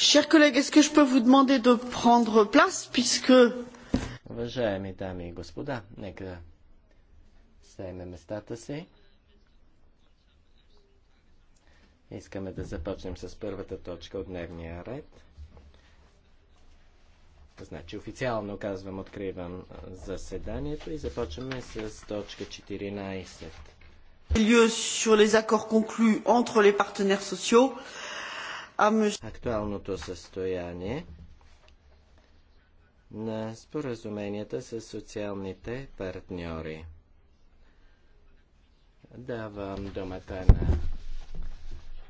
Chers collègues, est-ce que je peux vous demander de prendre place puisque... Уважаеми дами и господа, нека заеме местата си. Искаме да започнем с първата точка от дневния ред. Значи официално казвам, откривам заседанието и започваме с точка 14. Lieu sur les accords conclus entre les partenaires sociaux актуалното състояние на споразуменията с социалните партньори. Давам думата на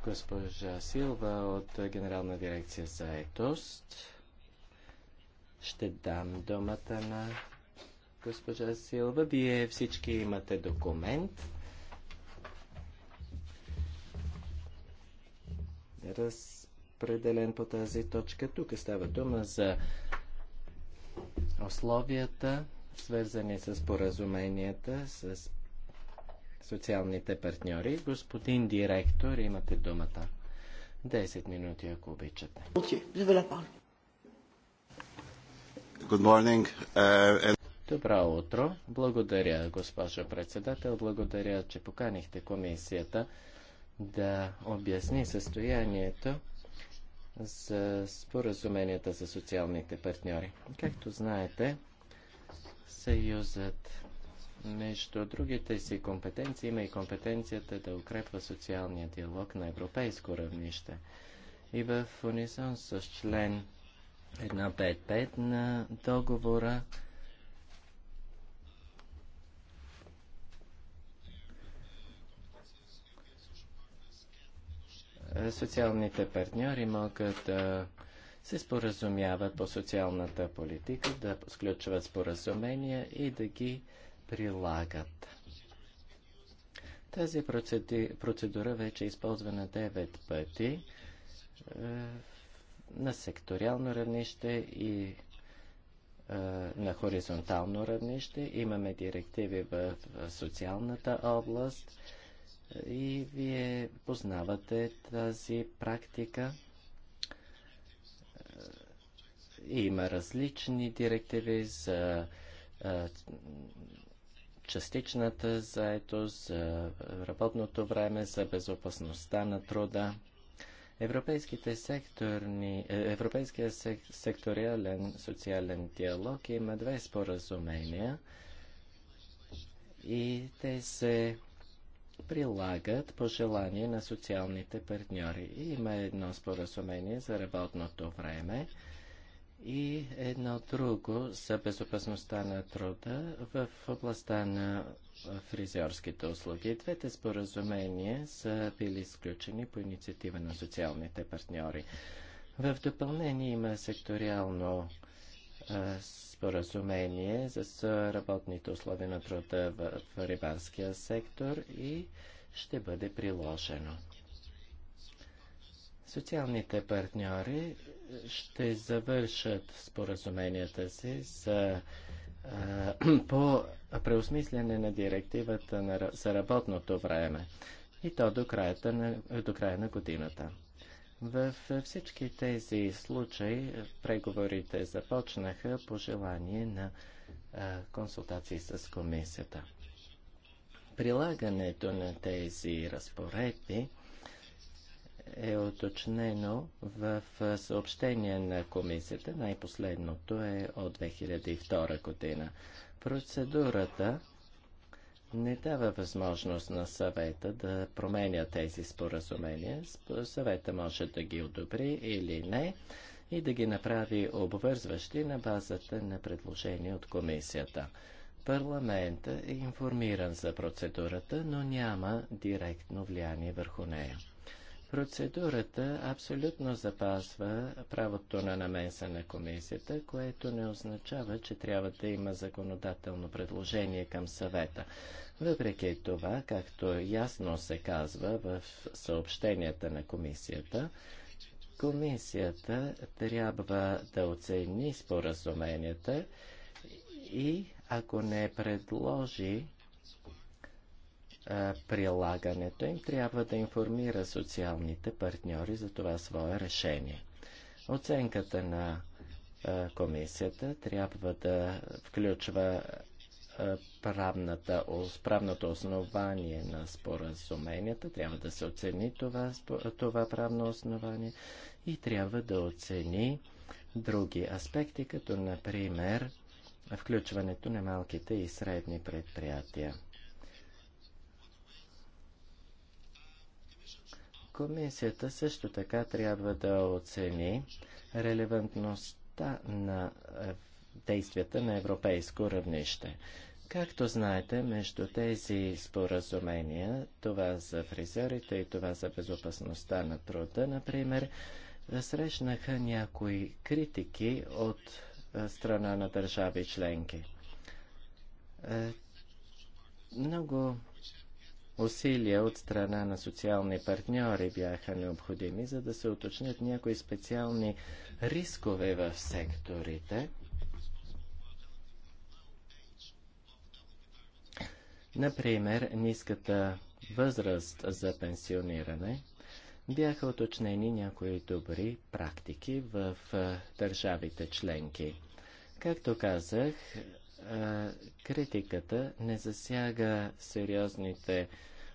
госпожа Силва от Генерална дирекция за етост. Ще дам думата на госпожа Силва. Вие всички имате документ. разпределен по тази точка. Тук става дума за условията, свързани с поразуменията, с социалните партньори. Господин директор, имате думата. 10 минути, ако обичате. Uh, Добро утро. Благодаря, госпожо председател. Благодаря, че поканихте комисията да обясни състоянието за споразуменията за социалните партньори. Както знаете, Съюзът между другите си компетенции има и компетенцията да укрепва социалния диалог на европейско равнище. И в унисон с член 155 на договора социалните партньори могат да се споразумяват по социалната политика, да сключват споразумения и да ги прилагат. Тази процедура вече е използвана 9 пъти е, на секториално равнище и е, на хоризонтално равнище. Имаме директиви в, в социалната област и вие познавате тази практика. Е, има различни директиви за частичната заетост, за работното време, за безопасността на труда. Европейските секторни, е, Европейския секториален социален диалог има две споразумения и те се прилагат по желание на социалните партньори. И има едно споразумение за работното време и едно друго за безопасността на труда в областта на фризьорските услуги. Двете споразумения са били изключени по инициатива на социалните партньори. В допълнение има секториално е, споразумение за работните условия на труда в, в рибарския сектор и ще бъде приложено. Социалните партньори ще завършат споразуменията си за, а, е, по преосмислене на директивата на, за работното време и то до, на, до края на годината. В всички тези случаи преговорите започнаха по желание на консултации с комисията. Прилагането на тези разпоредби е уточнено в съобщение на комисията. Най-последното е от 2002 година. Процедурата не дава възможност на съвета да променя тези споразумения. Съвета може да ги одобри или не и да ги направи обвързващи на базата на предложение от комисията. Парламентът е информиран за процедурата, но няма директно влияние върху нея. Процедурата абсолютно запазва правото на намеса на комисията, което не означава, че трябва да има законодателно предложение към съвета. Въпреки това, както ясно се казва в съобщенията на комисията, комисията трябва да оцени споразуменията и ако не предложи прилагането им, трябва да информира социалните партньори за това свое решение. Оценката на комисията трябва да включва правната, правното основание на споразуменията, трябва да се оцени това, това правно основание и трябва да оцени други аспекти, като например включването на малките и средни предприятия. Комисията също така трябва да оцени релевантността на е, действията на европейско равнище. Както знаете, между тези споразумения, това за фризерите и това за безопасността на труда, например, срещнаха някои критики от е, страна на държави членки. Е, много Усилия от страна на социални партньори бяха необходими, за да се уточнят някои специални рискове в секторите. Например, ниската възраст за пенсиониране бяха уточнени някои добри практики в държавите членки. Както казах, критиката не засяга сериозните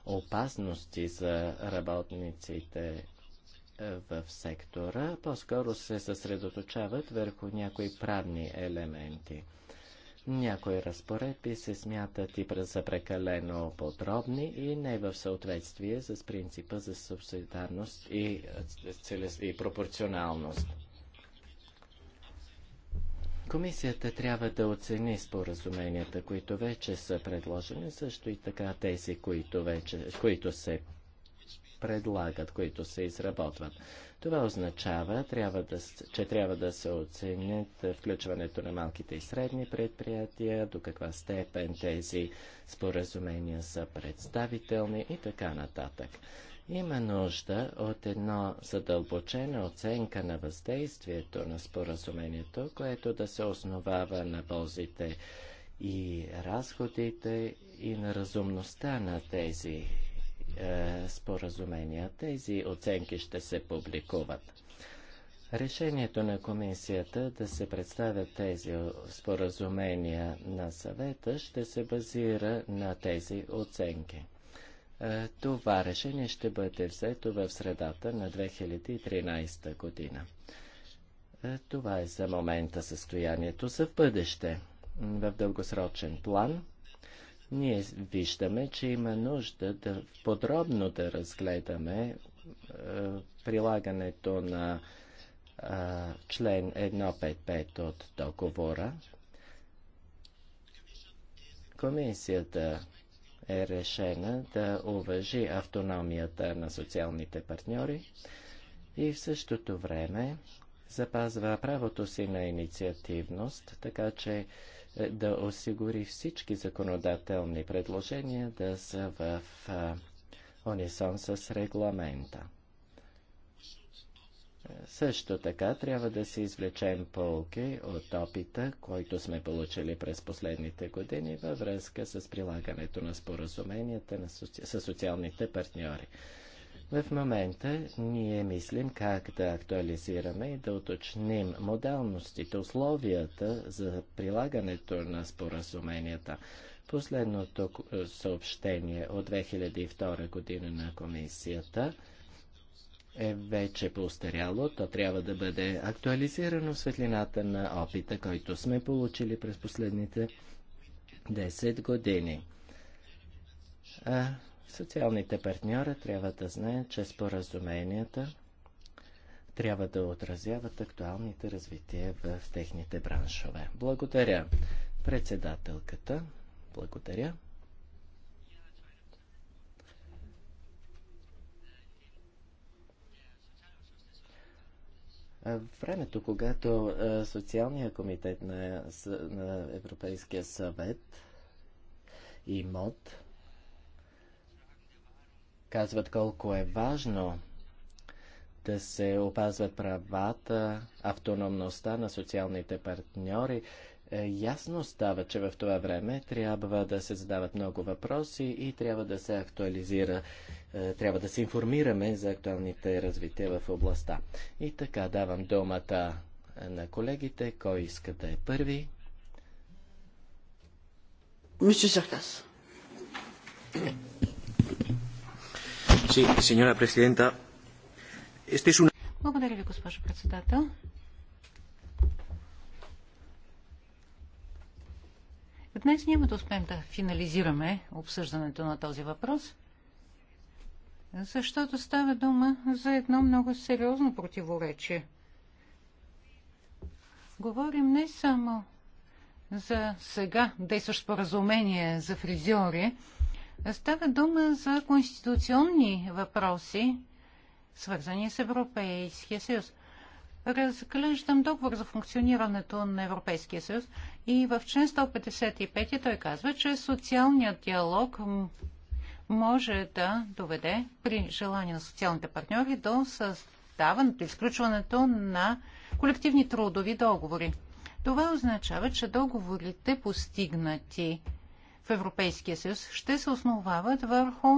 опасности за работниците е, в сектора, по-скоро се съсредоточават върху някои правни елементи. Някои разпоредби се смятат и за прекалено подробни и не в съответствие с принципа за субсидарност и, е, и пропорционалност. Комисията трябва да оцени споразуменията, които вече са предложени, също и така тези, които, вече, които се предлагат, които се изработват. Това означава, трябва да, че трябва да се оценят включването на малките и средни предприятия, до каква степен тези споразумения са представителни и така нататък. Има нужда от едно задълбочена оценка на въздействието на споразумението, което да се основава на ползите и разходите и на разумността на тези е, споразумения. Тези оценки ще се публикуват. Решението на комисията да се представят тези споразумения на съвета ще се базира на тези оценки. Е, това решение ще бъде взето в средата на 2013 година. Е, това е за момента състоянието за в бъдеще. В дългосрочен план ние виждаме, че има нужда да подробно да разгледаме е, прилагането на член 155 от договора. Комисията е решена да уважи автономията на социалните партньори и в същото време запазва правото си на инициативност, така че е, да осигури всички законодателни предложения да са в е, унисон с регламента. Също така трябва да се извлечем полки от опита, който сме получили през последните години във връзка с прилагането на споразуменията на соци... с социалните партньори. В момента ние мислим как да актуализираме и да уточним модалностите, условията за прилагането на споразуменията. Последното съобщение от 2002 година на комисията – е вече поостаряло, то трябва да бъде актуализирано в светлината на опита, който сме получили през последните 10 години. А социалните партньори трябва да знаят, че споразуменията трябва да отразяват актуалните развития в техните браншове. Благодаря председателката. Благодаря. времето, когато социалния комитет на, на Европейския съвет и МОД казват колко е важно да се опазват правата, автономността на социалните партньори, е, ясно става, че в това време трябва да се задават много въпроси и трябва да се актуализира, е, трябва да се информираме за актуалните развития в областта. И така давам думата на колегите, кой иска да е първи. Мисля Саркас. Благодаря ви, госпожо председател. Днес няма да успеем да финализираме обсъждането на този въпрос, защото става дума за едно много сериозно противоречие. Говорим не само за сега действащо споразумение за фризьори, става дума за конституционни въпроси, свързани с Европейския съюз разглеждам договор за функционирането на Европейския съюз и в член 155 той казва, че социалният диалог може да доведе при желание на социалните партньори до създаването и изключването на колективни трудови договори. Това означава, че договорите постигнати в Европейския съюз ще се основават върху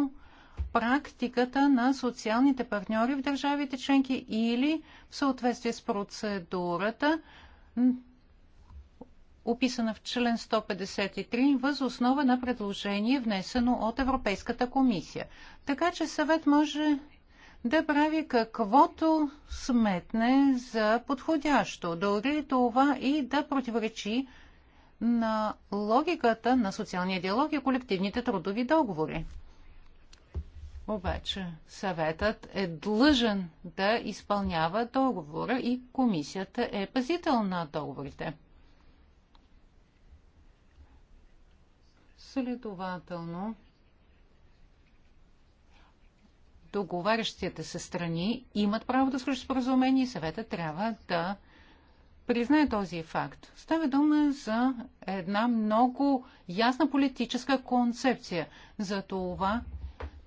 практиката на социалните партньори в държавите членки или в съответствие с процедурата, описана в член 153, въз основа на предложение, внесено от Европейската комисия. Така че съвет може да прави каквото сметне за подходящо, дори това и да противоречи на логиката на социалния диалог и колективните трудови договори. Обаче съветът е длъжен да изпълнява договора и комисията е пазител на договорите. Следователно, договарящите се страни имат право да сключат споразумение и съвета трябва да признае този факт. Става дума за една много ясна политическа концепция за това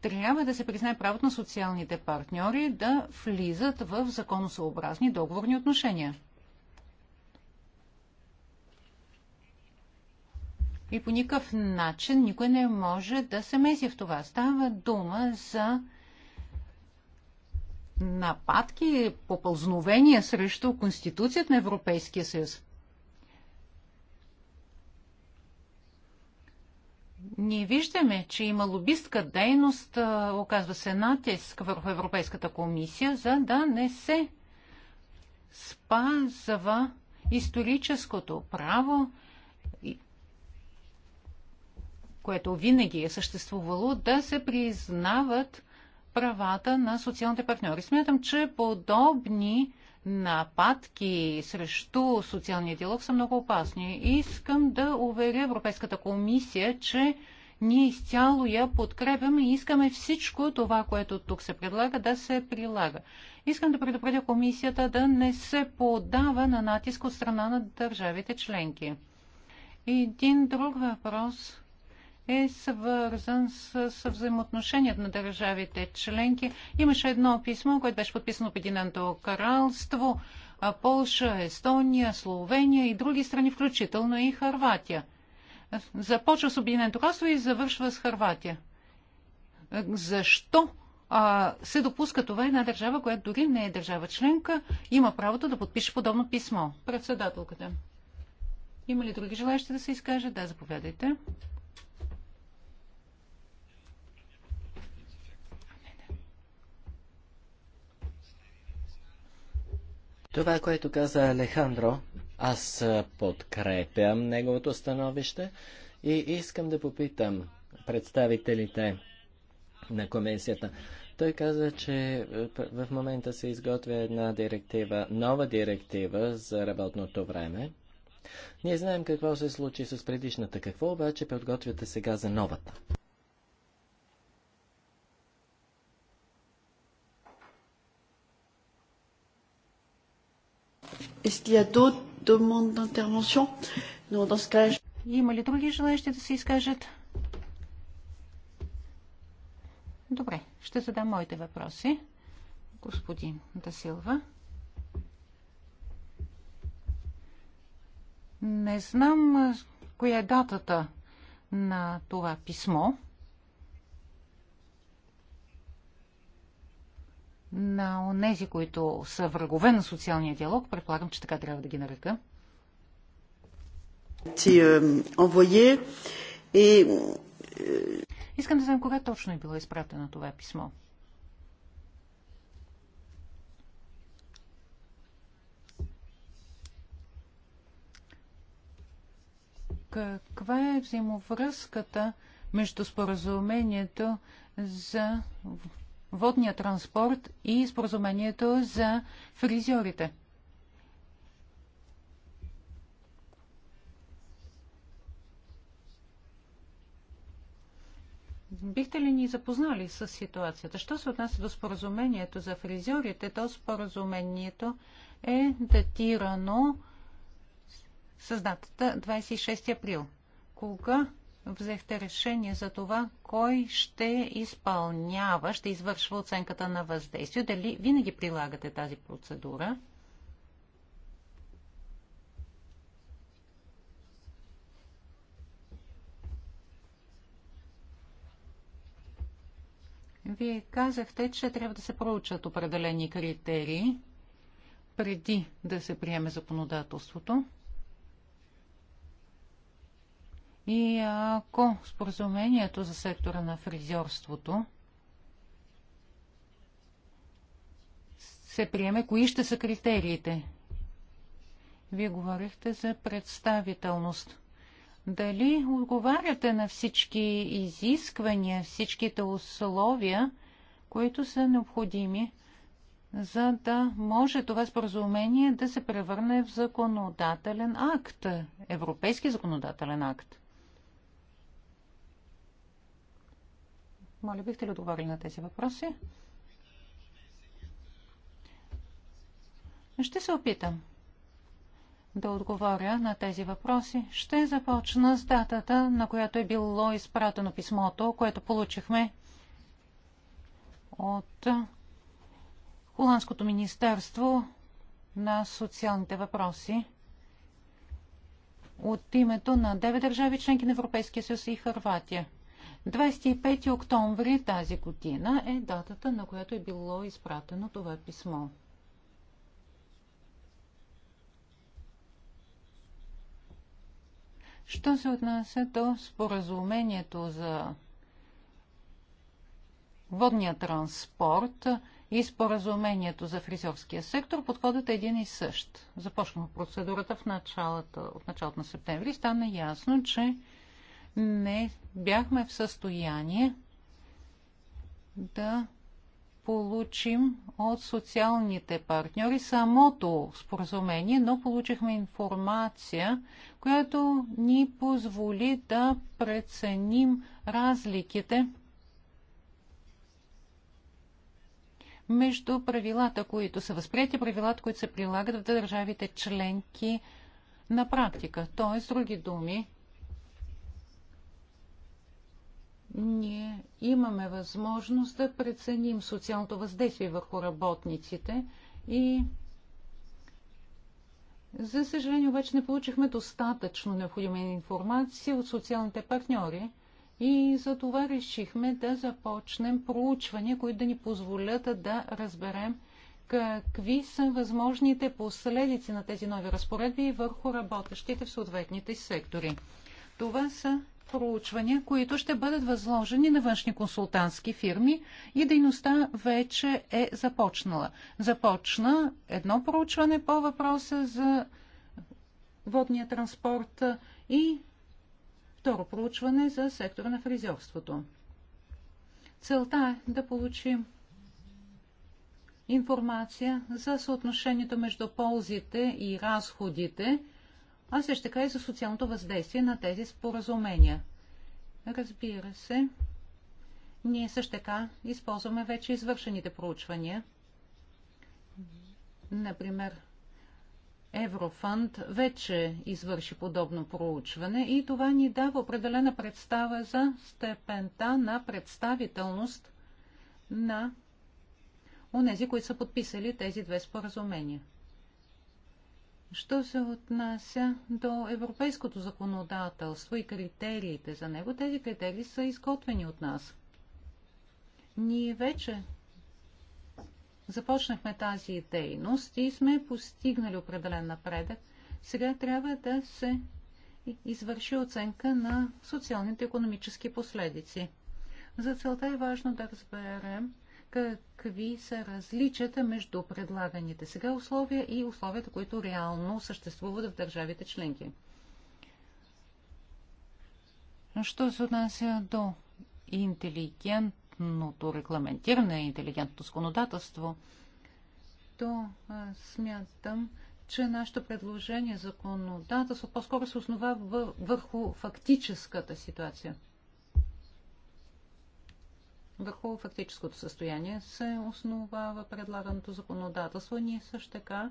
трябва да се признае правото на социалните партньори да влизат в законосъобразни договорни отношения. И по никакъв начин никой не може да се меси в това. Става дума за нападки, попълзновения срещу Конституцията на Европейския съюз. Ние виждаме, че има лобистка дейност, оказва се натиск върху Европейската комисия, за да не се спазва историческото право, което винаги е съществувало, да се признават правата на социалните партньори. Смятам, че подобни нападки срещу социалния диалог са много опасни. И Искам да уверя Европейската комисия, че ние изцяло я подкрепяме и искаме всичко това, което тук се предлага, да се прилага. Искам да предупредя комисията да не се подава на натиск от страна на държавите членки. Един друг въпрос е свързан с, с взаимоотношенията на държавите членки. Имаше едно писмо, което беше подписано в Единеното кралство, Полша, Естония, Словения и други страни, включително и Харватия. Започва с Обединеното кралство и завършва с Харватия. Защо а, се допуска това една държава, която дори не е държава членка, има правото да подпише подобно писмо? Председателката. Има ли други желаящи да се изкажат? Да, заповядайте. Това, което каза Алехандро, аз подкрепям неговото становище и искам да попитам представителите на комисията. Той каза, че в момента се изготвя една директива, нова директива за работното време. Ние знаем какво се случи с предишната. Какво обаче подготвяте сега за новата? Est-ce qu'il y a d'autres demandes d'intervention Non, dans ce cas Има ли други желаящи да се изкажат? Добре, ще задам моите въпроси. Господин Дасилва. Не знам коя е датата на това писмо. на онези, които са врагове на социалния диалог, предполагам, че така трябва да ги нарека. Е, е, Искам да знам кога точно е било изпратено това писмо. каква е взаимовръзката между споразумението за водния транспорт и споразумението за фризьорите. Бихте ли ни запознали с ситуацията? Що се отнася до споразумението за фризьорите, то споразумението е датирано с датата 26 април. Кога взехте решение за това, кой ще изпълнява, ще извършва оценката на въздействие. Дали винаги прилагате тази процедура? Вие казахте, че трябва да се проучат определени критерии преди да се приеме законодателството. И ако споразумението за сектора на фризьорството се приеме, кои ще са критериите? Вие говорихте за представителност. Дали отговаряте на всички изисквания, всичките условия, които са необходими, за да може това споразумение да се превърне в законодателен акт, европейски законодателен акт? Моля, бихте ли отговорили на тези въпроси? Ще се опитам да отговоря на тези въпроси. Ще започна с датата, на която е било изпратено писмото, което получихме от Холандското министерство на социалните въпроси от името на 9 държави членки на Европейския съюз и Харватия – 25 октомври тази година е датата, на която е било изпратено това писмо. Що се отнася до споразумението за водния транспорт и споразумението за фризьорския сектор, подходът е един и същ. Започнахме процедурата в началото, от началото на септември. Стана ясно, че не бяхме в състояние да получим от социалните партньори самото споразумение, но получихме информация, която ни позволи да преценим разликите между правилата, които са възприяти, и правилата, които се прилагат в държавите членки на практика. Тоест, други думи, ние имаме възможност да преценим социалното въздействие върху работниците и за съжаление обаче не получихме достатъчно необходима информация от социалните партньори и за това решихме да започнем проучвания, които да ни позволят да разберем какви са възможните последици на тези нови разпоредби върху работещите в съответните сектори. Това са проучвания, които ще бъдат възложени на външни консултантски фирми и дейността вече е започнала. Започна едно проучване по въпроса за водния транспорт и второ проучване за сектора на фризерството. Целта е да получим информация за съотношението между ползите и разходите – а също така и за социалното въздействие на тези споразумения. Разбира се, ние също така използваме вече извършените проучвания. Например, Еврофанд вече извърши подобно проучване и това ни дава определена представа за степента на представителност на онези, които са подписали тези две споразумения. Що се отнася до европейското законодателство и критериите за него, тези критерии са изготвени от нас. Ние вече започнахме тази дейност и сме постигнали определен напредък. Сега трябва да се извърши оценка на социалните и економически последици. За целта е важно да разберем какви са различията между предлаганите сега условия и условията, които реално съществуват в държавите членки. Що се отнася до интелигентното регламентиране, интелигентното законодателство, то смятам, че нашето предложение законодателство по-скоро се основа върху фактическата ситуация – върху фактическото състояние се основава предлаганото законодателство. Ние също така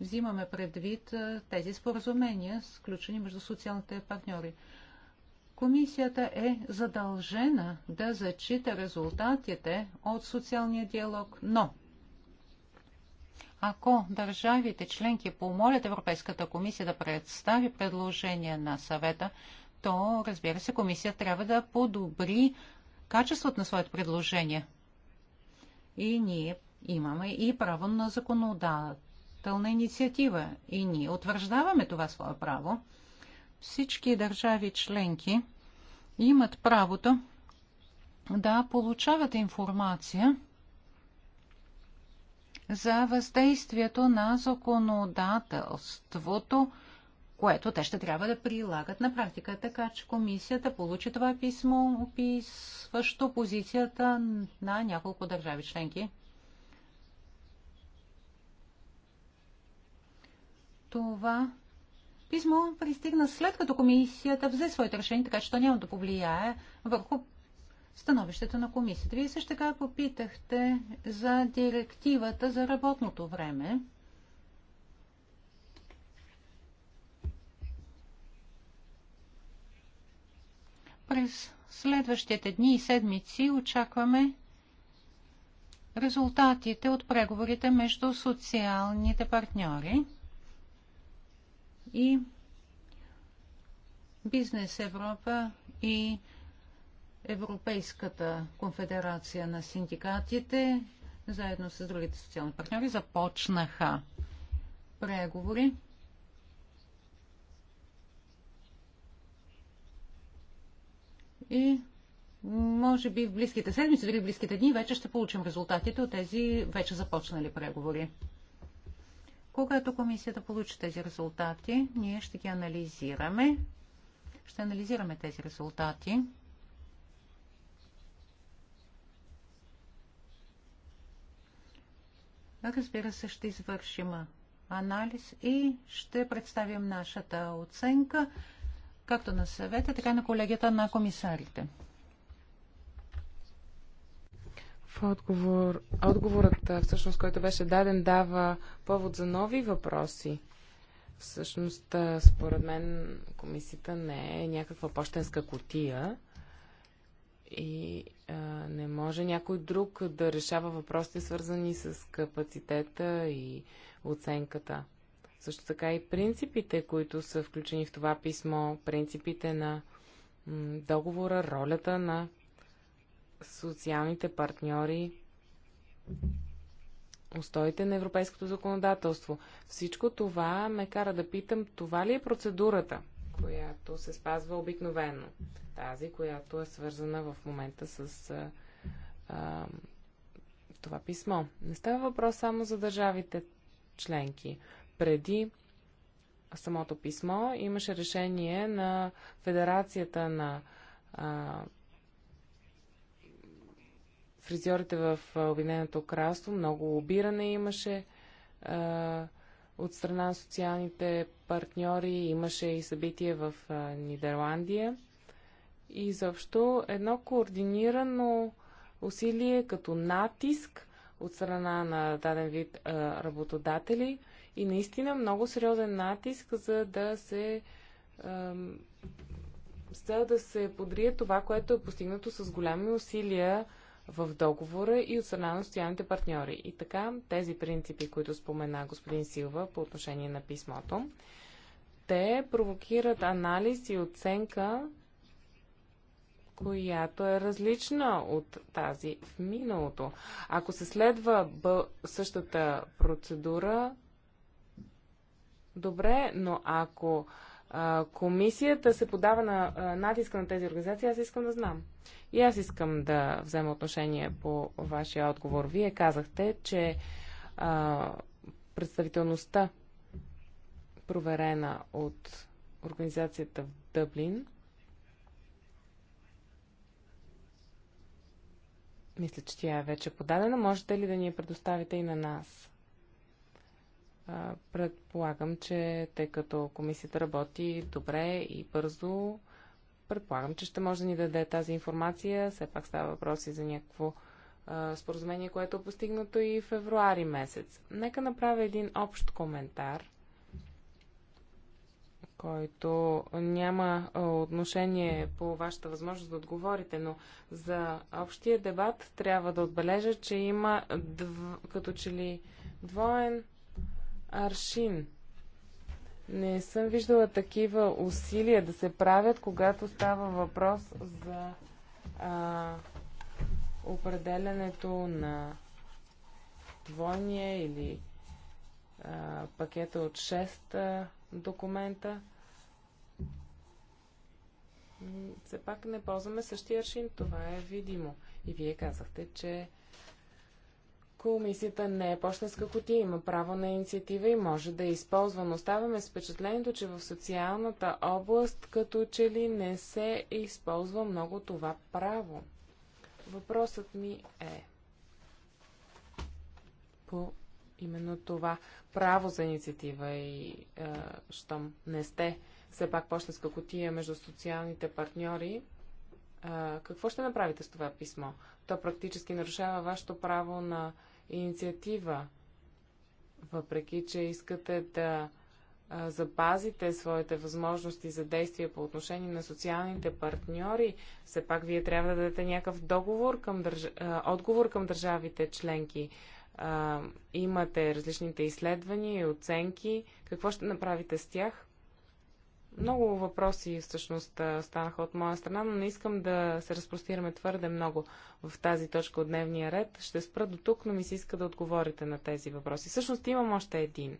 взимаме предвид тези споразумения, сключени между социалните партньори. Комисията е задължена да зачита резултатите от социалния диалог, но ако държавите членки помолят Европейската комисия да представи предложение на съвета, то, разбира се, комисия трябва да подобри качеството на своето предложение. И ние имаме и право на законодателна инициатива. И ние утвърждаваме това свое право. Всички държави членки имат правото да получават информация за въздействието на законодателството което те ще трябва да прилагат на практика. Така че комисията получи това писмо, описващо позицията на няколко държави членки. Това писмо пристигна след като комисията взе своите решения, така че то няма да повлияе върху становището на комисията. Вие също така попитахте за директивата за работното време. През следващите дни и седмици очакваме резултатите от преговорите между социалните партньори и Бизнес Европа и Европейската конфедерация на синдикатите заедно с другите социални партньори започнаха преговори И може би в близките седмици, дори в близките дни, вече ще получим резултатите от тези вече започнали преговори. Когато комисията получи тези резултати, ние ще ги анализираме. Ще анализираме тези резултати. Разбира се, ще извършим анализ и ще представим нашата оценка както на съвета, така и на колегията на комисарите. В отговор, отговорът, всъщност, който беше даден, дава повод за нови въпроси. Всъщност, според мен, комисията не е някаква почтенска котия и а, не може някой друг да решава въпросите, свързани с капацитета и оценката. Също така и принципите, които са включени в това писмо, принципите на договора, ролята на социалните партньори, устоите на европейското законодателство. Всичко това ме кара да питам, това ли е процедурата, която се спазва обикновено? Тази, която е свързана в момента с а, а, това писмо. Не става въпрос само за държавите членки преди самото писмо имаше решение на Федерацията на а, фризьорите в Обединеното кралство. Много лобиране имаше а, от страна на социалните партньори. Имаше и събитие в а, Нидерландия. И изобщо едно координирано усилие като натиск от страна на даден вид а, работодатели – и наистина много сериозен натиск, за да се за да се подрие това, което е постигнато с голями усилия в договора и от страна на социалните партньори. И така, тези принципи, които спомена господин Силва по отношение на писмото, те провокират анализ и оценка, която е различна от тази в миналото. Ако се следва същата процедура, Добре, но ако а, комисията се подава на а, натиска на тези организации, аз искам да знам. И аз искам да взема отношение по вашия отговор. Вие казахте, че а, представителността, проверена от организацията в Дъблин, мисля, че тя е вече подадена. Можете ли да ни я предоставите и на нас? Предполагам, че тъй като комисията работи добре и бързо, предполагам, че ще може да ни даде тази информация. Все пак става въпроси за някакво споразумение, което е постигнато и в февруари месец. Нека направя един общ коментар, който няма отношение по вашата възможност да отговорите, но за общия дебат трябва да отбележа, че има дв... като че ли двоен аршин. Не съм виждала такива усилия да се правят, когато става въпрос за а, определенето на двойния или а, пакета от 6 документа. Все пак не ползваме същия аршин, това е видимо. И вие казахте, че Комисията не е почтенска котия, има право на инициатива и може да е Но Оставаме с впечатлението, че в социалната област като че ли не се използва много това право. Въпросът ми е по именно това право за инициатива и е, щом не сте все пак почтенска котия между социалните партньори, е, какво ще направите с това писмо? То практически нарушава вашето право на инициатива. Въпреки, че искате да запазите своите възможности за действие по отношение на социалните партньори, все пак вие трябва да дадете някакъв договор към държ... отговор към държавите членки. имате различните изследвания и оценки. Какво ще направите с тях? Много въпроси всъщност станаха от моя страна, но не искам да се разпростираме твърде много в тази точка от дневния ред. Ще спра до тук, но ми се иска да отговорите на тези въпроси. Всъщност имам още един.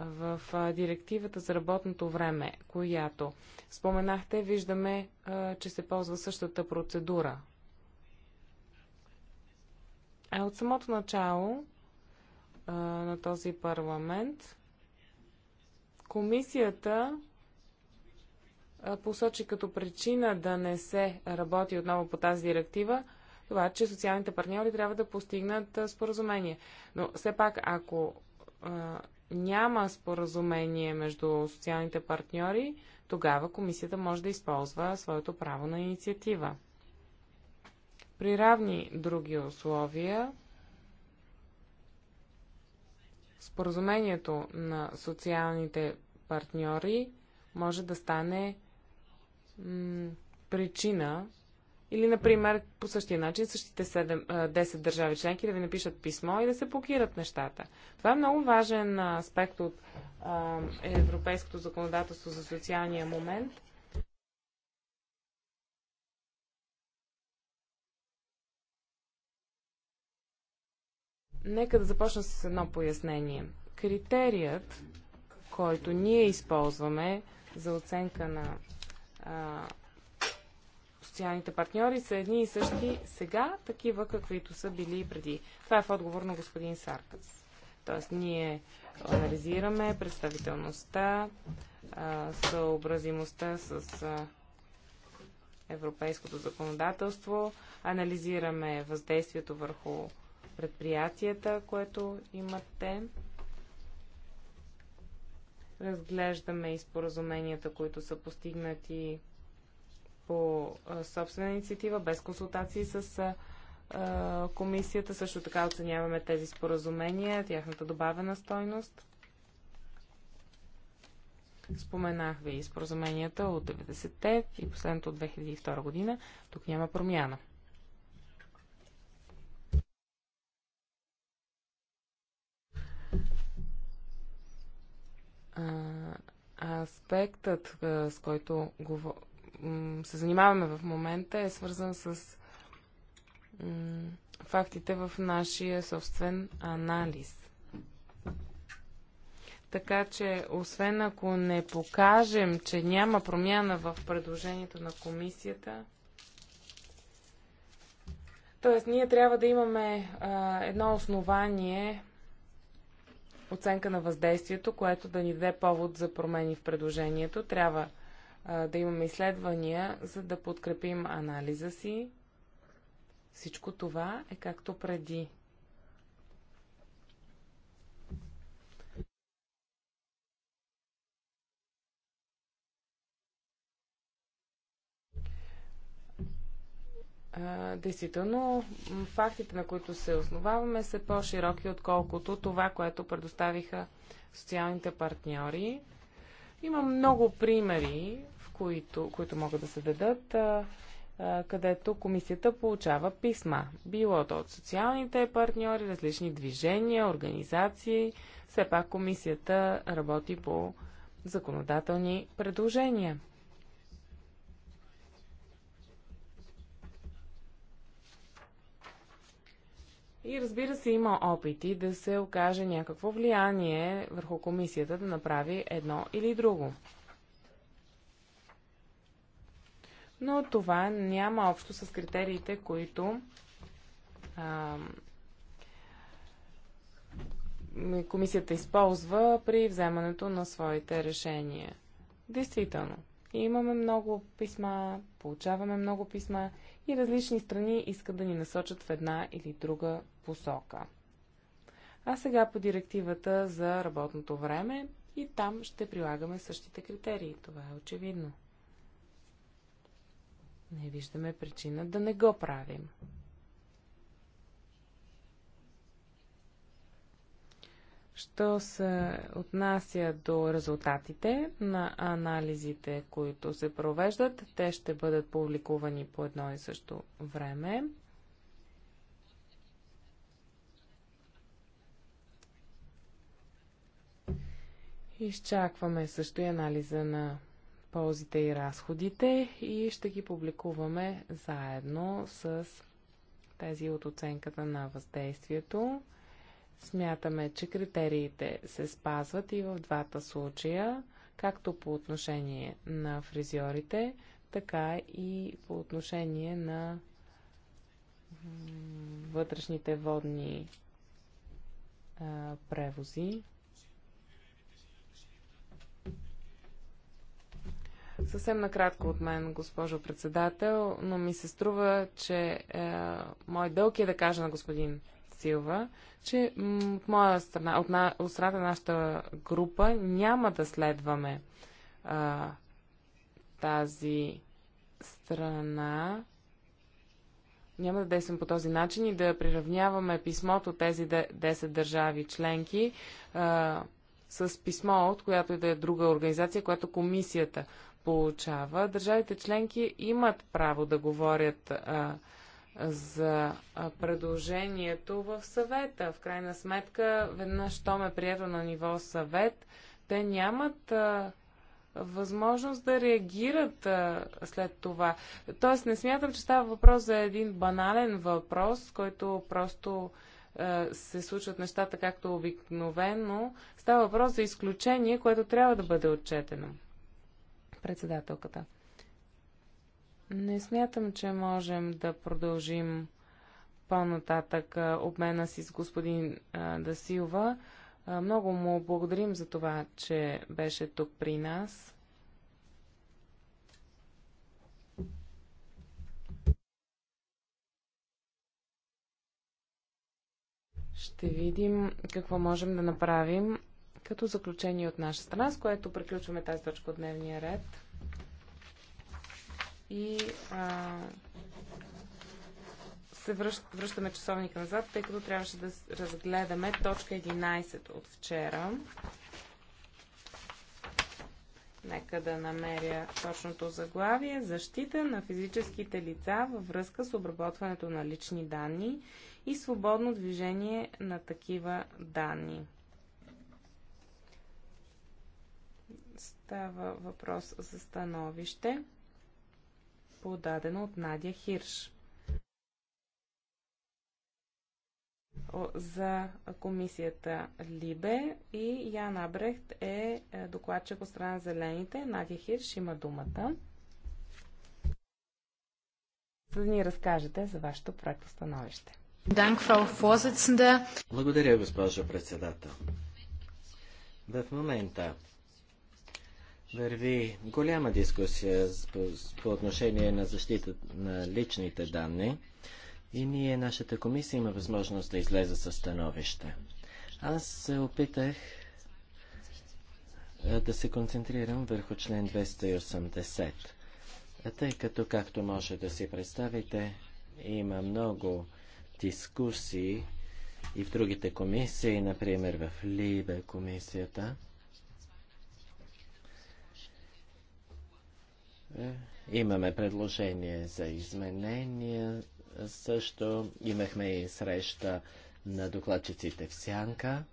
В директивата за работното време, която споменахте, виждаме, че се ползва същата процедура. А е, от самото начало на този парламент Комисията посочи като причина да не се работи отново по тази директива това, че социалните партньори трябва да постигнат споразумение. Но все пак, ако а, няма споразумение между социалните партньори, тогава комисията може да използва своето право на инициатива. При равни други условия споразумението на социалните партньори може да стане причина или, например, по същия начин същите 7, 10 държави членки да ви напишат писмо и да се блокират нещата. Това е много важен аспект от а, европейското законодателство за социалния момент – Нека да започна с едно пояснение. Критерият, който ние използваме за оценка на а, социалните партньори, са едни и същи сега, такива каквито са били и преди. Това е в отговор на господин Саркас. Тоест, ние анализираме представителността, а, съобразимостта с. А, европейското законодателство, анализираме въздействието върху предприятията, което имат те. Разглеждаме и споразуменията, които са постигнати по собствена инициатива, без консултации с комисията. Също така оценяваме тези споразумения, тяхната добавена стойност. Споменах ви споразуменията от 90-те и последното от 2002 година. Тук няма промяна. аспектът, с който се занимаваме в момента, е свързан с фактите в нашия собствен анализ. Така че, освен ако не покажем, че няма промяна в предложението на комисията, т.е. ние трябва да имаме а, едно основание оценка на въздействието, което да ни даде повод за промени в предложението. Трябва а, да имаме изследвания, за да подкрепим анализа си. Всичко това е както преди. действително фактите, на които се основаваме, са по-широки, отколкото това, което предоставиха социалните партньори. Има много примери, в които, които могат да се дадат, където комисията получава писма. Било то от социалните партньори, различни движения, организации. Все пак комисията работи по законодателни предложения. И разбира се, има опити да се окаже някакво влияние върху комисията да направи едно или друго. Но това няма общо с критериите, които а, комисията използва при вземането на своите решения. Действително, имаме много писма, получаваме много писма и различни страни искат да ни насочат в една или друга посока. А сега по директивата за работното време и там ще прилагаме същите критерии. Това е очевидно. Не виждаме причина да не го правим. Що се отнася до резултатите на анализите, които се провеждат, те ще бъдат публикувани по едно и също време. Изчакваме също и анализа на ползите и разходите и ще ги публикуваме заедно с тези от оценката на въздействието. Смятаме, че критериите се спазват и в двата случая, както по отношение на фризьорите, така и по отношение на вътрешните водни а, превози. Съвсем накратко от мен, госпожо председател, но ми се струва, че е, мой дълг е да кажа на господин Силва, че от моя страна, от, на, от страната на нашата група няма да следваме е, тази страна. Няма да действам по този начин и да приравняваме писмото тези 10 държави членки а, е, с писмо от която и да е друга организация, която комисията получава. Държавите членки имат право да говорят а, за предложението в съвета. В крайна сметка, веднъж, що ме прието на ниво съвет, те нямат а, възможност да реагират а, след това. Тоест, не смятам, че става въпрос за един банален въпрос, който просто а, се случват нещата както обикновено. Става въпрос за изключение, което трябва да бъде отчетено. Председателката. Не смятам, че можем да продължим по-нататък обмена си с господин Дасилва. Много му благодарим за това, че беше тук при нас. Ще видим какво можем да направим като заключение от наша страна, с което приключваме тази точка от дневния ред. И а, се връщ, връщаме часовника назад, тъй като трябваше да разгледаме точка 11 от вчера. Нека да намеря точното заглавие. Защита на физическите лица във връзка с обработването на лични данни и свободно движение на такива данни. Става въпрос за становище, подадено от Надя Хирш. за комисията Либе и Ян Абрехт е, е докладчик от страна Зелените. Надя Хирш има думата. За да ни разкажете за вашето проекто становище. Благодаря, госпожо председател. В момента върви голяма дискусия по, отношение на защита на личните данни и ние, нашата комисия, има възможност да излезе със становище. Аз се опитах да се концентрирам върху член 280, тъй като, както може да си представите, има много дискусии и в другите комисии, например в Либе комисията – Е, имаме предложение за изменения. Също имахме и среща на докладчиците в Сянка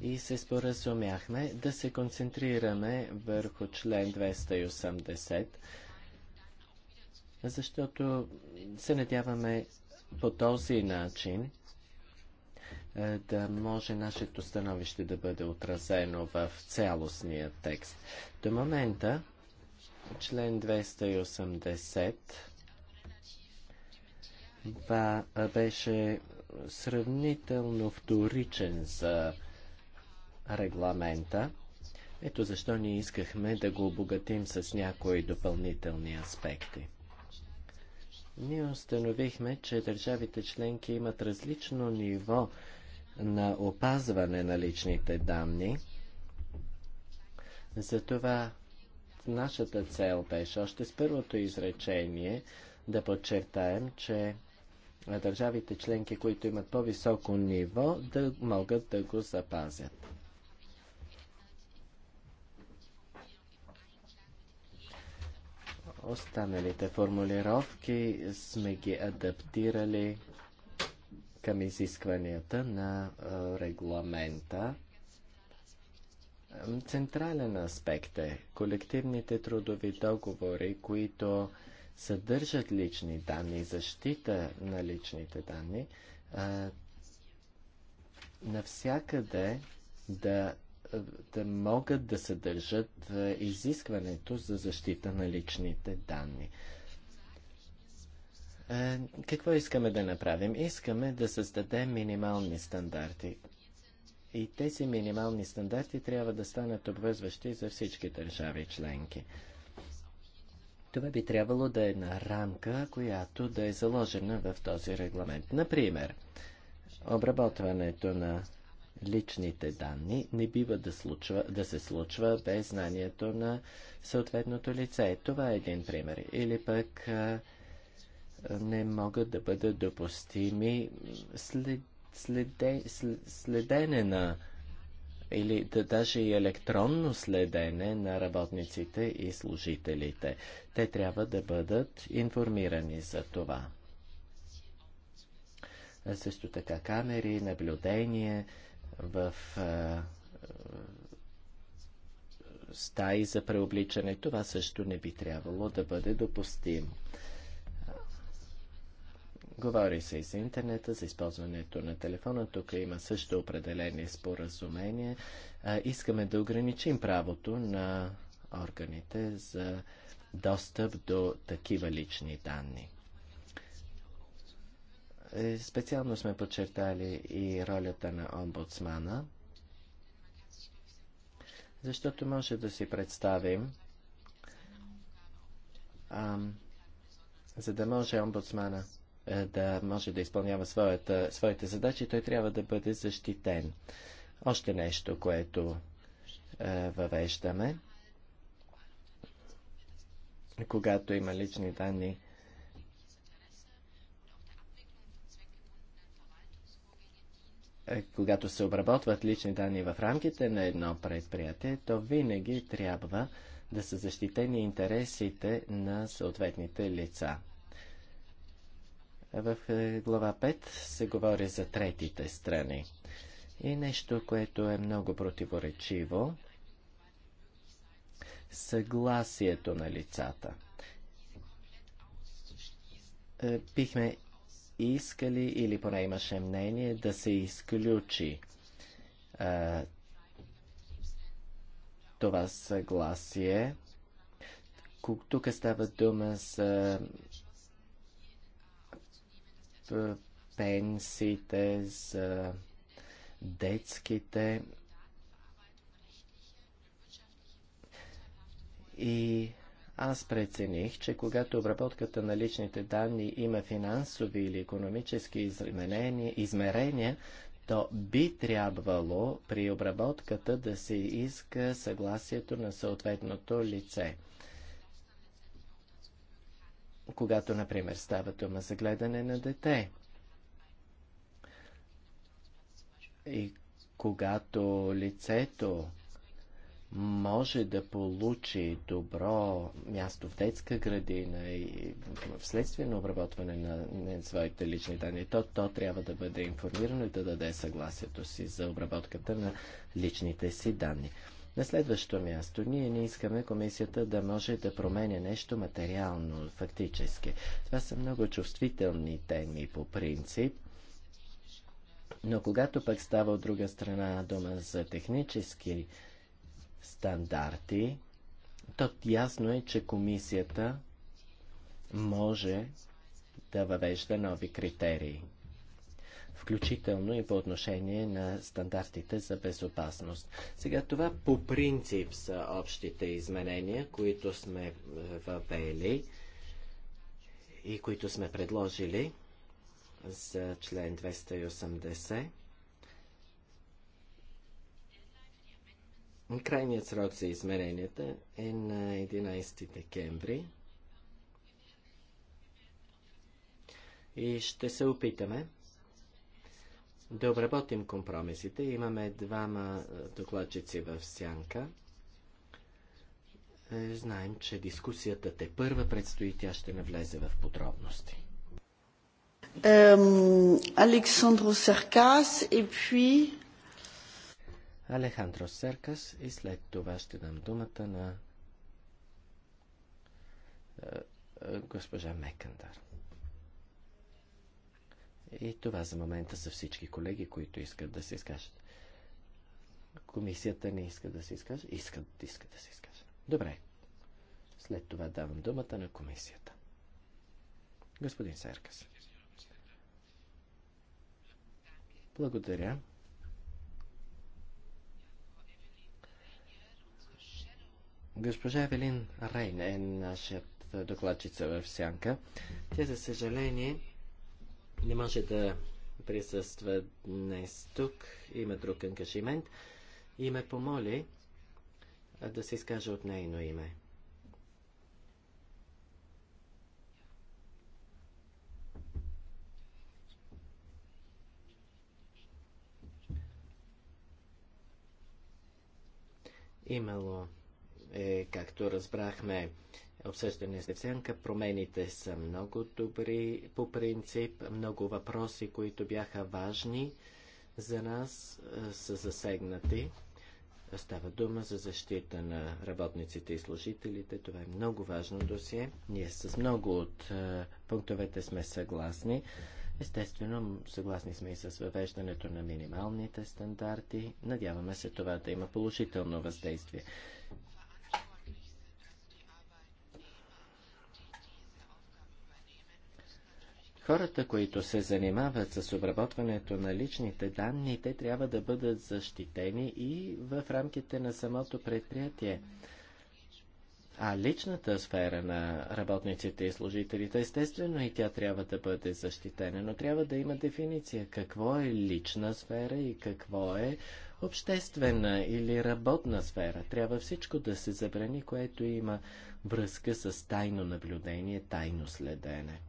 и се споразумяхме да се концентрираме върху член 280, защото се надяваме по този начин е, да може нашето становище да бъде отразено в цялостния текст. До момента Член 280 ба, беше сравнително вторичен за регламента. Ето защо ние искахме да го обогатим с някои допълнителни аспекти. Ние установихме, че държавите членки имат различно ниво на опазване на личните данни. Затова нашата цел беше още с първото изречение да подчертаем, че държавите членки, които имат по-високо ниво, да могат да го запазят. Останалите формулировки сме ги адаптирали към изискванията на регламента Централен аспект е колективните трудови договори, които съдържат лични данни, защита на личните данни, а, навсякъде да, да могат да съдържат изискването за защита на личните данни. Е, какво искаме да направим? Искаме да създадем минимални стандарти. И тези минимални стандарти трябва да станат обвързващи за всички държави членки. Това би трябвало да е една рамка, която да е заложена в този регламент. Например, обработването на личните данни не бива да, случва, да се случва без знанието на съответното лице. Това е един пример. Или пък не могат да бъдат допустими след, следе, следене на или да даже и електронно следене на работниците и служителите. Те трябва да бъдат информирани за това. А също така камери, наблюдение в а, стаи за преобличане. Това също не би трябвало да бъде допустимо. Говори се и за интернета, за използването на телефона. Тук има също определени споразумения. Искаме да ограничим правото на органите за достъп до такива лични данни. Е, специално сме подчертали и ролята на омбудсмана, защото може да си представим, а, за да може омбудсмана е, да може да изпълнява своята, своите задачи, той трябва да бъде защитен. Още нещо, което е, въвеждаме. Когато има лични данни, е, когато се обработват лични данни в рамките на едно предприятие, то винаги трябва да са защитени интересите на съответните лица. В е, глава 5 се говори за третите страни. И нещо, което е много противоречиво, съгласието на лицата. Е, бихме искали, или поне имаше мнение, да се изключи а, е, това съгласие. Тук става дума за пенсиите, за детските. И аз прецених, че когато обработката на личните данни има финансови или економически измерения, то би трябвало при обработката да се иска съгласието на съответното лице когато, например, става дума за гледане на дете. И когато лицето може да получи добро място в детска градина и вследствие на обработване на, своите лични данни, то, то трябва да бъде информирано и да даде съгласието си за обработката на личните си данни. На следващо място, ние не искаме комисията да може да променя нещо материално, фактически. Това са много чувствителни теми по принцип. Но когато пък става от друга страна дума за технически стандарти, то ясно е, че комисията може да въвежда нови критерии включително и по отношение на стандартите за безопасност. Сега това по принцип са общите изменения, които сме е, въвели и които сме предложили за член 280. Крайният срок за измеренията е на 11 декември. И ще се опитаме да обработим компромисите. Имаме двама докладчици в сянка. Е, знаем, че дискусията те първа предстои, тя ще навлезе в подробности. Александро Серкас и пи. Алехандро Серкас и след това ще дам думата на е, е, госпожа Мекандар. И това за момента са всички колеги, които искат да се изкажат. Комисията не иска да се изкаже. Искат, искат да се изкаже. Добре. След това давам думата на комисията. Господин Серкас. Благодаря. Госпожа Евелин Рейн е нашият докладчица в Сянка. Тя, за съжаление, не може да присъства днес тук, има друг ангажимент и ме помоли да се изкаже от нейно име. Имало е, както разбрахме, обсъждане за сянка. Промените са много добри по принцип. Много въпроси, които бяха важни за нас, са засегнати. Става дума за защита на работниците и служителите. Това е много важно досие. Ние с много от пунктовете сме съгласни. Естествено, съгласни сме и с въвеждането на минималните стандарти. Надяваме се това да има положително въздействие. Хората, които се занимават с обработването на личните данни, те трябва да бъдат защитени и в рамките на самото предприятие. А личната сфера на работниците и служителите, естествено и тя трябва да бъде защитена, но трябва да има дефиниция какво е лична сфера и какво е обществена или работна сфера. Трябва всичко да се забрани, което има връзка с тайно наблюдение, тайно следене.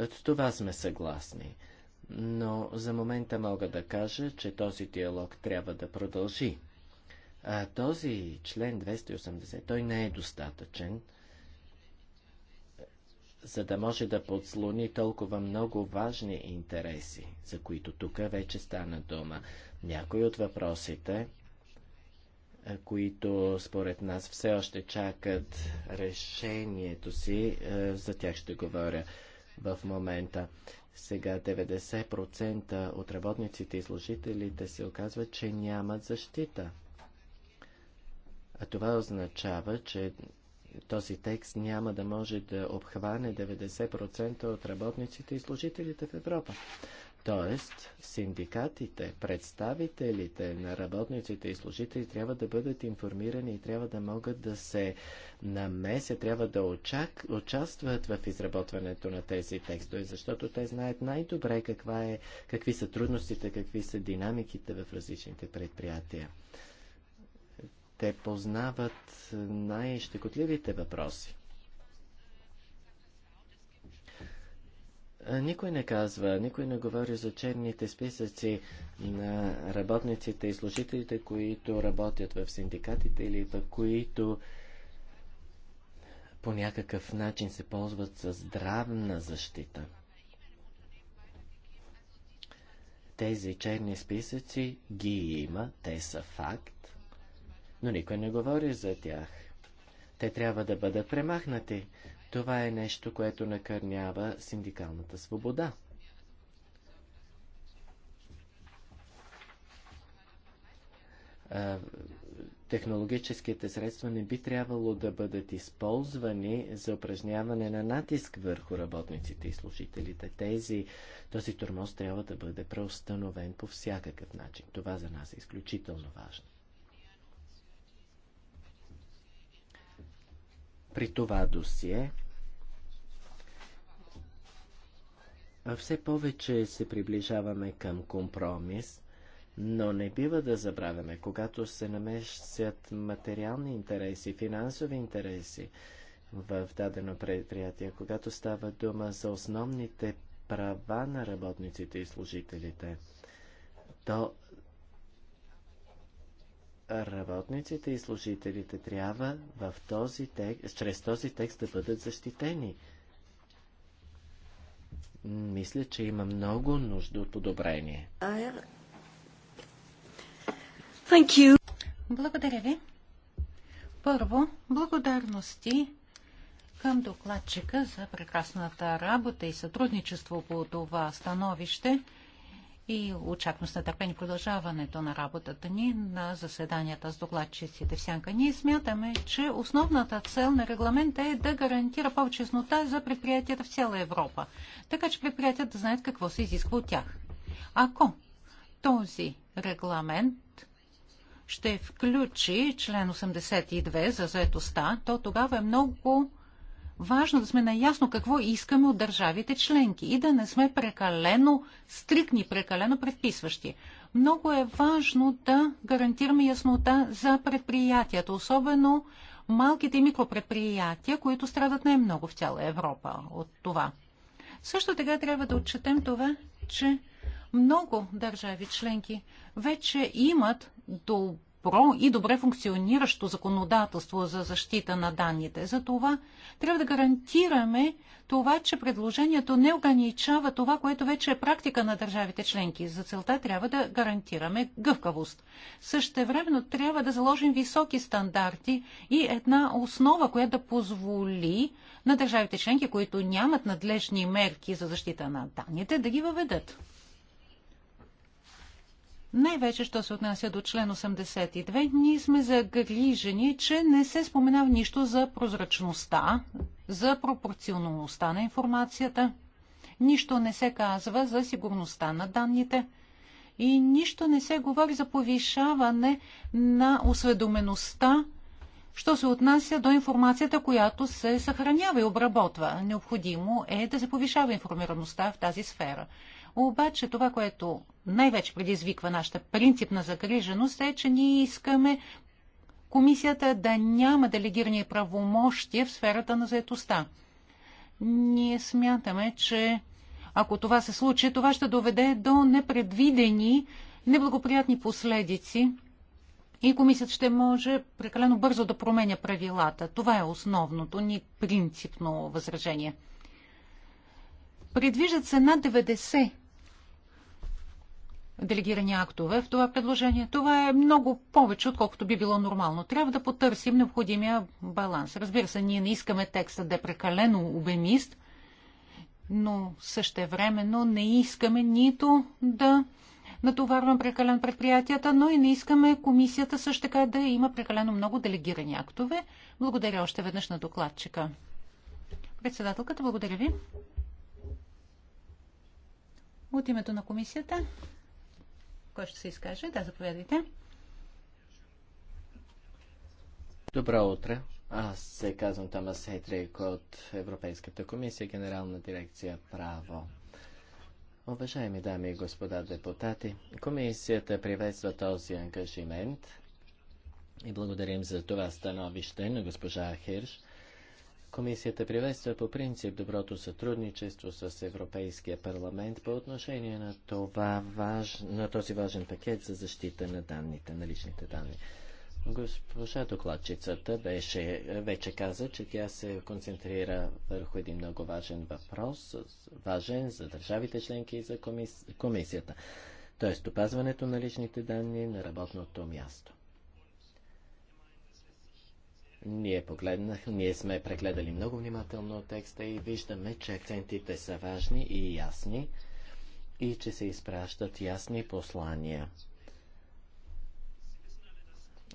От това сме съгласни. Но за момента мога да кажа, че този диалог трябва да продължи. А този член 280, той не е достатъчен, за да може да подслони толкова много важни интереси, за които тук вече стана дума. Някои от въпросите, които според нас все още чакат решението си, за тях ще говоря в момента. Сега 90% от работниците и служителите се оказва, че нямат защита. А това означава, че този текст няма да може да обхване 90% от работниците и служителите в Европа. Тоест, синдикатите, представителите на работниците и служители трябва да бъдат информирани и трябва да могат да се намесят, трябва да очак, участват в изработването на тези текстове, защото те знаят най-добре каква е, какви са трудностите, какви са динамиките в различните предприятия. Те познават най-щекотливите въпроси. Никой не казва, никой не говори за черните списъци на работниците и служителите, които работят в синдикатите или пък които по някакъв начин се ползват с здравна защита. Тези черни списъци ги има, те са факт, но никой не говори за тях. Те трябва да бъдат премахнати. Това е нещо, което накърнява синдикалната свобода. технологическите средства не би трябвало да бъдат използвани за упражняване на натиск върху работниците и служителите. Тези, този тормоз трябва да бъде преустановен по всякакъв начин. Това за нас е изключително важно. при това досие. Все повече се приближаваме към компромис, но не бива да забравяме, когато се намесят материални интереси, финансови интереси в дадено предприятие, когато става дума за основните права на работниците и служителите, то работниците и служителите трябва в този чрез този текст да бъдат защитени. Мисля, че има много нужда от подобрение. Благодаря ви. Първо, благодарности към докладчика за прекрасната работа и сътрудничество по това становище и очаквам с нетърпение продължаването на работата ни на заседанията с докладчиците в Сянка. Ние смятаме, че основната цел на регламента е да гарантира повече яснота за предприятията в цяла Европа, така че предприятията да знаят какво се изисква от тях. Ако този регламент ще включи член 82 за заетостта, то тогава е много важно да сме наясно какво искаме от държавите членки и да не сме прекалено стрикни, прекалено предписващи. Много е важно да гарантираме яснота за предприятията, особено малките и микропредприятия, които страдат най-много в цяла Европа от това. Също така трябва да отчетем това, че много държави членки вече имат добър добро и добре функциониращо законодателство за защита на данните. За това трябва да гарантираме това, че предложението не ограничава това, което вече е практика на държавите членки. За целта трябва да гарантираме гъвкавост. Същевременно трябва да заложим високи стандарти и една основа, която да позволи на държавите членки, които нямат надлежни мерки за защита на данните, да ги въведат. Най-вече, що се отнася до член 82, ние сме загрижени, че не се споменава нищо за прозрачността, за пропорционалността на информацията, нищо не се казва за сигурността на данните и нищо не се говори за повишаване на осведомеността, що се отнася до информацията, която се съхранява и обработва. Необходимо е да се повишава информираността в тази сфера. Обаче това, което най-вече предизвиква нашата принципна загриженост е, че ние искаме комисията да няма делегирани правомощия в сферата на заетостта. Ние смятаме, че ако това се случи, това ще доведе до непредвидени неблагоприятни последици и комисията ще може прекалено бързо да променя правилата. Това е основното ни принципно възражение. Предвиждат се над 90 делегирани актове в това предложение. Това е много повече, отколкото би било нормално. Трябва да потърсим необходимия баланс. Разбира се, ние не искаме текста да е прекалено обемист, но същевременно не искаме нито да натоварвам прекален предприятията, но и не искаме комисията също така да има прекалено много делегирани актове. Благодаря още веднъж на докладчика. Председателката, благодаря ви. От името на комисията, кой ще се изкаже? Да, заповядайте. Добро утро. Аз се казвам Томас Хейтрик от Европейската комисия, генерална дирекция Право. Уважаеми дами и господа депутати, комисията приветства този ангажимент и благодарим за това становище на госпожа Хирш. Комисията приветства по принцип доброто сътрудничество с Европейския парламент по отношение на, това важ... на този важен пакет за защита на данните, на личните данни. Госпожа докладчицата беше, вече каза, че тя се концентрира върху един много важен въпрос, важен за държавите членки и за комис... комисията, т.е. опазването на личните данни на работното място. Ние погледнах, ние сме прегледали много внимателно текста и виждаме, че акцентите са важни и ясни и че се изпращат ясни послания.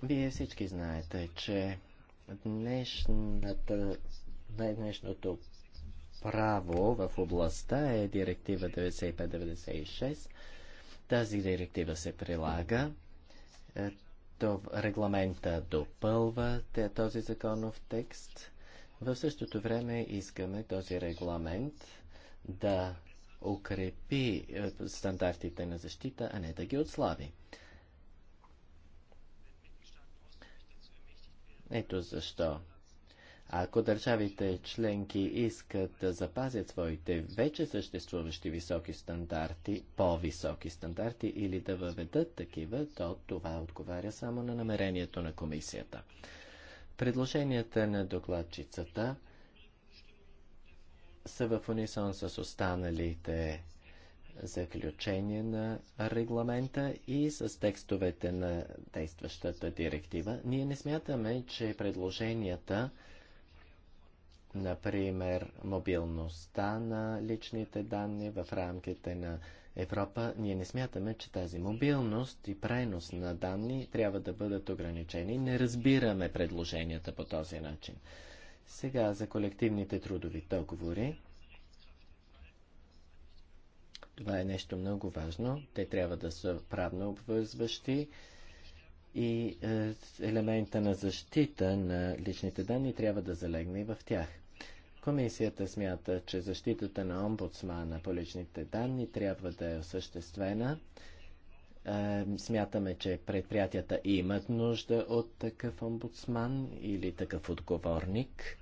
Вие всички знаете, че днешната, днешното право в областта е директива 95-96. Тази директива се прилага. Е, то регламента допълва този законов текст. В същото време искаме този регламент да укрепи е, стандартите на защита, а не да ги отслаби. Ето защо ако държавите членки искат да запазят своите вече съществуващи високи стандарти, по-високи стандарти или да въведат такива, то това отговаря само на намерението на комисията. Предложенията на докладчицата са в унисон с останалите заключения на регламента и с текстовете на действащата директива. Ние не смятаме, че предложенията Например, мобилността на личните данни в рамките на Европа. Ние не смятаме, че тази мобилност и пренос на данни трябва да бъдат ограничени. Не разбираме предложенията по този начин. Сега за колективните трудови договори. Това е нещо много важно. Те трябва да са правно обвързващи и е, елемента на защита на личните данни трябва да залегне и в тях. Комисията смята, че защитата на омбудсмана по личните данни трябва да е осъществена. Е, смятаме, че предприятията имат нужда от такъв омбудсман или такъв отговорник.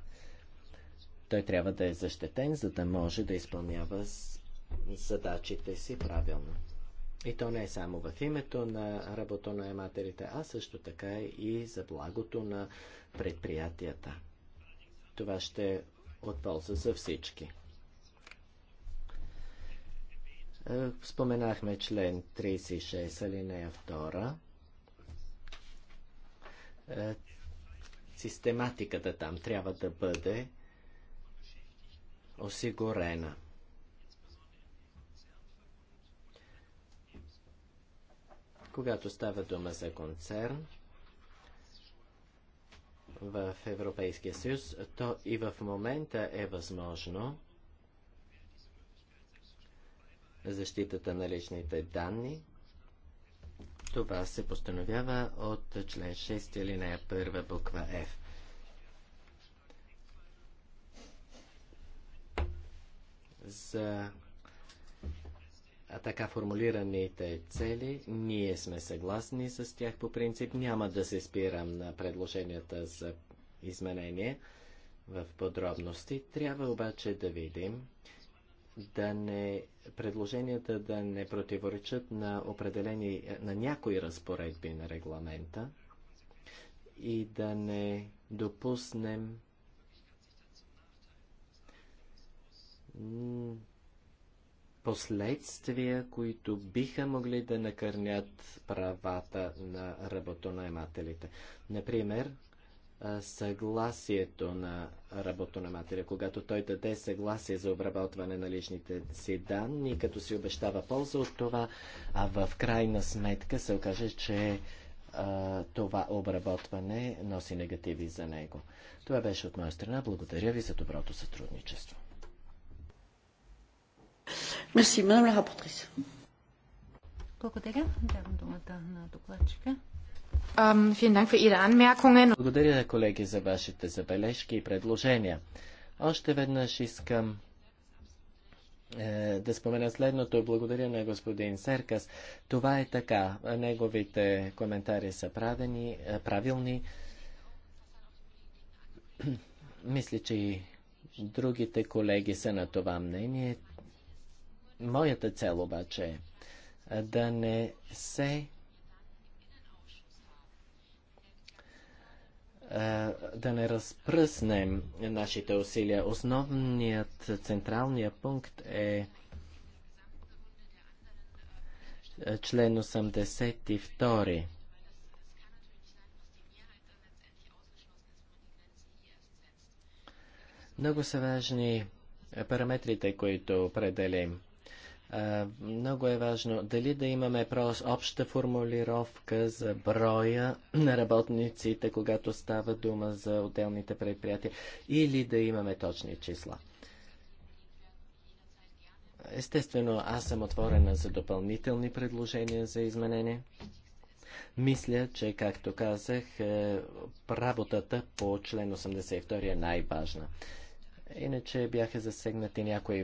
Той трябва да е защитен, за да може да изпълнява задачите си правилно. И то не е само в името на работонаемателите, а също така и за благото на предприятията. Това ще от полза за всички. Е, споменахме член 36, алинея 2. Е, систематиката там трябва да бъде осигурена. Когато става дума за концерн, в Европейския съюз, то и в момента е възможно защитата на личните данни. Това се постановява от член 6 или 1 буква F. За така формулираните цели. Ние сме съгласни с тях по принцип. Няма да се спирам на предложенията за изменение в подробности. Трябва обаче да видим да не, предложенията да не противоречат на определени, на някои разпоредби на регламента и да не допуснем последствия, които биха могли да накърнят правата на работонаемателите. Например, съгласието на работонамателя, когато той даде съгласие за обработване на личните си данни, като си обещава полза от това, а в крайна сметка се окаже, че а, това обработване носи негативи за него. Това беше от моя страна. Благодаря ви за доброто сътрудничество. Благодаря. Давам думата на докладчика. Благодаря, колеги, за вашите забележки и предложения. Още веднъж искам е, да спомена следното. Благодаря на господин Серкас. Това е така. Неговите коментари са правени, е, правилни. Мисля, че и другите колеги са на това мнение. Моята цел обаче е да не се да не разпръснем нашите усилия. Основният централният пункт е член 82. Много са важни параметрите, които определим много е важно дали да имаме обща формулировка за броя на работниците, когато става дума за отделните предприятия, или да имаме точни числа. Естествено, аз съм отворена за допълнителни предложения за изменение. Мисля, че, както казах, е, работата по член 82 е най-важна. Иначе бяха засегнати някои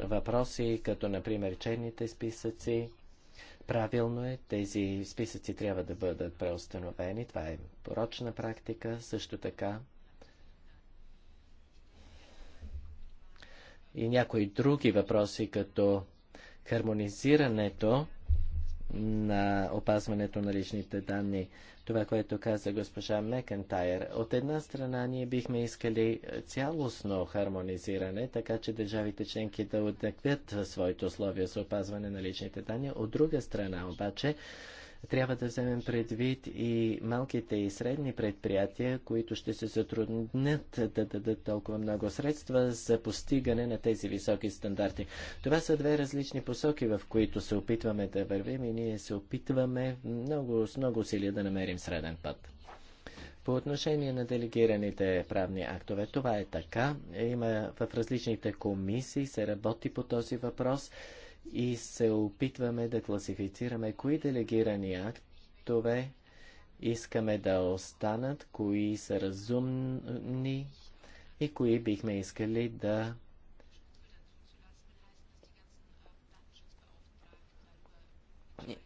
въпроси, като например черните списъци. Правилно е, тези списъци трябва да бъдат преустановени. Това е порочна практика. Също така и някои други въпроси, като хармонизирането на опазването на личните данни това, което каза госпожа Мекентайер. От една страна ние бихме искали е, цялостно хармонизиране, така че държавите членки да отдъквят своите условия за опазване на личните данни. От друга страна обаче трябва да вземем предвид и малките и средни предприятия, които ще се затруднят да дадат толкова много средства за постигане на тези високи стандарти. Това са две различни посоки, в които се опитваме да вървим и ние се опитваме много, с много усилия да намерим среден път. По отношение на делегираните правни актове, това е така. Има в различните комисии, се работи по този въпрос и се опитваме да класифицираме кои делегирани актове искаме да останат, кои са разумни и кои бихме искали да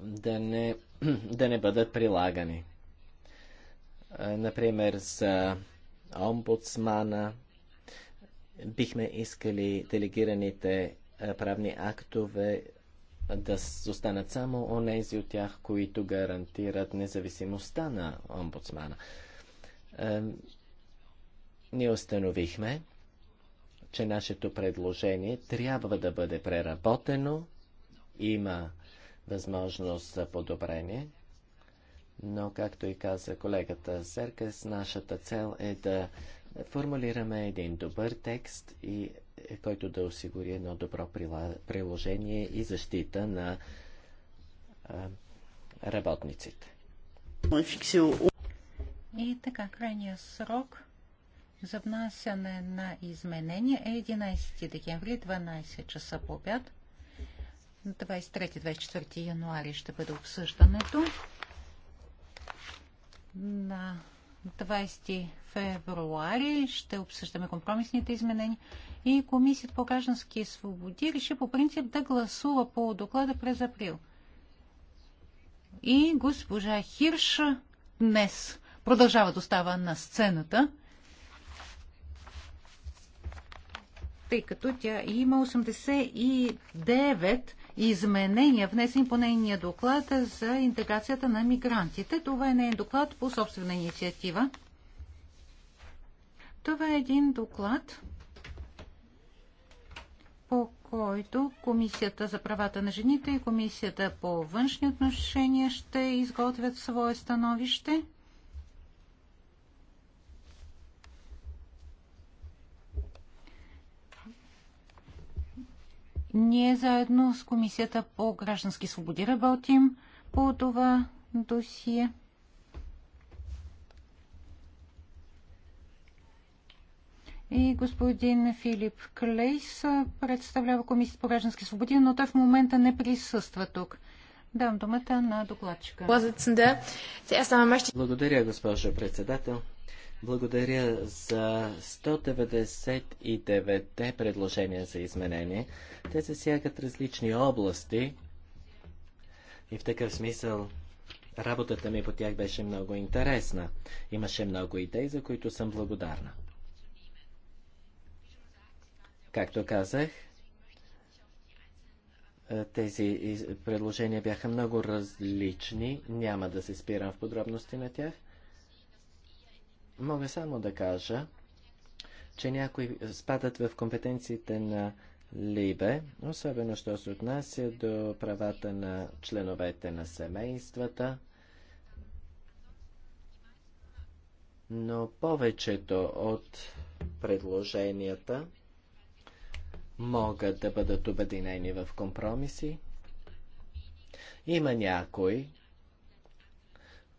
да не, да не бъдат прилагани. Например, за омбудсмана бихме искали делегираните е, правни актове да останат само онези от тях, които гарантират независимостта на омбудсмана. Е, ние установихме, че нашето предложение трябва да бъде преработено, има възможност за подобрение, но, както и каза колегата Серкес, нашата цел е да формулираме един добър текст и е, който да осигури едно добро приложение и защита на работниците. И така, крайният срок за внасяне на изменения е 11 декември, 12 часа по обяд. 23-24 януари ще бъде обсъждането. На 20 февруари ще обсъждаме компромисните изменения и Комисията по граждански свободи реши по принцип да гласува по доклада през април. И госпожа Хирш днес продължава да остава на сцената, тъй като тя има 89 изменения, внесени по нейния доклад за интеграцията на мигрантите. Това е нейният доклад по собствена инициатива. Това е един доклад, който Комисията за правата на жените и Комисията по външни отношения ще изготвят свое становище. Ние заедно с Комисията по граждански свободи работим по това досие. И господин Филип Клейс представлява Комисията по граждански свободи, но той в момента не присъства тук. Дам думата на докладчика. Благодаря, госпожо председател. Благодаря за 199-те предложения за изменение. Те засягат различни области и в такъв смисъл работата ми по тях беше много интересна. Имаше много идеи, за които съм благодарна. Както казах, тези предложения бяха много различни. Няма да се спирам в подробности на тях. Мога само да кажа, че някои спадат в компетенциите на Либе, особено що се отнася до правата на членовете на семействата, но повечето от предложенията могат да бъдат обединени в компромиси. Има някои,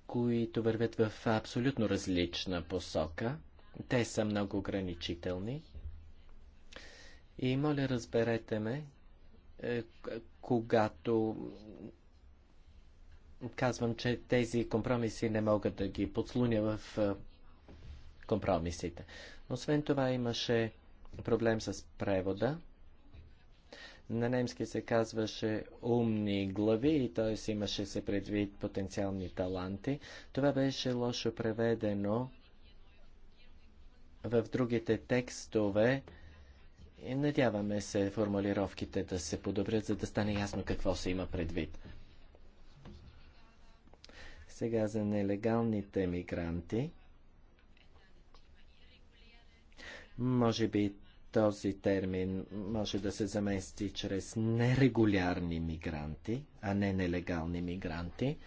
които вървят в абсолютно различна посока. Те са много ограничителни. И моля, разберете ме, е, когато казвам, че тези компромиси не могат да ги подслуня в е, компромисите. Освен това имаше проблем с превода. На немски се казваше умни глави, и т.е. имаше се предвид потенциални таланти. Това беше лошо преведено в другите текстове. И надяваме се формулировките да се подобрят, за да стане ясно какво се има предвид. Сега за нелегалните мигранти. Може би този термин може да се замести чрез нерегулярни мигранти, а не нелегални мигранти.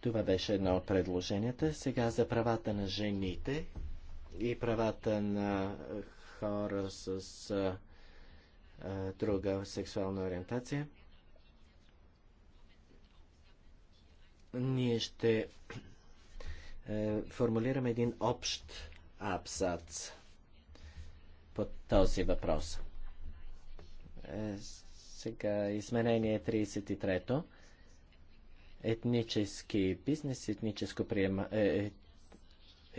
Това беше едно от предложенията. Сега за правата на жените и правата на хора с а, а, друга сексуална ориентация. Ние ще а, е, формулираме един общ абзац по този въпрос. Е, сега изменение 33-то. Етнически бизнес, етническо, приема, е, е,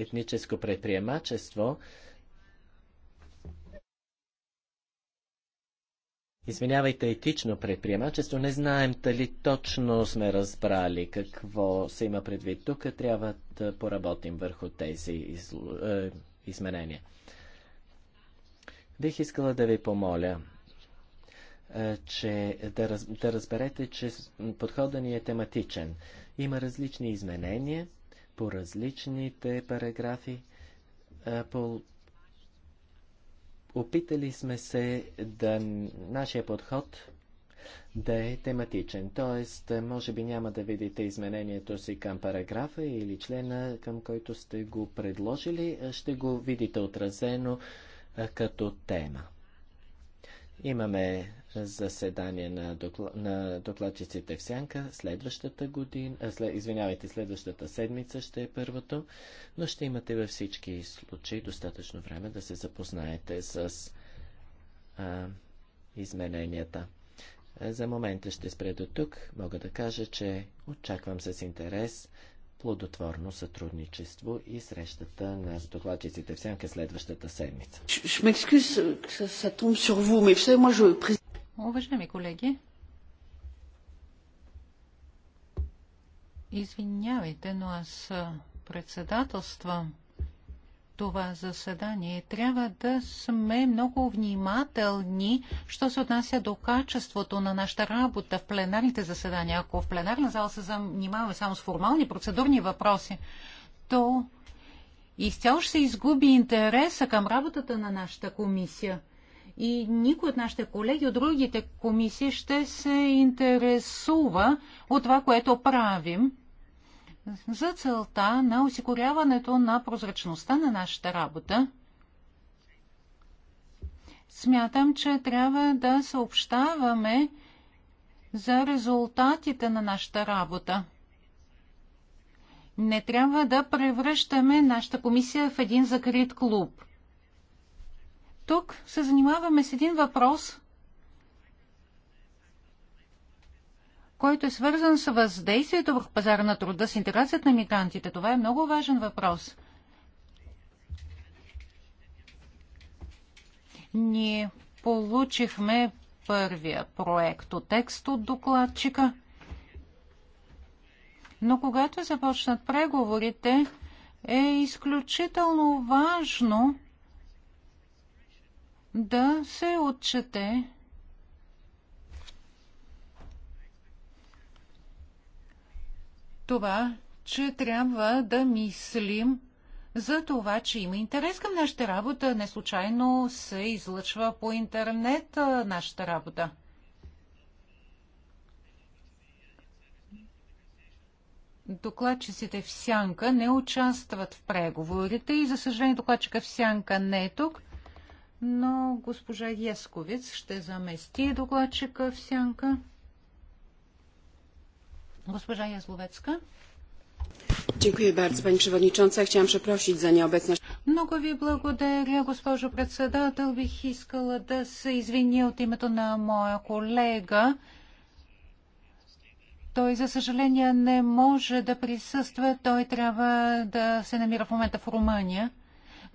етническо предприемачество. Извинявайте, етично предприемачество. Не знаем дали точно сме разбрали какво се има предвид тук. Трябва да поработим върху тези е, изменения. Бих искала да ви помоля, е, че да, раз, да разберете, че подходът ни е тематичен. Има различни изменения по различните параграфи. Е, по... Опитали сме се да нашия подход да е тематичен. Тоест, е, може би няма да видите изменението си към параграфа или члена, към който сте го предложили. Ще го видите отразено като тема. Имаме заседание на, докла... на докладчиците в Сянка. Следващата година, след... извинявайте, следващата седмица ще е първото, но ще имате във всички случаи достатъчно време да се запознаете с а, измененията. За момента ще спре до тук. Мога да кажа, че очаквам с интерес плодотворно сътрудничество и срещата на докладчиците в сянка следващата седмица. Уважаеми колеги, извинявайте, но аз председателствам това заседание. Трябва да сме много внимателни, що се отнася до качеството на нашата работа в пленарните заседания. Ако в пленарна зала се занимаваме само с формални процедурни въпроси, то изцяло ще се изгуби интереса към работата на нашата комисия. И никой от нашите колеги от другите комисии ще се интересува от това, което правим за целта на осигуряването на прозрачността на нашата работа. Смятам, че трябва да съобщаваме за резултатите на нашата работа. Не трябва да превръщаме нашата комисия в един закрит клуб. Тук се занимаваме с един въпрос, който е свързан с въздействието върху пазара на труда, с интеграцията на мигрантите. Това е много важен въпрос. Ние получихме първия проект от текст от докладчика. Но когато започнат преговорите, е изключително важно да се отчете това, че трябва да мислим за това, че има интерес към нашата работа. Не случайно се излъчва по интернет нашата работа. докладчиците в сянка не участват в преговорите и за съжаление докладчика в сянка не е тук, но госпожа Ясковец ще замести докладчика в сянка. Госпожа Язловецка. Dziękuję bardzo, Pani Przewodnicząca. Chciałam przeprosić za nieobecność. Много ви благодаря, госпожо председател. Бих искала да се извиня от името на моя колега. Той, за съжаление, не може да присъства. Той трябва да се намира в момента в Румъния.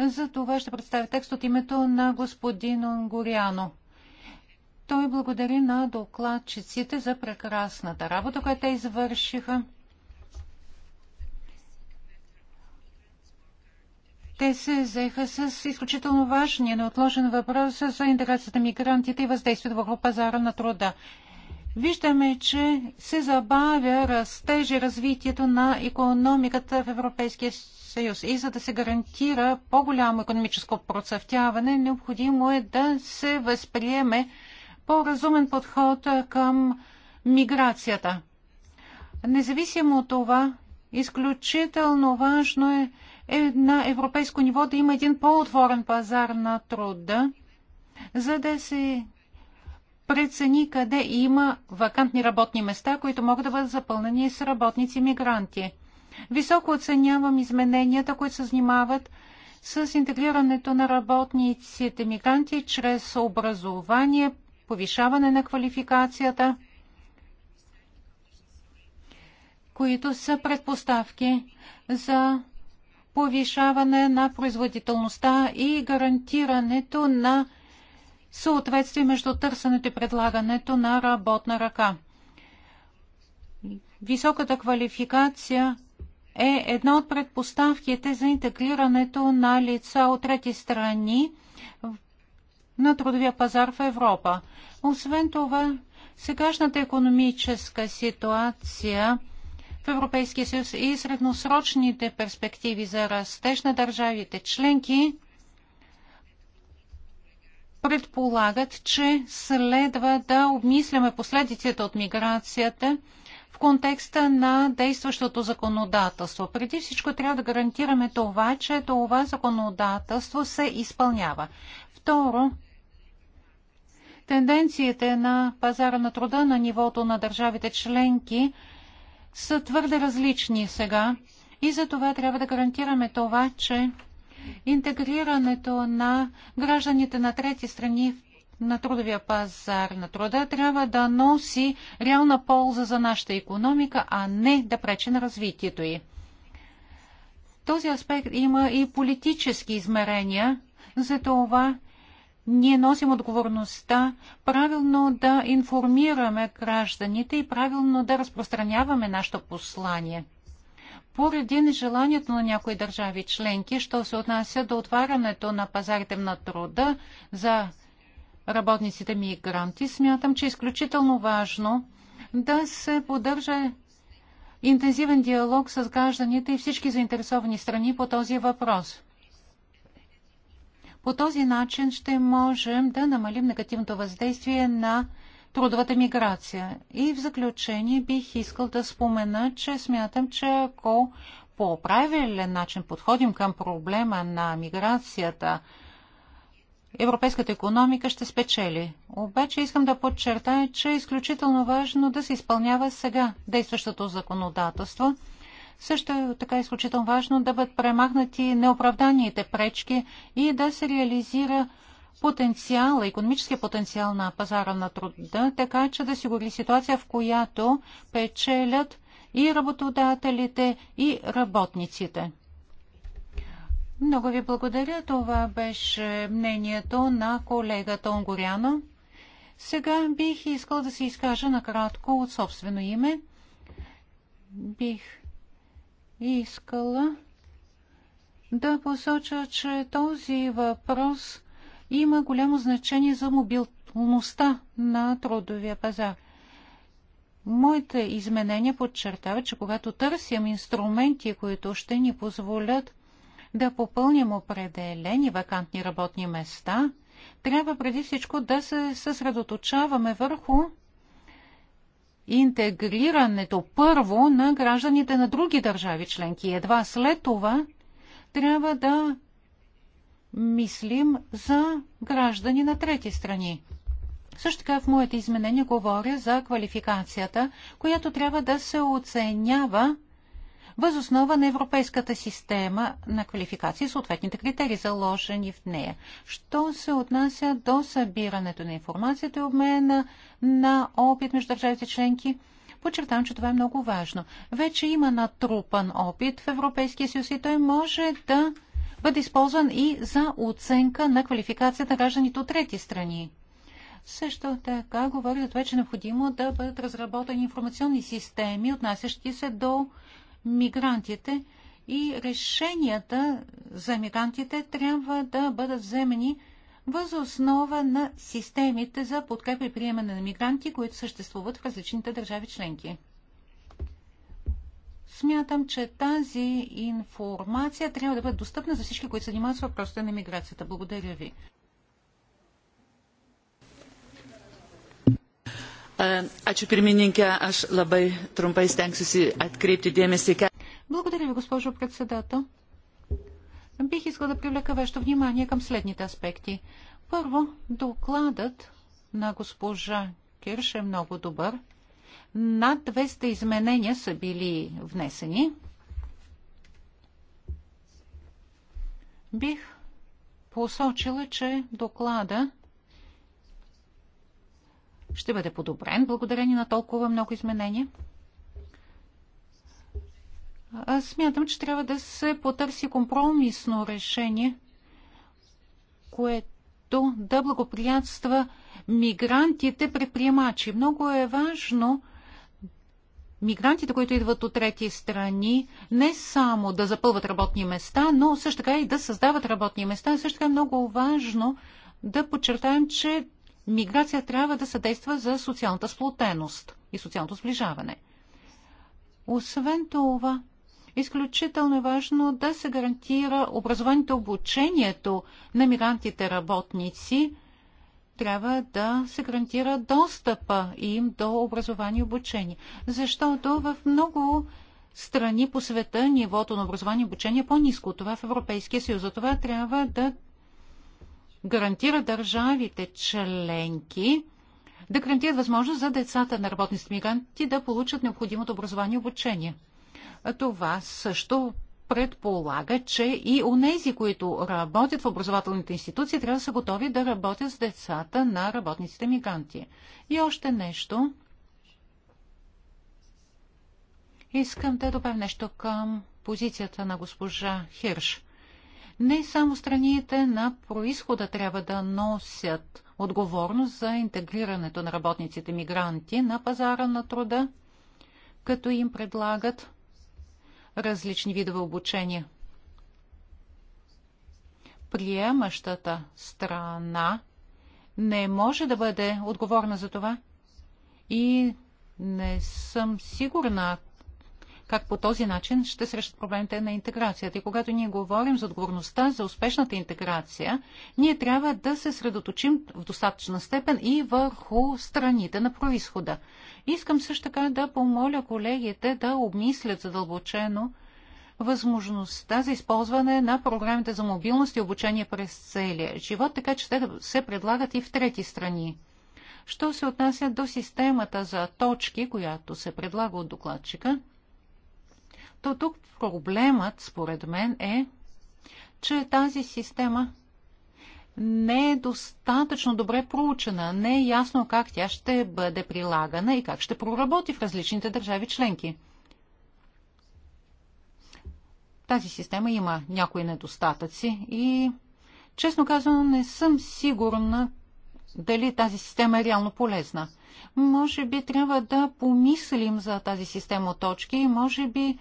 За това ще представя текст от името на господин Онгоряно. Той благодари на докладчиците за прекрасната работа, която те извършиха. Те се заеха с изключително важния, неотложен въпрос за интеграцията на мигрантите и въздействието върху пазара на труда. Виждаме, че се забавя растежи развитието на економиката в Европейския съюз. И за да се гарантира по-голямо економическо процъфтяване, необходимо е да се възприеме по-разумен подход към миграцията. Независимо от това, изключително важно е, е на европейско ниво да има един по-отворен пазар на труда, за да се прецени къде има вакантни работни места, които могат да бъдат запълнени с работници-мигранти. Високо оценявам измененията, които се занимават с интегрирането на работниците мигранти чрез образование, повишаване на квалификацията, които са предпоставки за повишаване на производителността и гарантирането на съответствие между търсенето и предлагането на работна ръка. Високата квалификация е една от предпоставките за интегрирането на лица от трети страни на трудовия пазар в Европа. Освен това, сегашната економическа ситуация в Европейския съюз и средносрочните перспективи за растеж на държавите членки предполагат, че следва да обмисляме последиците от миграцията в контекста на действащото законодателство. Преди всичко трябва да гарантираме това, че това законодателство се изпълнява. Второ, Тенденциите на пазара на труда на нивото на държавите членки са твърде различни сега и за това трябва да гарантираме това, че интегрирането на гражданите на трети страни на трудовия пазар на труда трябва да носи реална полза за нашата економика, а не да пречи на развитието й. Този аспект има и политически измерения, за това ние носим отговорността правилно да информираме гражданите и правилно да разпространяваме нашето послание. Поради нежеланието на някои държави членки, що се отнася до отварянето на пазарите на труда за работниците мигранти, смятам, че е изключително важно да се поддържа интензивен диалог с гражданите и всички заинтересовани страни по този въпрос. По този начин ще можем да намалим негативното въздействие на трудовата миграция. И в заключение бих искал да спомена, че смятам, че ако по правилен начин подходим към проблема на миграцията, европейската економика ще спечели. Обаче искам да подчертая, че е изключително важно да се изпълнява сега действащото законодателство – също е така е изключително важно да бъдат премахнати неоправданите пречки и да се реализира потенциала, економическия потенциал на пазара на труда, така че да сигури ситуация, в която печелят и работодателите, и работниците. Много ви благодаря. Това беше мнението на колегата Онгоряна. Сега бих искал да се изкажа накратко от собствено име. Бих искала да посоча, че този въпрос има голямо значение за мобилността на трудовия пазар. Моите изменения подчертават, че когато търсим инструменти, които ще ни позволят да попълним определени вакантни работни места, трябва преди всичко да се съсредоточаваме върху интегрирането първо на гражданите на други държави членки. Едва след това трябва да мислим за граждани на трети страни. Също така в моите изменения говоря за квалификацията, която трябва да се оценява въз основа на европейската система на квалификации и съответните критерии, заложени в нея. Що се отнася до събирането на информацията и обмена на опит между държавите членки? Подчертавам, че това е много важно. Вече има натрупан опит в Европейския съюз и той може да бъде използван и за оценка на квалификацията на гражданите от трети страни. Също така говори за това, че е необходимо да бъдат разработени информационни системи, отнасящи се до мигрантите и решенията за мигрантите трябва да бъдат вземени въз основа на системите за подкрепа и приемане на мигранти, които съществуват в различните държави членки. Смятам, че тази информация трябва да бъде достъпна за всички, които се занимават с въпросите на миграцията. Благодаря ви. Благодаря ви, госпожо председател. Бих искал да привлека вашето внимание към следните аспекти. Първо, докладът на госпожа Кирш е много добър. Над 200 изменения са били внесени. Бих посочила, че доклада ще бъде подобрен благодарение на толкова много изменения? Аз смятам, че трябва да се потърси компромисно решение, което да благоприятства мигрантите предприемачи. Много е важно мигрантите, които идват от трети страни, не само да запълват работни места, но също така и да създават работни места. Също така е много важно да подчертаем, че миграция трябва да съдейства за социалната сплотеност и социалното сближаване. Освен това, изключително е важно да се гарантира образованието, обучението на мигрантите работници. Трябва да се гарантира достъпа им до образование и обучение. Защото в много страни по света нивото на образование и обучение е по-низко от това в Европейския съюз. За това трябва да гарантира държавите членки да гарантират възможност за децата на работниците мигранти да получат необходимото образование и обучение. Това също предполага, че и у нези, които работят в образователните институции, трябва да са готови да работят с децата на работниците мигранти. И още нещо. Искам да добавя нещо към позицията на госпожа Хирш. Не само страните на происхода трябва да носят отговорност за интегрирането на работниците мигранти на пазара на труда, като им предлагат различни видове обучения. Приемащата страна не може да бъде отговорна за това и не съм сигурна как по този начин ще срещат проблемите на интеграцията. И когато ние говорим за отговорността за успешната интеграция, ние трябва да се средоточим в достатъчна степен и върху страните на происхода. Искам също така да помоля колегите да обмислят задълбочено възможността за използване на програмите за мобилност и обучение през целия живот, така че те се предлагат и в трети страни. Що се отнася до системата за точки, която се предлага от докладчика, то тук проблемът, според мен, е, че тази система не е достатъчно добре проучена, не е ясно как тя ще бъде прилагана и как ще проработи в различните държави членки. Тази система има някои недостатъци и, честно казано, не съм сигурна дали тази система е реално полезна. Може би трябва да помислим за тази система точки и може би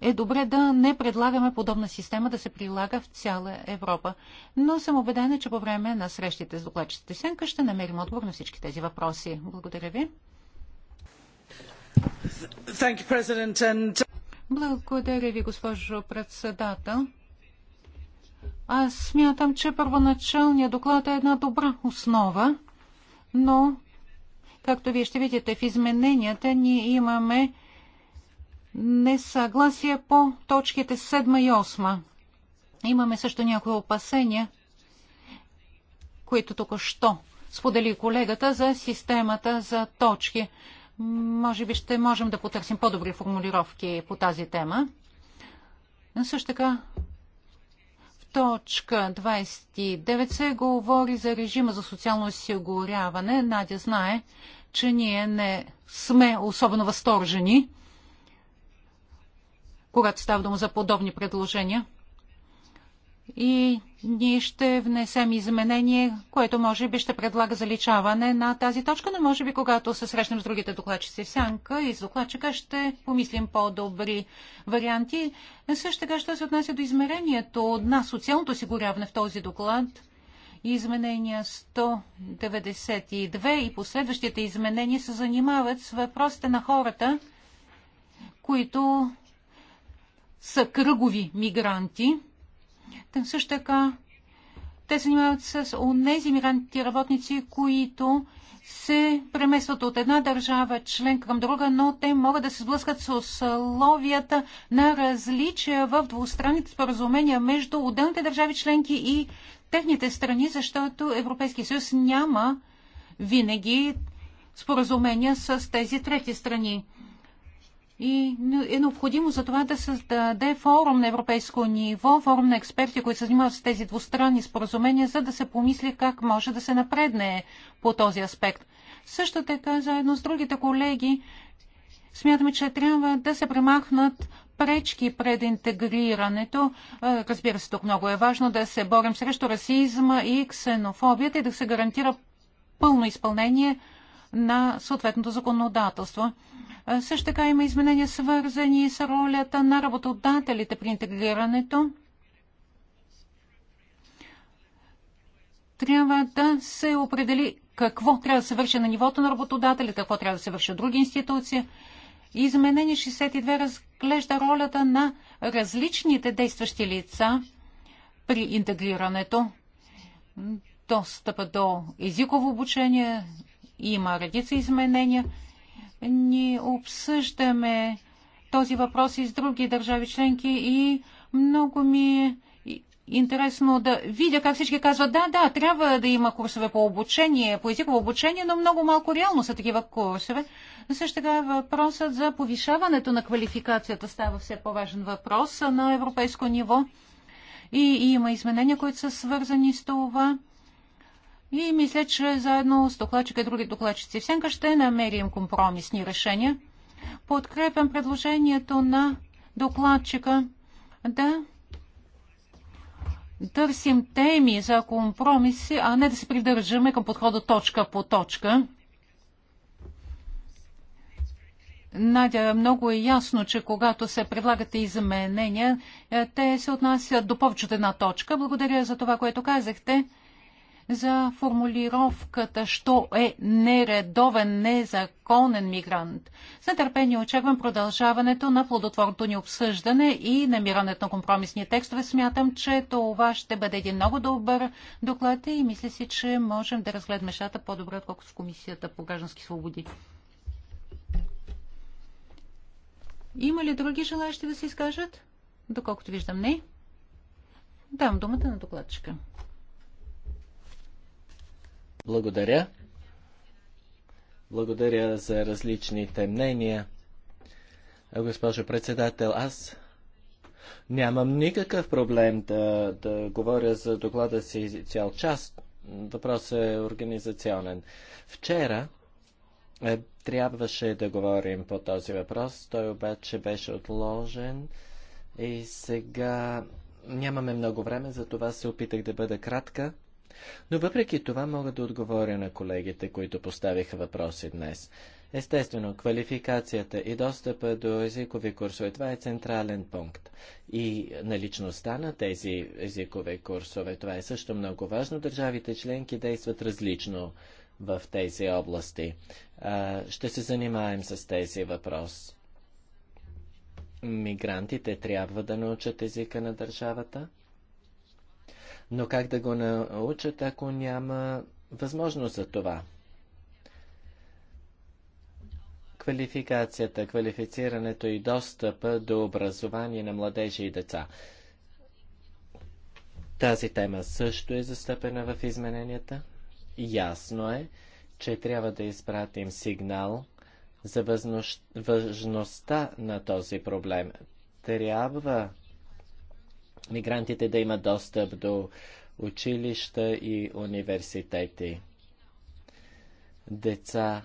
е добре да не предлагаме подобна система да се прилага в цяла Европа. Но съм убедена, че по време на срещите с докладчиците Сенка ще намерим отговор на всички тези въпроси. Благодаря ви. Благодаря ви, госпожо председател. Аз смятам, че първоначалният доклад е една добра основа, но, както вие ще видите в измененията, ние имаме несъгласие по точките 7 и 8. Имаме също някои опасения, които току-що сподели колегата за системата за точки. Може би ще можем да потърсим по-добри формулировки по тази тема. но Също така, в точка 29 се говори за режима за социално осигуряване. Надя знае, че ние не сме особено възторжени когато става дума за подобни предложения. И ние ще внесем изменение, което може би ще предлага заличаване на тази точка, но може би когато се срещнем с другите докладчици в сянка и с докладчика ще помислим по-добри варианти. Също така, ще се отнася до измерението на социалното осигуряване в този доклад, изменения 192 и последващите изменения се занимават с въпросите на хората, които са кръгови мигранти. Там също така те занимават с онези мигранти работници, които се преместват от една държава член към друга, но те могат да се сблъскат с условията на различия в двустранните споразумения между отделните държави членки и техните страни, защото Европейския съюз няма винаги споразумения с тези трети страни. И е необходимо за това да създаде форум на европейско ниво, форум на експерти, които се занимават с тези двустранни споразумения, за да се помисли как може да се напредне по този аспект. Също така, заедно с другите колеги, смятаме, че трябва да се премахнат пречки пред интегрирането. Разбира се, тук много е важно да се борим срещу расизма и ксенофобията и да се гарантира пълно изпълнение на съответното законодателство. Също така има изменения свързани с ролята на работодателите при интегрирането. Трябва да се определи какво трябва да се върши на нивото на работодателите, какво трябва да се върши от други институции. Изменение 62 разглежда ролята на различните действащи лица при интегрирането, достъпа до езиково обучение, има редица изменения. Ние обсъждаме този въпрос и с други държави членки и много ми е интересно да видя как всички казват, да, да, трябва да има курсове по обучение, по езиково обучение, но много малко реално са такива курсове. Но също така въпросът за повишаването на квалификацията става все по-важен въпрос на европейско ниво. И, и има изменения, които са свързани с това. И мисля, че заедно с докладчика и други докладчици в Сенка ще намерим компромисни решения. Подкрепям предложението на докладчика да търсим теми за компромиси, а не да се придържаме към подхода точка по точка. Надя, много е ясно, че когато се предлагате изменения, те се отнасят до повече от една точка. Благодаря за това, което казахте за формулировката, що е нередовен, незаконен мигрант. С нетърпение очаквам продължаването на плодотворното ни обсъждане и намирането на компромисни текстове. Смятам, че това ще бъде един много добър доклад и мисля си, че можем да разгледаме шата по-добре, отколкото с Комисията по граждански свободи. Има ли други желаящи да се изкажат? Доколкото виждам, не. Дам думата на докладчика. Благодаря. Благодаря за различните мнения. Госпожо председател, аз нямам никакъв проблем да, да говоря за доклада си цял час. Въпросът е организационен. Вчера е, трябваше да говорим по този въпрос, той обаче беше отложен и сега нямаме много време, за това се опитах да бъда кратка. Но въпреки това мога да отговоря на колегите, които поставиха въпроси днес. Естествено, квалификацията и достъпа до езикови курсове, това е централен пункт. И наличността на тези езикови курсове, това е също много важно. Държавите членки действат различно в тези области. А, ще се занимаем с тези въпрос. Мигрантите трябва да научат езика на държавата но как да го научат, ако няма възможност за това? Квалификацията, квалифицирането и достъпа до образование на младежи и деца. Тази тема също е застъпена в измененията. Ясно е, че трябва да изпратим сигнал за важността на този проблем. Трябва мигрантите да имат достъп до училища и университети. Деца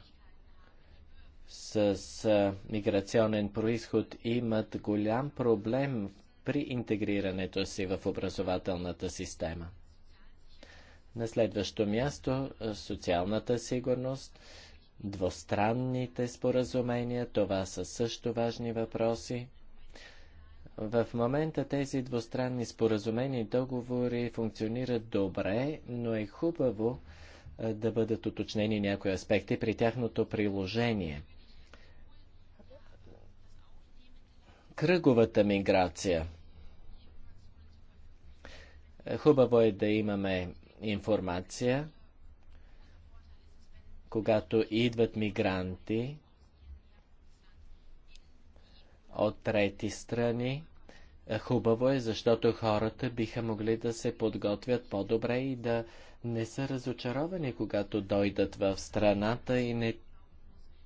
с миграционен происход имат голям проблем при интегрирането си в образователната система. На следващо място социалната сигурност, двустранните споразумения, това са също важни въпроси. В момента тези двустранни споразумени договори функционират добре, но е хубаво да бъдат уточнени някои аспекти при тяхното приложение. Кръговата миграция. Хубаво е да имаме информация, когато идват мигранти от трети страни. Хубаво е, защото хората биха могли да се подготвят по-добре и да не са разочаровани, когато дойдат в страната и не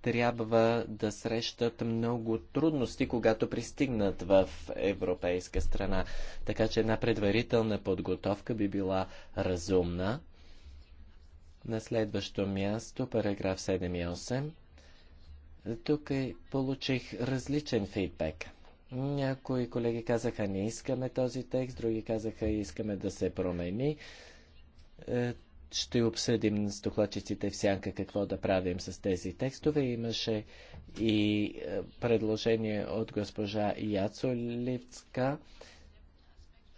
трябва да срещат много трудности, когато пристигнат в европейска страна. Така че една предварителна подготовка би била разумна. На следващо място, параграф 7 и 8. Тук е, получих различен фидбек – някои колеги казаха не искаме този текст, други казаха искаме да се промени. Е, ще обсъдим с докладчиците в сянка какво да правим с тези текстове. Имаше и е, предложение от госпожа Яцолицка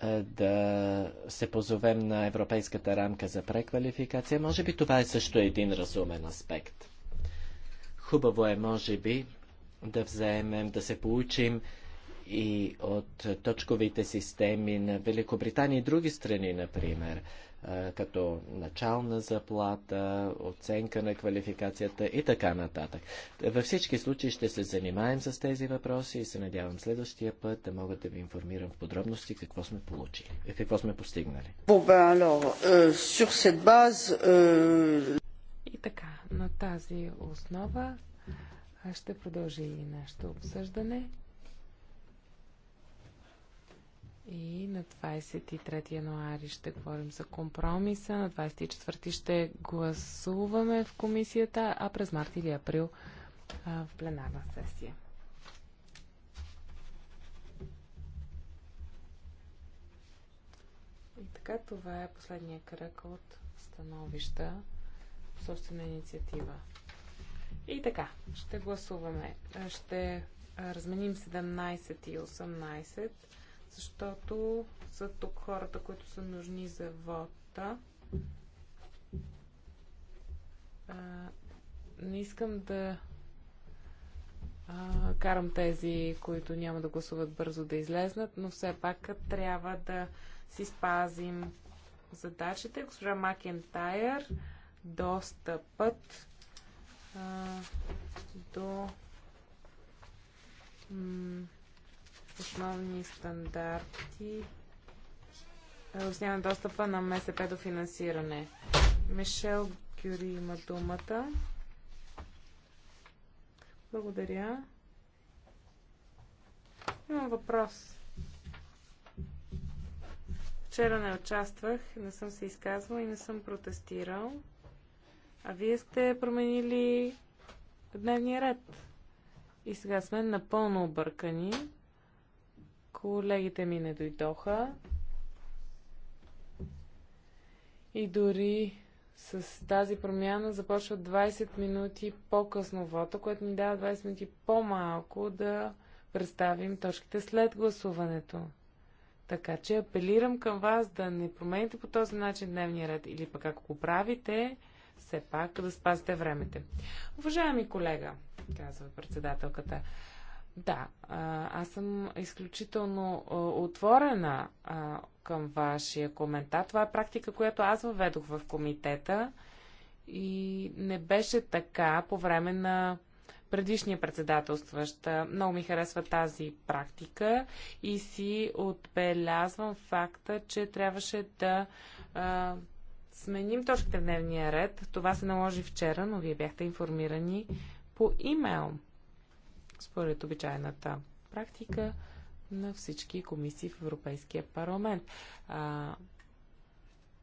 е, да се позовем на европейската рамка за преквалификация. Може би това е също един разумен аспект. Хубаво е, може би, да вземем, да се получим и от точковите системи на Великобритания и други страни, например, като начална заплата, оценка на квалификацията и така нататък. Във всички случаи ще се занимаем с тези въпроси и се надявам следващия път да мога да ви информирам в подробности какво сме получили, какво сме постигнали. Euh, euh, и така, на тази основа ще продължи и нашето обсъждане. И на 23 януари ще говорим за компромиса, на 24 ще гласуваме в комисията, а през март или април а, в пленарна сесия. И така, това е последния кръг от становища собствена инициатива. И така, ще гласуваме. Ще разменим 17 и 18 защото са тук хората, които са нужни за вода. не искам да а, карам тези, които няма да гласуват бързо да излезнат, но все пак трябва да си спазим задачите. Госпожа Макентайр, доста път а, до основни стандарти, е, улеснява достъпа на МСП до финансиране. Мишел Кюри има думата. Благодаря. Имам въпрос. Вчера не участвах, не съм се изказвал и не съм протестирал. А вие сте променили дневния ред. И сега сме напълно объркани. Колегите ми не дойдоха. И дори с тази промяна започва 20 минути по-късно вота, което ни дава 20 минути по-малко да представим точките след гласуването. Така че апелирам към вас да не промените по този начин дневния ред или пък ако го правите, все пак да спазите времето. Уважаеми колега, казва председателката, да, аз съм изключително отворена към вашия коментар. Това е практика, която аз въведох в комитета и не беше така по време на предишния председателстващ. Много ми харесва тази практика и си отбелязвам факта, че трябваше да а, сменим точките в дневния ред. Това се наложи вчера, но вие бяхте информирани по имейл според обичайната практика на всички комисии в Европейския парламент. А,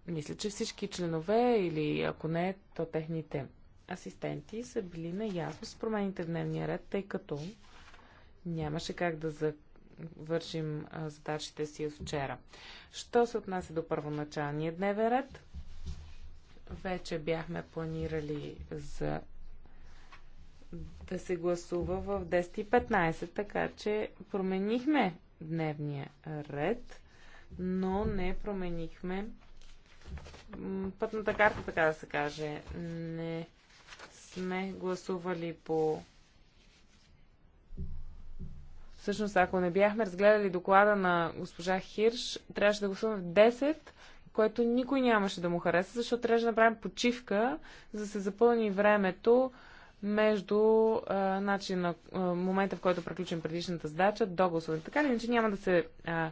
мисля, че всички членове или ако не, то техните асистенти са били наясно с промените в дневния ред, тъй като нямаше как да завършим задачите си от вчера. Що се отнася до първоначалния дневен ред? Вече бяхме планирали за да се гласува в 10.15, така че променихме дневния ред, но не променихме пътната карта, така да се каже. Не сме гласували по Всъщност, ако не бяхме разгледали доклада на госпожа Хирш, трябваше да гласуваме в 10, което никой нямаше да му хареса, защото трябваше да направим почивка, за да се запълни времето между а, начина, а, момента, в който приключим предишната задача до гласуването. Така ли, иначе няма да се а,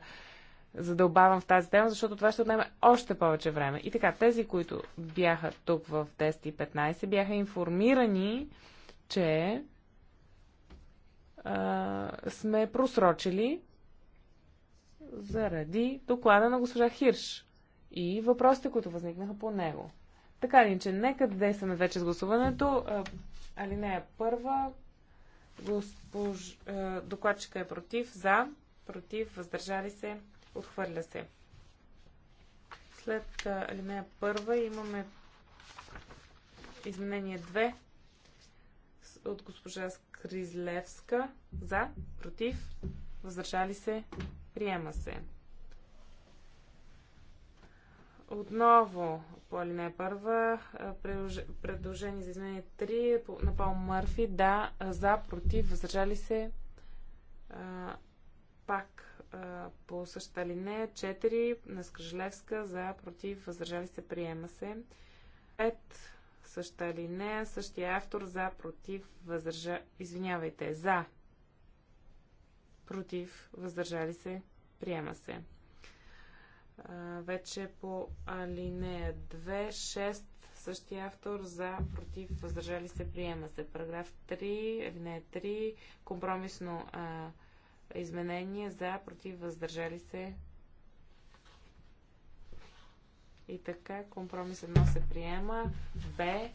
задълбавам в тази тема, защото това ще отнеме още повече време. И така, тези, които бяха тук в 10 и 15, бяха информирани, че а, сме просрочили заради доклада на госпожа Хирш и въпросите, които възникнаха по него. Така ли, че нека да действаме вече с гласуването. Алинея първа. Госпож... Докладчика е против, за, против, въздържали се, отхвърля се. След алинея първа имаме изменение 2 от госпожа Скризлевска. За, против, въздържали се, приема се. Отново, по алинея първа, предложение за изменение 3 на Пол Мърфи. Да, за, против, въздържали се. А, пак а, по същата алинея 4 на Скажелевска, За, против, въздържали се, приема се. 5 същата алинея, същия автор. За, против, въздържа... Извинявайте, за, против, въздържали се, приема се вече по алинея 2, 6, същия автор за, против, въздържали се, приема се. Параграф 3, алинея 3, компромисно а, изменение за, против, въздържали се. И така, компромис 1 се приема. Б,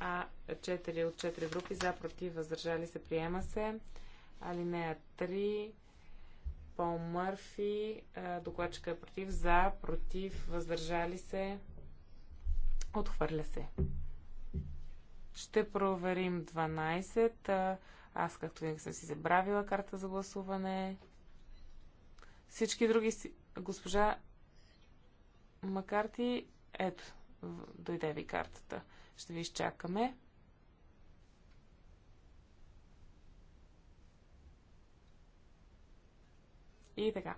А, 4 от 4 групи за, против, въздържали се, приема се. Алинея 3, Пол Мърфи. Докладчика е против. За, против, въздържали се. Отхвърля се. Ще проверим 12. Аз, както винаги, съм си забравила карта за гласуване. Всички други си... Госпожа Макарти, ето, дойде ви картата. Ще ви изчакаме. И така.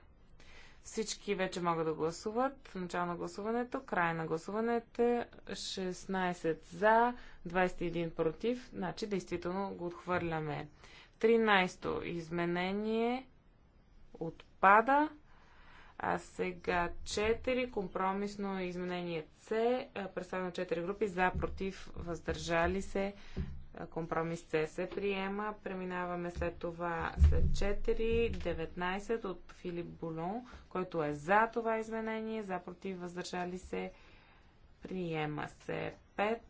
Всички вече могат да гласуват. Начало на гласуването, край на гласуването, 16 за, 21 против. Значи, действително го отхвърляме. 13-то изменение отпада. А сега 4, компромисно изменение С, представено 4 групи, за, против, въздържали се, Компромис С се приема. Преминаваме след това след 4.19 от Филип Булон, който е за това изменение, за против въздържали се. Приема се 5,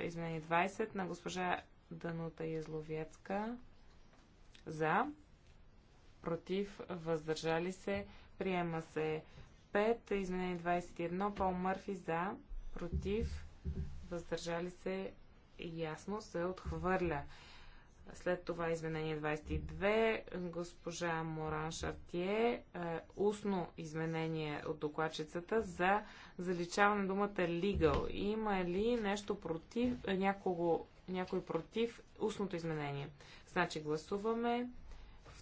е, изменение 20 на госпожа Данута Язловецка. За. Против въздържали се. Приема се 5, изменение 21. Пол Мърфи за. Против въздържали се ясно се отхвърля. След това изменение 22, госпожа Моран Шартие, е, устно изменение от докладчицата за заличаване на думата legal. Има ли нещо против, е, някого, някой против устното изменение? Значи гласуваме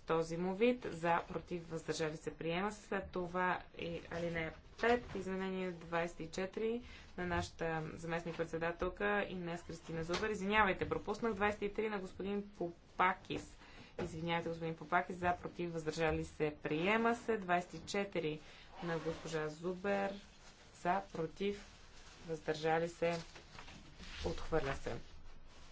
този му вид. За, против, въздържали се, приема се. След това и алинея 5, изменение 24 на нашата заместник председателка днес Кристина Зубер. Извинявайте, пропуснах 23 на господин Попакис. Извинявайте, господин Попакис, за, против, въздържали се, приема се. 24 на госпожа Зубер, за, против, въздържали се, отхвърля се.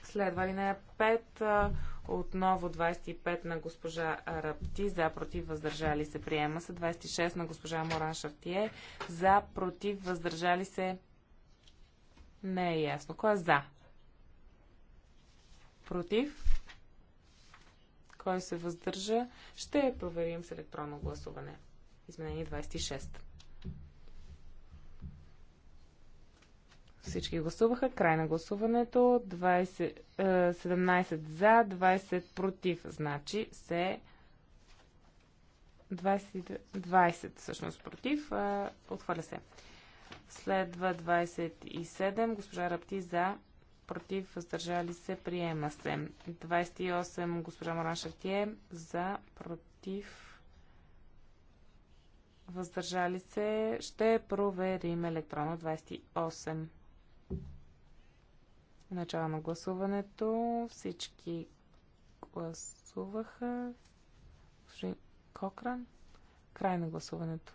Следва ли алинея 5. Отново 25 на госпожа Рапти, за, против, въздържали се, приема се. 26 на госпожа Моран Шартие, за, против, въздържали се, не е ясно. Кой е за? Против? Кой се въздържа? Ще проверим с електронно гласуване. Изменение 26. Всички гласуваха. Край на гласуването. 20, 17 е, за, 20 против. Значи се 20, 20 всъщност против. Е, отхвърля се. Следва 27. Госпожа Рапти за, против, въздържали се, приема се. 28. Госпожа Моран Шартие за, против, въздържали се. Ще проверим електронно 28. Начало на гласуването. Всички гласуваха. Господин Кокран. Край на гласуването.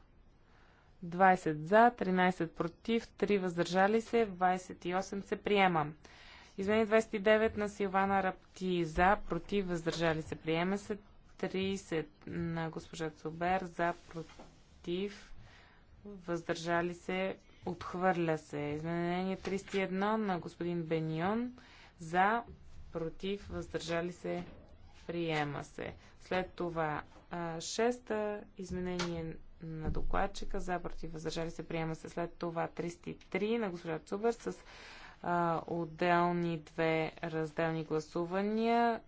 20 за, 13 против, 3 въздържали се, 28 се приема. Измени 29 на Силвана Рапти за, против, въздържали се, приема се. 30 на госпожа Цубер за, против, въздържали се, Отхвърля се. Изменение 301 на господин Бенион. За, против, въздържали се, приема се. След това шеста изменение на докладчика за против въздържали се приема се след това 303 на госпожа Цубър с а, отделни две разделни гласувания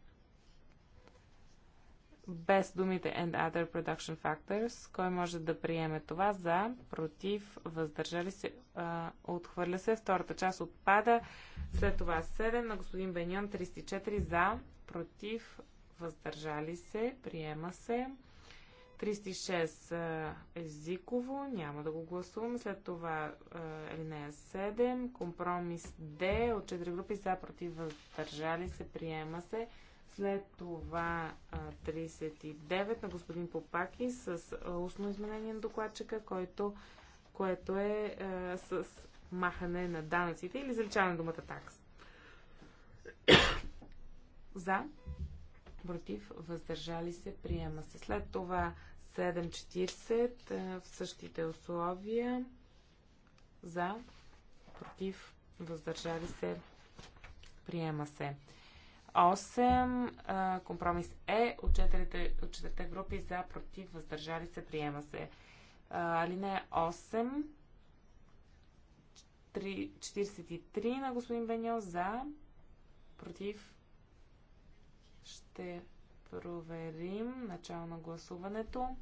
без думите and other production factors. Кой може да приеме това? За, против, въздържали се, а, отхвърля се. Втората част отпада. След това 7 на господин Беньон, 34 за, против, въздържали се, приема се. 36 езиково, няма да го гласуваме. След това алинея 7, компромис Д от 4 групи за, против, въздържали се, приема се. След това 39 на господин Попаки с устно изменение на докладчика, който, което е с махане на данъците или заличаване на думата такс. За, против, въздържали се, приема се. След това 7.40 в същите условия. За, против, въздържали се, приема се. 8. Компромис Е от четирите, от четирите групи за, против, въздържали се, приема се. Алинея 8. 43 на господин Беньо за, против. Ще проверим начало на гласуването.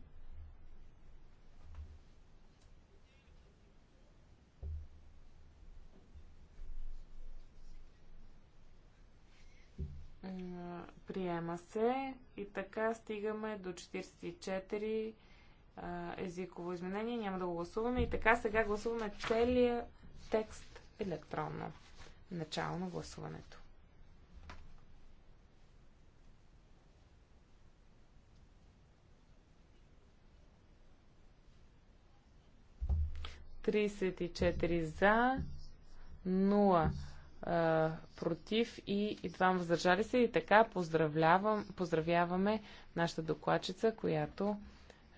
Приема се. И така стигаме до 44 езиково изменение. Няма да го гласуваме. И така сега гласуваме целия текст електронно. Начално гласуването. Тридесет и четири за, нула против и, и въздържали се. И така поздравлявам, поздравяваме нашата докладчица, която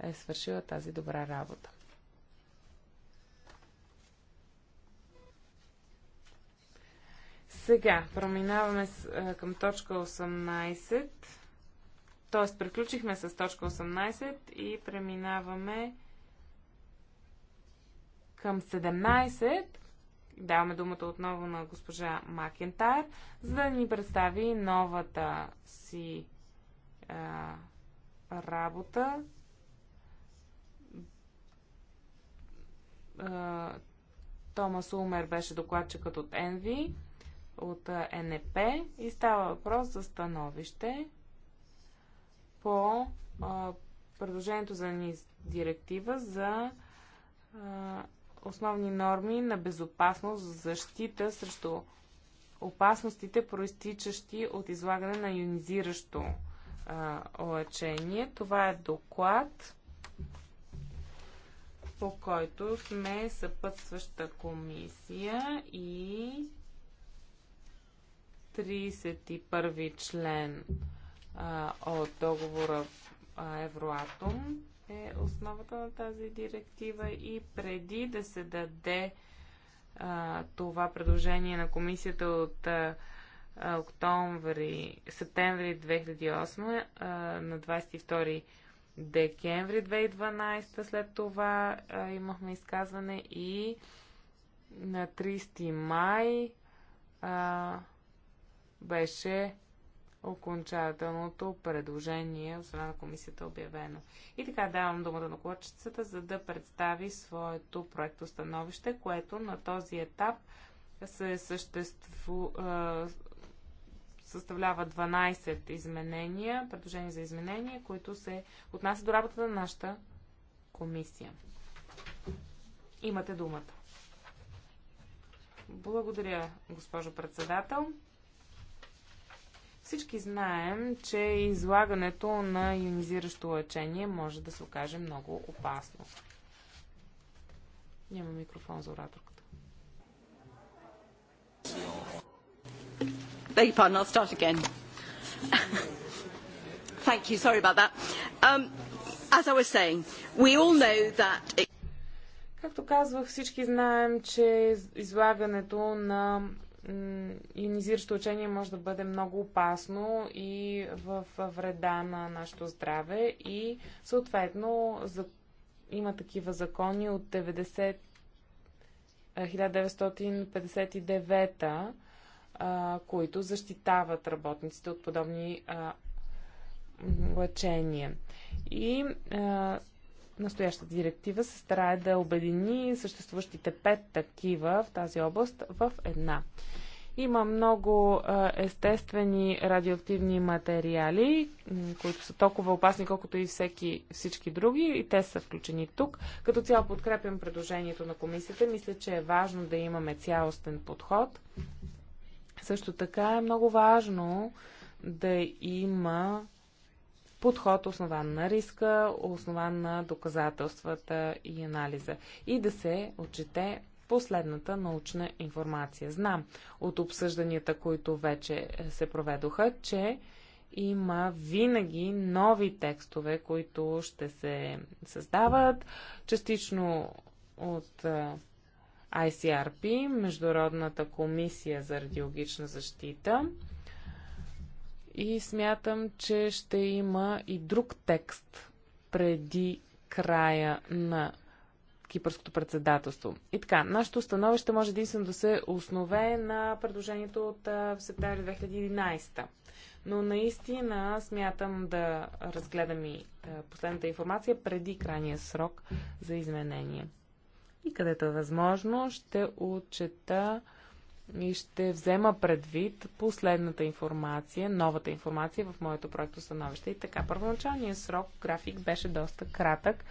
е свършила тази добра работа. Сега проминаваме към точка 18. Тоест, приключихме с точка 18 и преминаваме към 17 даваме думата отново на госпожа Макентайр, за да ни представи новата си а, работа. А, Томас Умер беше докладчикът от Енви, от НП и става въпрос за становище по а, предложението за директива за а, основни норми на безопасност за защита срещу опасностите, проистичащи от излагане на ионизиращо а, лъчение. Това е доклад, по който сме съпътстваща комисия и 31 член а, от договора Евроатом е основата на тази директива и преди да се даде а, това предложение на комисията от а, октомври, септември 2008 а, на 22 декември 2012 след това а, имахме изказване и на 30 май а, беше окончателното предложение от страна на комисията обявено. И така давам думата на колачицата, за да представи своето проекто становище, което на този етап се съществу, съставлява 12 изменения, предложения за изменения, които се отнасят до работата на нашата комисия. Имате думата. Благодаря, госпожо председател. Всички знаем, че излагането на ионизиращо лъчение може да се окаже много опасно. Няма микрофон за ораторката. Beg your pardon, I'll start again. Thank you, sorry about that. Um, as I was saying, we all know that... It... Както казвах, всички знаем, че излагането на ионизиращо учение може да бъде много опасно и в вреда на нашето здраве и съответно за... има такива закони от 90... 1959 които защитават работниците от подобни а, лъчения. И а, настоящата директива се старае да обедини съществуващите пет такива в тази област в една. Има много естествени радиоактивни материали, които са толкова опасни, колкото и всеки, всички други, и те са включени тук. Като цяло подкрепям предложението на комисията. Мисля, че е важно да имаме цялостен подход. Също така е много важно да има подход, основан на риска, основан на доказателствата и анализа. И да се отчете последната научна информация. Знам от обсъжданията, които вече се проведоха, че има винаги нови текстове, които ще се създават, частично от ICRP, Международната комисия за радиологична защита, и смятам, че ще има и друг текст преди края на кипърското председателство. И така, нашето становище може единствено да се основе на предложението от а, септември 2011. Но наистина смятам да разгледам и последната информация преди крайния срок за изменение. И където е възможно, ще отчета и ще взема предвид последната информация, новата информация в моето проекто становище. И така, първоначалният срок, график беше доста кратък.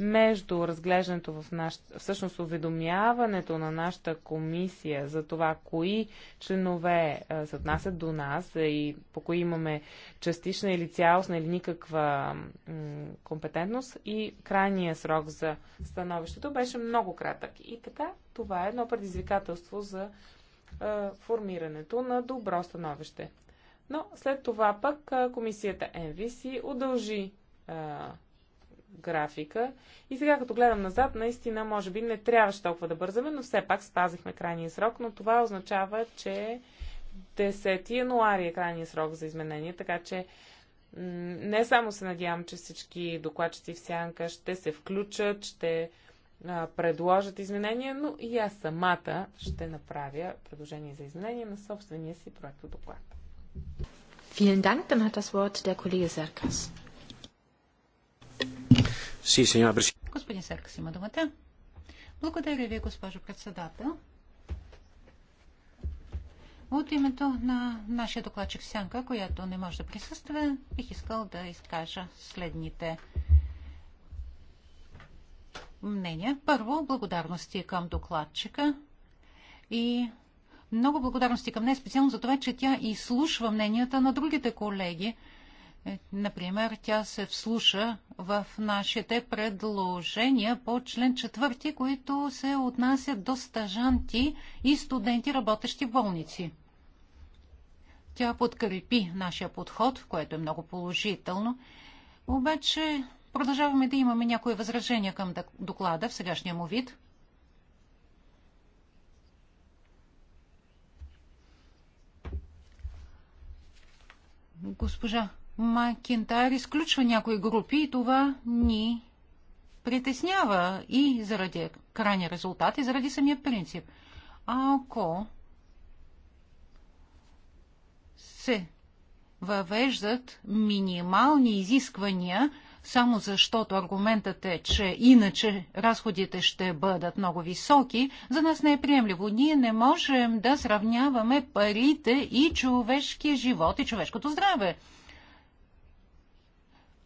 Между разглеждането в нашата, всъщност уведомяването на нашата комисия за това, кои членове се отнасят до нас е, и по кои имаме частична или цялостна или никаква компетентност и крайния срок за становището беше много кратък. И така, това е едно предизвикателство за формирането на добро становище. Но след това пък комисията NVC удължи а, графика. И сега, като гледам назад, наистина, може би не трябваше толкова да бързаме, но все пак спазихме крайния срок, но това означава, че 10 януари е крайния срок за изменение, така че не само се надявам, че всички докладчици в сянка ще се включат, ще а, предложат изменения, но и аз самата ще направя предложение за изменение на собствения си проект доклад. Vielen Dank. Dann hat das Wort der Kollege Serkas. Sí, Господин Серкас има думата. Благодаря ви, госпожо председател. От името на нашия докладчик Сянка, която не може да присъства, бих искал да изкажа следните мнения. Първо, благодарности към докладчика и много благодарности към нея, специално за това, че тя изслушва мненията на другите колеги. Е, например, тя се вслуша в нашите предложения по член 4, които се отнасят до стажанти и студенти, работещи в болници. Тя подкрепи нашия подход, което е много положително. Обаче Продължаваме да имаме някои възражения към доклада в сегашния му вид. Госпожа Макентайр изключва някои групи и това ни притеснява и заради крайния резултат, и заради самия принцип. А ако се въвеждат минимални изисквания само защото аргументът е, че иначе разходите ще бъдат много високи, за нас не е приемливо. Ние не можем да сравняваме парите и човешкия живот и човешкото здраве.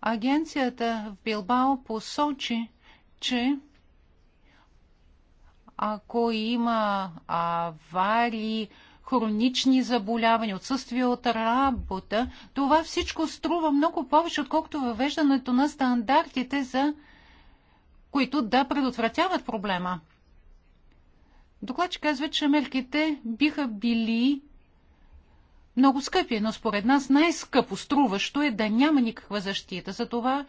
Агенцията в Билбао посочи, че ако има аварии, хронични заболявания, отсъствие от работа. Това всичко струва много повече, отколкото въвеждането на стандартите, за които да предотвратяват проблема. Докладчик казва, че мерките биха били много скъпи, но според нас най-скъпо струващо е да няма никаква защита. Затова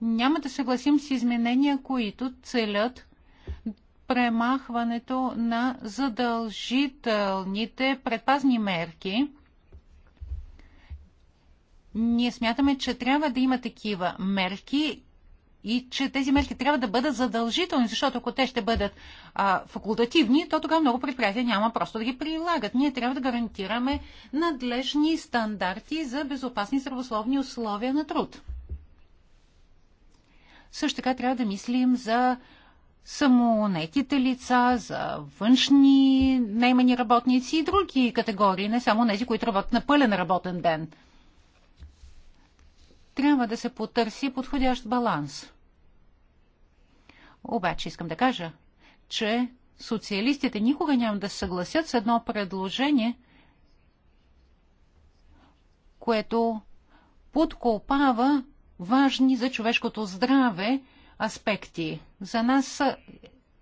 няма да съгласим с изменения, които целят премахването на задължителните предпазни мерки. Ние смятаме, че трябва да има такива мерки и че тези мерки трябва да бъдат задължителни, защото ако те ще бъдат а, факултативни, то тогава много предприятия няма просто да ги прилагат. Ние трябва да гарантираме надлежни стандарти за безопасни здравословни условия на труд. Също така трябва да мислим за самонетите лица, за външни наймани работници и други категории, не само тези, които работят на пълен работен ден. Трябва да се потърси подходящ баланс. Обаче искам да кажа, че социалистите никога няма да съгласят с едно предложение, което подкопава важни за човешкото здраве аспекти. За нас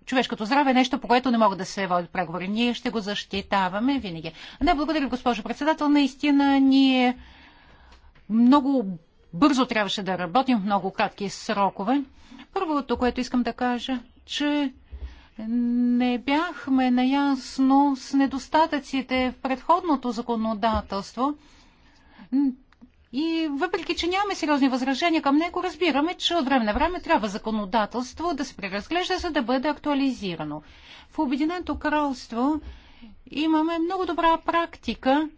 човешкото здраве е нещо, по което не могат да се водят преговори. Ние ще го защитаваме винаги. Да, благодаря, госпожо председател. Наистина ние много бързо трябваше да работим в много кратки срокове. Първото, което искам да кажа, че не бяхме наясно с недостатъците в предходното законодателство. И въпреки, че нямаме сериозни възражения към него, разбираме, че от време на време трябва законодателство да се преразглежда, за да бъде актуализирано. В Обединеното кралство имаме много добра практика,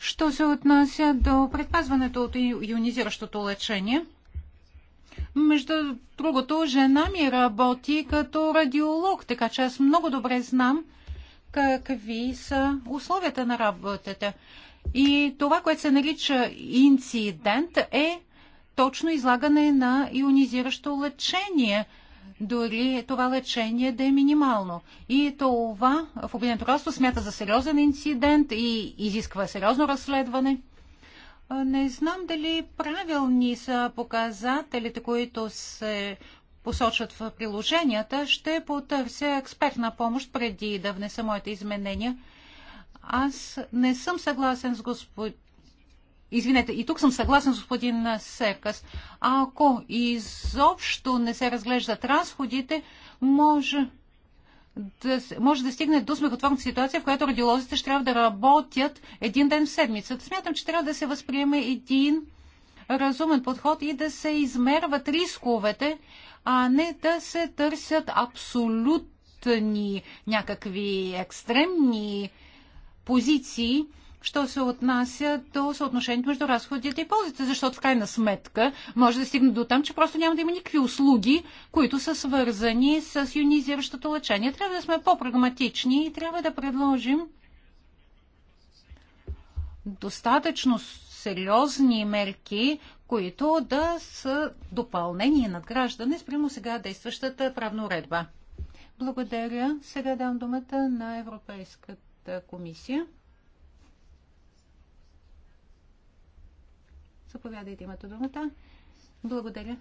що се отнася до предпазването от ионизиращото лечение. Между другото, жена ми работи като радиолог, така че аз много добре знам какви са условията на работата. И това, което се нарича инцидент, е точно излагане на ионизиращо лечение – дори това лечение да е минимално. И това в Обединеното кралство смята за сериозен инцидент и изисква сериозно разследване. Не знам дали правилни са показателите, които се посочват в приложенията. Ще потърся експертна помощ преди да внеса моите изменения. Аз не съм съгласен с господин. Извинете, и тук съм съгласен с господин Серкас. Ако изобщо не се разглеждат разходите, може да, може да стигне до смехотворна ситуация, в която радиолозите ще трябва да работят един ден в седмицата. Смятам, че трябва да се възприеме един разумен подход и да се измерват рисковете, а не да се търсят абсолютни някакви екстремни позиции, що се отнася до съотношението между разходите и ползите, защото в крайна сметка може да стигне до там, че просто няма да има никакви услуги, които са свързани с юнизиращото лечение. Трябва да сме по-прагматични и трябва да предложим достатъчно сериозни мерки, които да са допълнение граждане спрямо сега действащата правна уредба. Благодаря. Сега дам думата на Европейската Европейската комисия. Заповядайте, имате думата. Благодаря.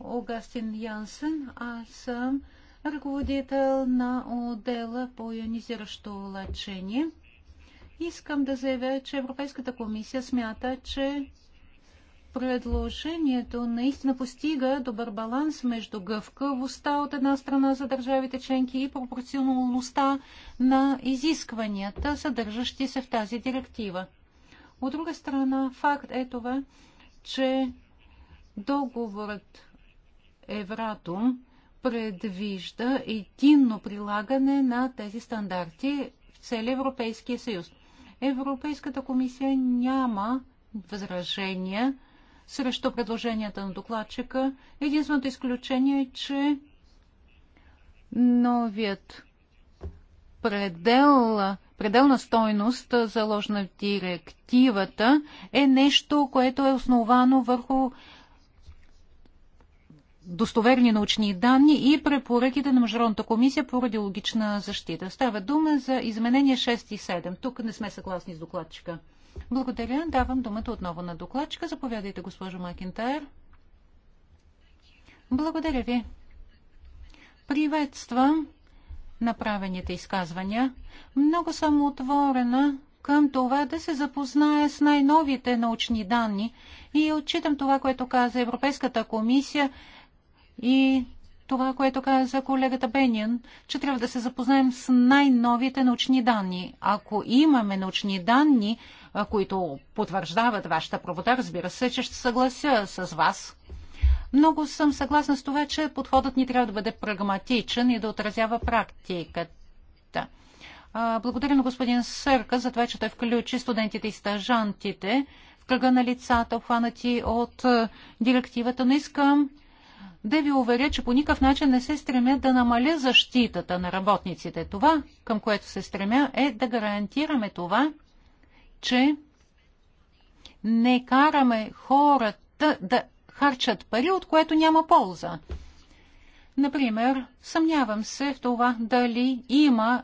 Огастин Янсен, аз съм ръководител на отдела по ионизиращо лечение. Искам да заявя, че Европейската комисия смята, че предложението наистина постига добър баланс между гъвкавостта от една страна за държавите членки и пропорционалността на изискванията, съдържащи се в тази директива. От друга страна, факт е това, че договорът Евратум предвижда единно прилагане на тези стандарти в целия Европейския съюз. Европейската комисия няма възражения срещу предложенията на докладчика. Единственото изключение е, че новият предел, пределна стойност, заложена в директивата, е нещо, което е основано върху достоверни научни данни и препоръките на Международната комисия по радиологична защита. Става дума за изменение 6 и 7. Тук не сме съгласни с докладчика. Благодаря. Давам думата отново на докладчика. Заповядайте, госпожо Макентайр. Благодаря ви. Приветствам направените изказвания. Много съм отворена към това да се запозная с най-новите научни данни и отчитам това, което каза Европейската комисия и това, което каза колегата Бенин, че трябва да се запознаем с най-новите научни данни. Ако имаме научни данни, които потвърждават вашата правота, разбира се, че ще съглася с вас. Много съм съгласна с това, че подходът ни трябва да бъде прагматичен и да отразява практиката. Благодаря на господин Сърка за това, че той включи студентите и стажантите в кръга на лицата, обхванати от директивата. Но искам да ви уверя, че по никакъв начин не се стремя да намаля защитата на работниците. Това, към което се стремя, е да гарантираме това, че не караме хората да харчат пари, от което няма полза. Например, съмнявам се в това дали има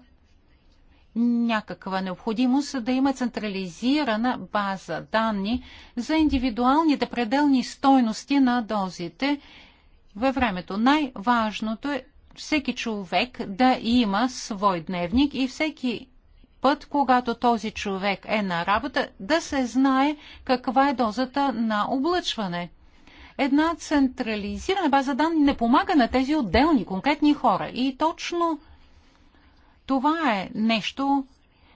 някаква необходимост да има централизирана база данни за индивидуалните пределни стойности на дозите във времето. Най-важното е всеки човек да има свой дневник и всеки път, когато този човек е на работа, да се знае каква е дозата на облъчване. Една централизирана база данни не помага на тези отделни, конкретни хора. И точно това е нещо,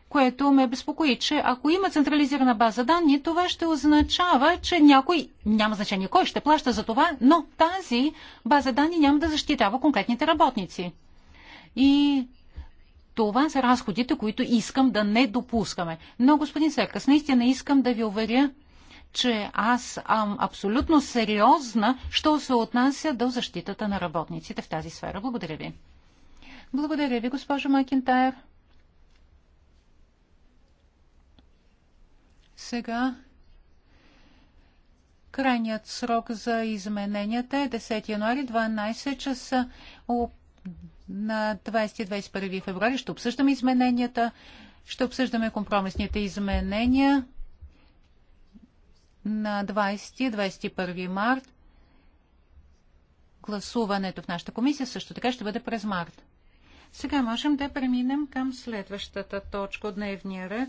което ме безпокои, че ако има централизирана база данни, това ще означава, че някой, няма значение кой ще плаща за това, но тази база данни няма да защитава конкретните работници. И това са разходите, които искам да не допускаме. Но, господин Серкас, наистина искам да ви уверя, че аз ам абсолютно сериозна, що се отнася до защитата на работниците в тази сфера. Благодаря ви. Благодаря ви, госпожо Макентайр. Сега крайният срок за измененията е 10 януари 12 часа на 20-21 февруари ще обсъждаме измененията, ще обсъждаме компромисните изменения на 20-21 март. Гласуването в нашата комисия също така ще бъде през март. Сега можем да преминем към следващата точка от дневния ред.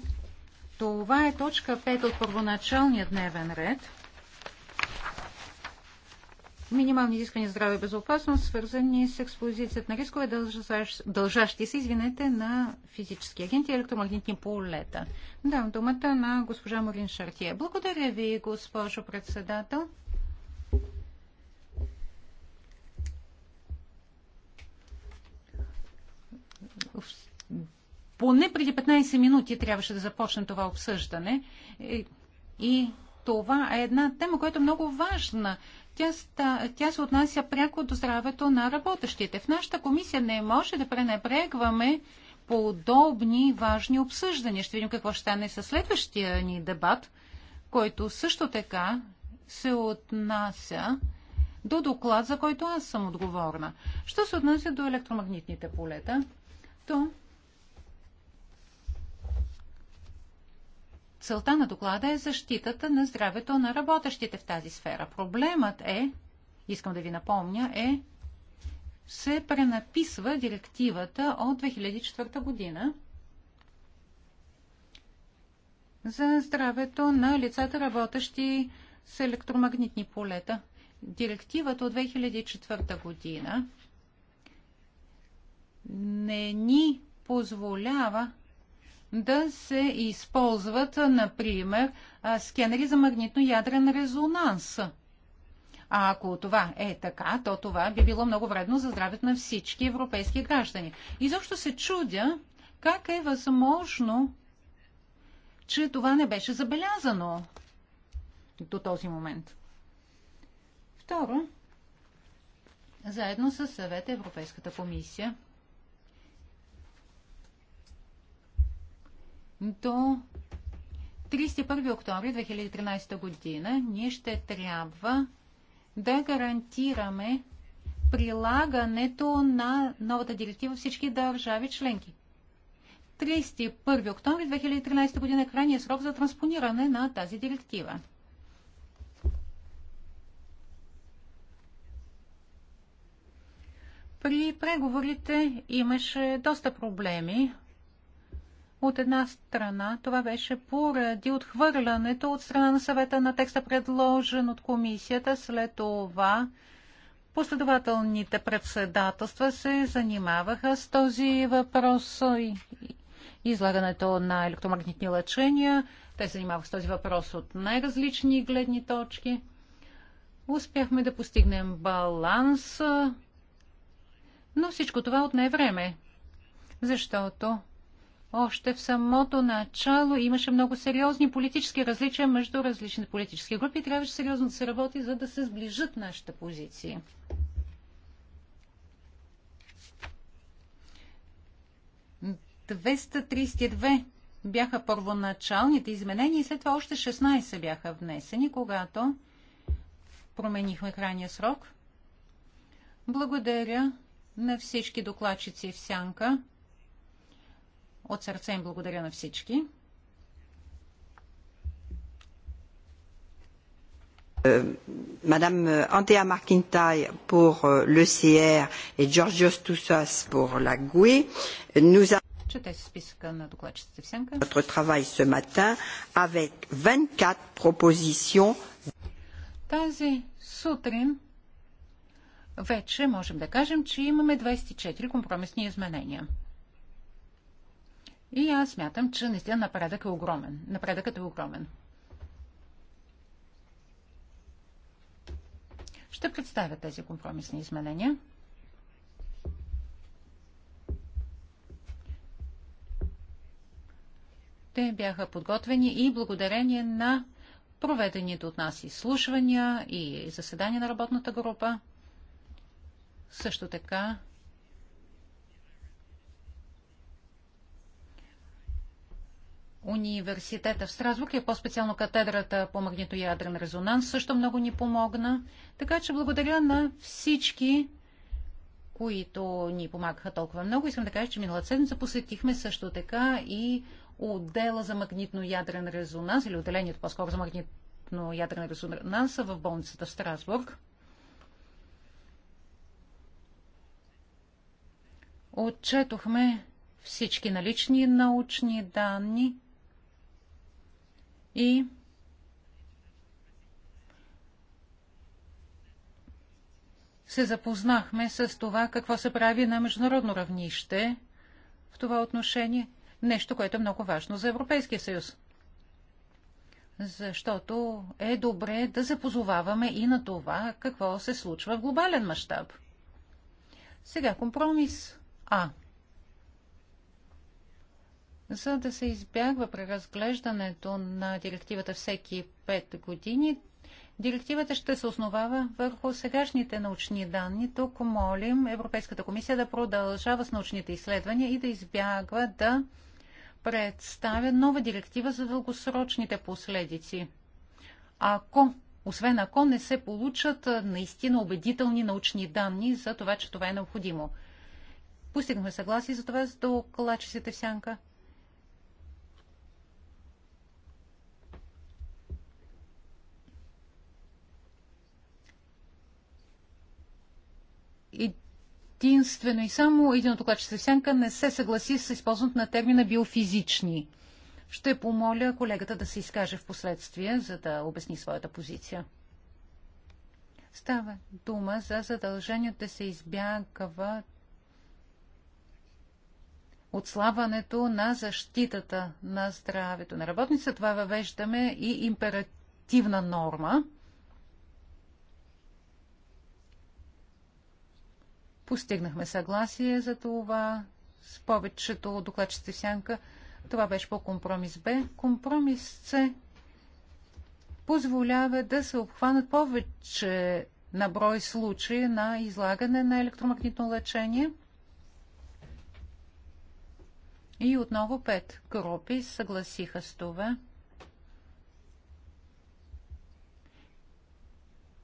Това е точка 5 от първоначалния дневен ред – минимални изисквания здраве и безопасност, свързани с експозицията на рискове, дължащ, дължащи се, извинете, на физически агенти и електромагнитни полета. Давам думата на госпожа Морин Шартие. Благодаря ви, госпожо председател. Поне преди 15 минути трябваше да започне това обсъждане е, и това е една тема, която е много важна тя, тя се отнася пряко до здравето на работещите. В нашата комисия не може да пренебрегваме подобни важни обсъждания. Ще видим какво ще стане със следващия ни дебат, който също така се отнася до доклад, за който аз съм отговорна. Що се отнася до електромагнитните полета, то Целта на доклада е защитата на здравето на работещите в тази сфера. Проблемът е, искам да ви напомня, е, се пренаписва директивата от 2004 година за здравето на лицата, работещи с електромагнитни полета. Директивата от 2004 година не ни позволява да се използват, например, скенери за магнитно-ядрен резонанс. А ако това е така, то това би било много вредно за здравето на всички европейски граждани. И защо се чудя как е възможно, че това не беше забелязано до този момент. Второ, заедно с съвета Европейската комисия до 31 октомври 2013 година ние ще трябва да гарантираме прилагането на новата директива всички държави членки. 31 октомври 2013 година е крайният срок за транспониране на тази директива. При преговорите имаше доста проблеми от една страна това беше поради отхвърлянето от страна на съвета на текста, предложен от комисията. След това последователните председателства се занимаваха с този въпрос и излагането на електромагнитни лъчения. Те се занимаваха с този въпрос от най-различни гледни точки. Успяхме да постигнем баланс, но всичко това отне време, защото още в самото начало имаше много сериозни политически различия между различните политически групи. Трябваше сериозно да се работи, за да се сближат нашите позиции. ...232 бяха първоначалните изменения и след това още 16 бяха внесени, когато променихме крайния срок. Благодаря на всички докладчици в Сянка. От сърце им благодаря на всички. Madame Antea McIntyre pour l'ECR et Georgios Toussas pour la GUI. Nous avons notre travail ce matin avec 24 propositions. Тази сутрин вече можем да кажем, че имаме 24 компромисни изменения. И аз смятам, че наистина напредък е огромен. Напредъкът е огромен. Ще представя тези компромисни изменения. Те бяха подготвени и благодарение на проведените от нас изслушвания и заседания на работната група. Също така университета в Страсбург и по-специално катедрата по магнитоядрен резонанс също много ни помогна. Така че благодаря на всички, които ни помагаха толкова много. Искам да кажа, че миналата седмица посетихме също така и отдела за магнитно-ядрен резонанс или отделението по-скоро за магнитно-ядрен резонанс в болницата в Страсбург. Отчетохме всички налични научни данни – и се запознахме с това какво се прави на международно равнище в това отношение. Нещо, което е много важно за Европейския съюз. Защото е добре да се позоваваме и на това какво се случва в глобален мащаб. Сега компромис А. За да се избягва преразглеждането на директивата всеки 5 години, директивата ще се основава върху сегашните научни данни. Тук молим Европейската комисия да продължава с научните изследвания и да избягва да представя нова директива за дългосрочните последици. Ако, освен ако не се получат наистина убедителни научни данни за това, че това е необходимо. Пустихме съгласие за това с докладчиците в сянка. единствено и само един от докладчите сянка не се съгласи с използването на термина биофизични. Ще помоля колегата да се изкаже в последствие, за да обясни своята позиция. Става дума за задължението да се избягва отслабването на защитата на здравето на работница. Това въвеждаме и императивна норма – Постигнахме съгласие за това с повечето докладчите сянка. Това беше по компромис Б. Компромис С позволява да се обхванат повече на брой случаи на излагане на електромагнитно лечение. И отново пет групи съгласиха с това.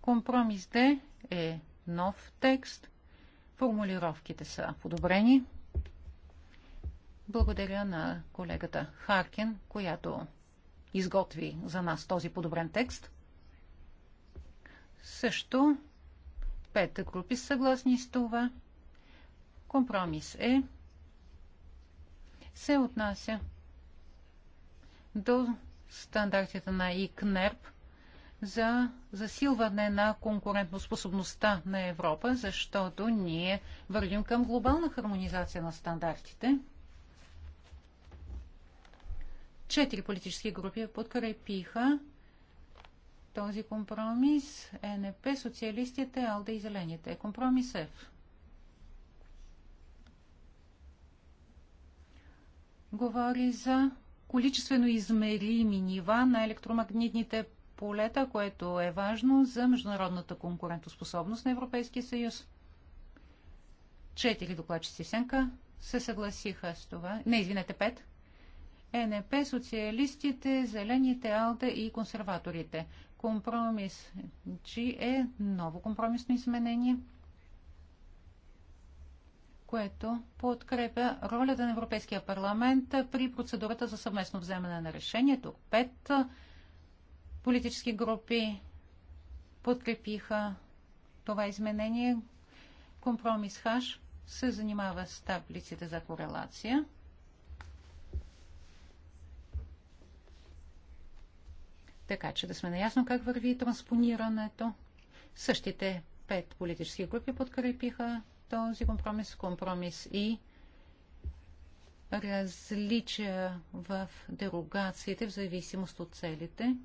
Компромис Д е нов текст, Формулировките са подобрени. Благодаря на колегата Харкин, която изготви за нас този подобрен текст. Също пет групи са съгласни с това. Компромис е се отнася до стандартите на ИКНЕРП – за засилване на конкурентоспособността на Европа, защото ние вървим към глобална хармонизация на стандартите. Четири политически групи подкрепиха този компромис ЕНП, социалистите, АЛДА и Зелените. Компромис Ф. Говори за количествено измерими нива на електромагнитните полета, което е важно за международната конкурентоспособност на Европейския съюз. Четири докладчици Сенка се съгласиха с това. Не, извинете, пет. ЕНП, социалистите, зелените, АЛДА и консерваторите. Компромис G е ново компромисно изменение, което подкрепя ролята на Европейския парламент при процедурата за съвместно вземане на решението. Пет политически групи подкрепиха това изменение. Компромис ХАШ се занимава с таблиците за корелация. Така че да сме наясно как върви транспонирането. Същите пет политически групи подкрепиха този компромис. Компромис и различия в дерогациите в зависимост от целите.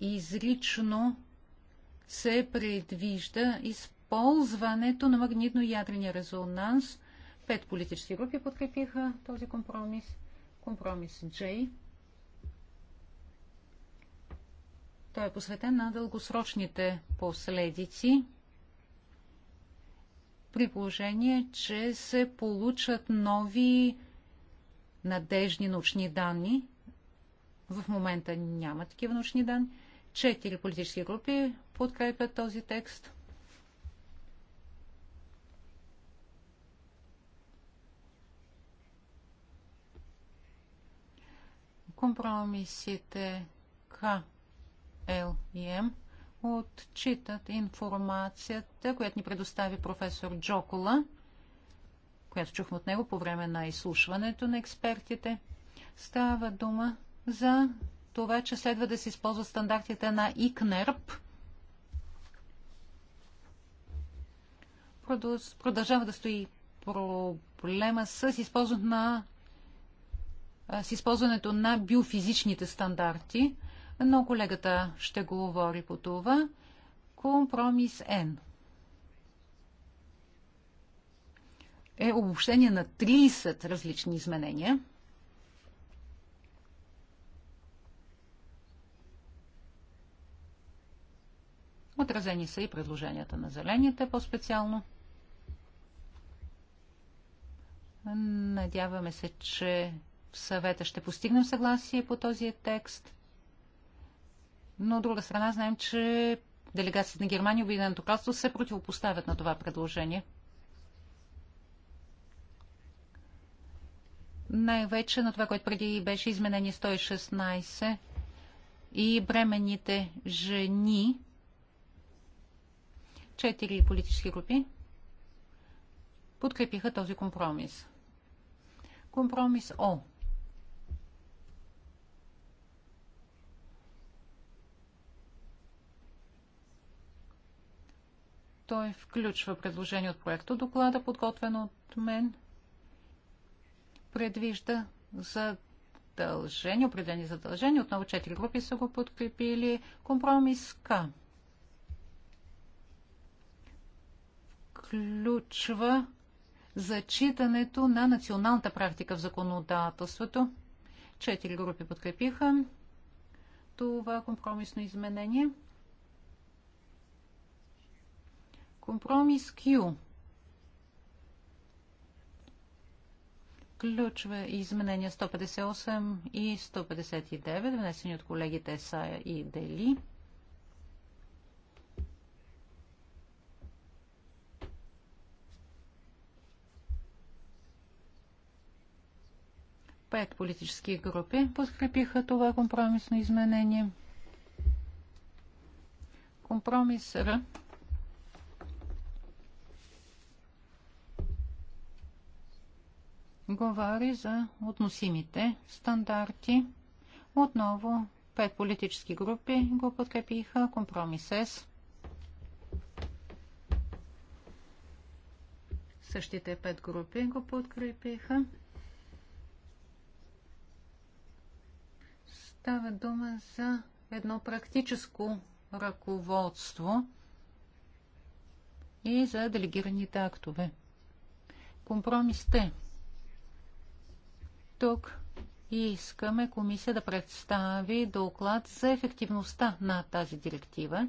изрично се предвижда използването на магнитно-ядрения резонанс. Пет политически групи подкрепиха този компромис. Компромис J. Той е посветен на дългосрочните последици при положение, че се получат нови надежни научни данни. В момента няма такива научни данни. Четири политически групи подкрепят този текст. Компромисите К, Л и М отчитат информацията, която ни предостави професор Джокола, която чухме от него по време на изслушването на експертите. Става дума за това, че следва да се използват стандартите на ИКНЕРП. Продължава да стои проблема с използването на, с използването на биофизичните стандарти, но колегата ще говори по това. Компромис N е обобщение на 30 различни изменения – Отразени са и предложенията на зелените по-специално. Надяваме се, че в съвета ще постигнем съгласие по този текст. Но от друга страна знаем, че делегацията на Германия и Обединеното кралство се противопоставят на това предложение. Най-вече на това, което преди беше изменение 116 и бременните жени четири политически групи подкрепиха този компромис. Компромис О. Той включва предложение от проекта доклада, подготвен от мен. Предвижда задължение определени задължения. Отново четири групи са го подкрепили. Компромис К. включва зачитането на националната практика в законодателството. Четири групи подкрепиха това компромисно изменение. Компромис Q включва изменения 158 и 159, внесени от колегите Сая и Дели. пет политически групи подкрепиха това компромисно изменение. Компромис Р. Говори за относимите стандарти. Отново пет политически групи го подкрепиха. Компромис С. Същите пет групи го подкрепиха. Става дума за едно практическо ръководство и за делегираните актове. Компромисте. Тук искаме комисия да представи доклад за ефективността на тази директива.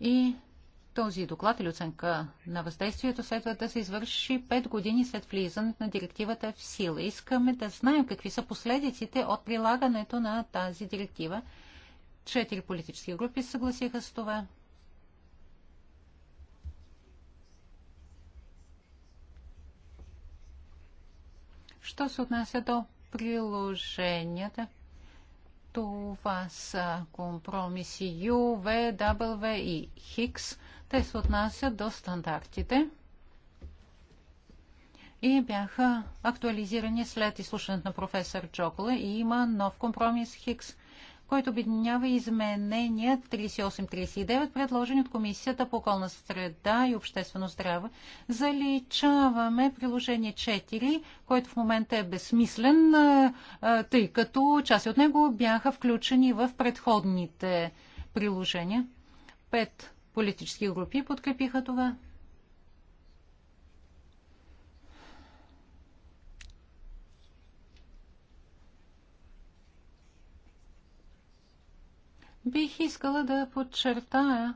И този доклад или оценка на въздействието следва да се извърши 5 години след влизането на директивата в сила. Искаме да знаем какви са последиците от прилагането на тази директива. Четири политически групи съгласиха с това. Що се отнася до приложенията? Това са компромиси UV, W и Хикс. Те се отнасят до стандартите и бяха актуализирани след изслушването на професор Джокола и има нов компромис Хикс, който обединява изменения 38-39, предложени от Комисията по околна среда и обществено здраве. Заличаваме приложение 4, който в момента е безсмислен, тъй като части от него бяха включени в предходните приложения политически групи подкрепиха това. Бих искала да подчертая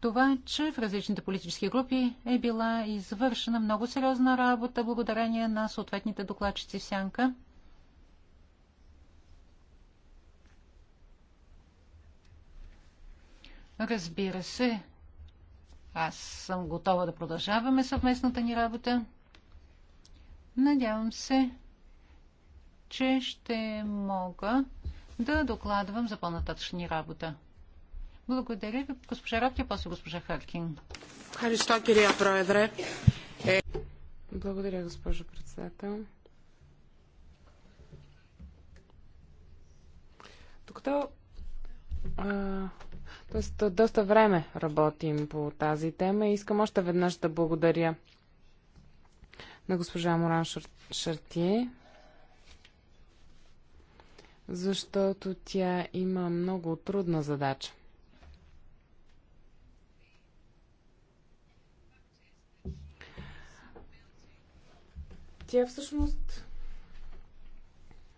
това, че в различните политически групи е била извършена много сериозна работа благодарение на съответните докладчици в Сянка – Разбира се, аз съм готова да продължаваме съвместната ни работа. Надявам се, че ще мога да докладвам за по-нататъчни работа. Благодаря ви, госпожа Рапти, после госпожа Харкин. Е. Благодаря, госпожо председател. Докато Тоест, доста време работим по тази тема и искам още веднъж да благодаря на госпожа Моран Шар... Шартие, защото тя има много трудна задача. Тя всъщност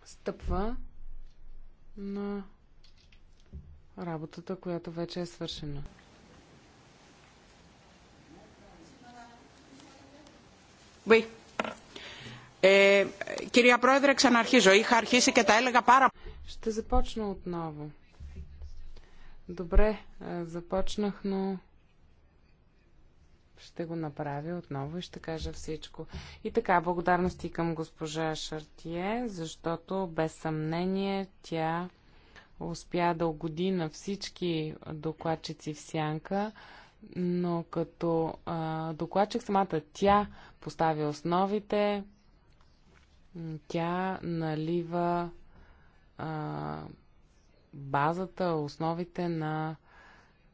стъпва на работата, която вече е свършена. Oui. Ε, е, κυρία Πρόεδρε, ξαναρχίζω. Είχα αρχίσει και τα έλεγα πάρα Ще започна отново. Добре, е, започнах, но ще го направя отново и ще кажа всичко. И така, благодарности към госпожа Шартие, защото без съмнение тя успя да угоди на всички докладчици в сянка, но като а, докладчик самата тя поставя основите, тя налива а, базата, основите на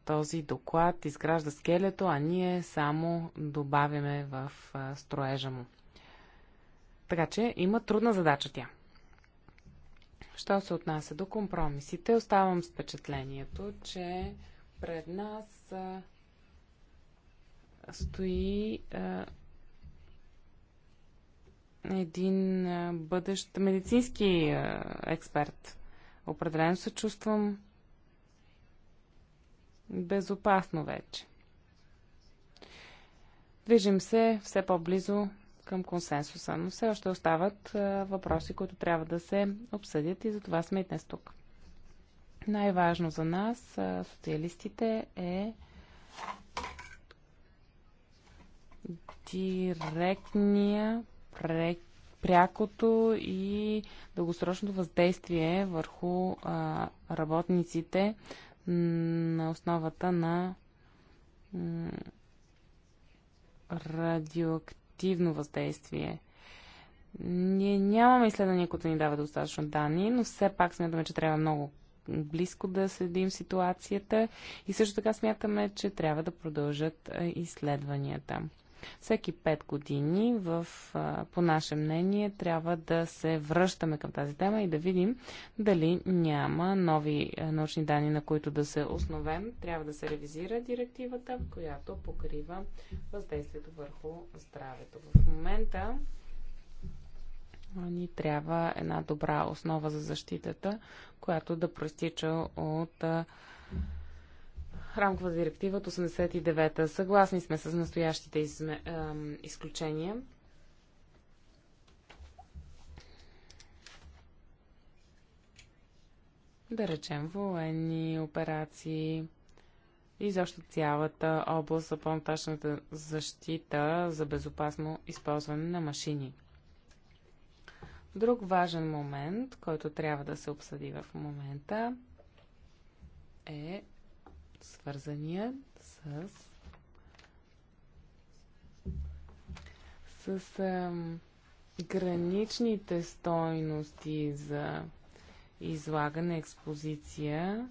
този доклад, изгражда скелето, а ние само добавяме в а, строежа му. Така че има трудна задача тя. Що се отнася до компромисите, оставам с впечатлението, че пред нас а, стои а, един а, бъдещ медицински а, експерт. Определено се чувствам безопасно вече. Движим се все по-близо към консенсуса, но все още остават а, въпроси, които трябва да се обсъдят и затова сме и днес тук. Най-важно за нас, а, социалистите, е директния, прек, прякото и дългосрочното въздействие върху а, работниците на основата на радиоактивни негативно въздействие. Ние нямаме изследвания, които ни дават достатъчно данни, но все пак смятаме, че трябва много близко да следим ситуацията и също така смятаме, че трябва да продължат изследванията. Всеки 5 години, в, по наше мнение, трябва да се връщаме към тази тема и да видим дали няма нови научни данни, на които да се основем. Трябва да се ревизира директивата, която покрива въздействието върху здравето. В момента ни трябва една добра основа за защитата, която да проистича от рамкова директива от 89-та. Съгласни сме с настоящите изме, изключения. Да речем военни операции и защо цялата област за по-нататъчната защита за безопасно използване на машини. Друг важен момент, който трябва да се обсъди в момента е свързания с с ам, граничните стойности за излагане, експозиция.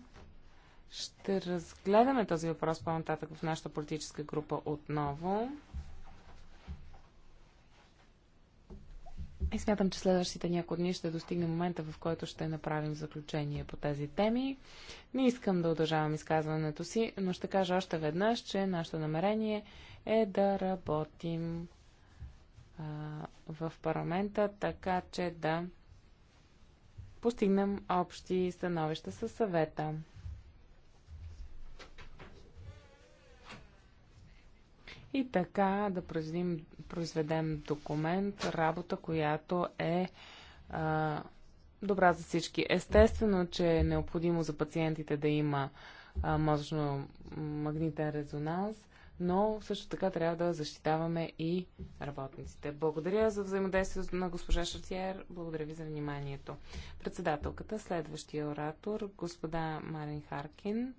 Ще разгледаме този въпрос по-нататък в нашата политическа група отново. И смятам, че следващите няколко дни ще достигне момента, в който ще направим заключение по тези теми. Не искам да удължавам изказването си, но ще кажа още веднъж, че нашето намерение е да работим а, в парламента, така че да постигнем общи становища със съвета. и така да произведем, произведем документ, работа, която е а, добра за всички. Естествено, че е необходимо за пациентите да има мозъчно магнитен резонанс, но също така трябва да защитаваме и работниците. Благодаря за взаимодействието на госпожа Шартиер. Благодаря ви за вниманието. Председателката, следващия оратор, господа Марин Харкин.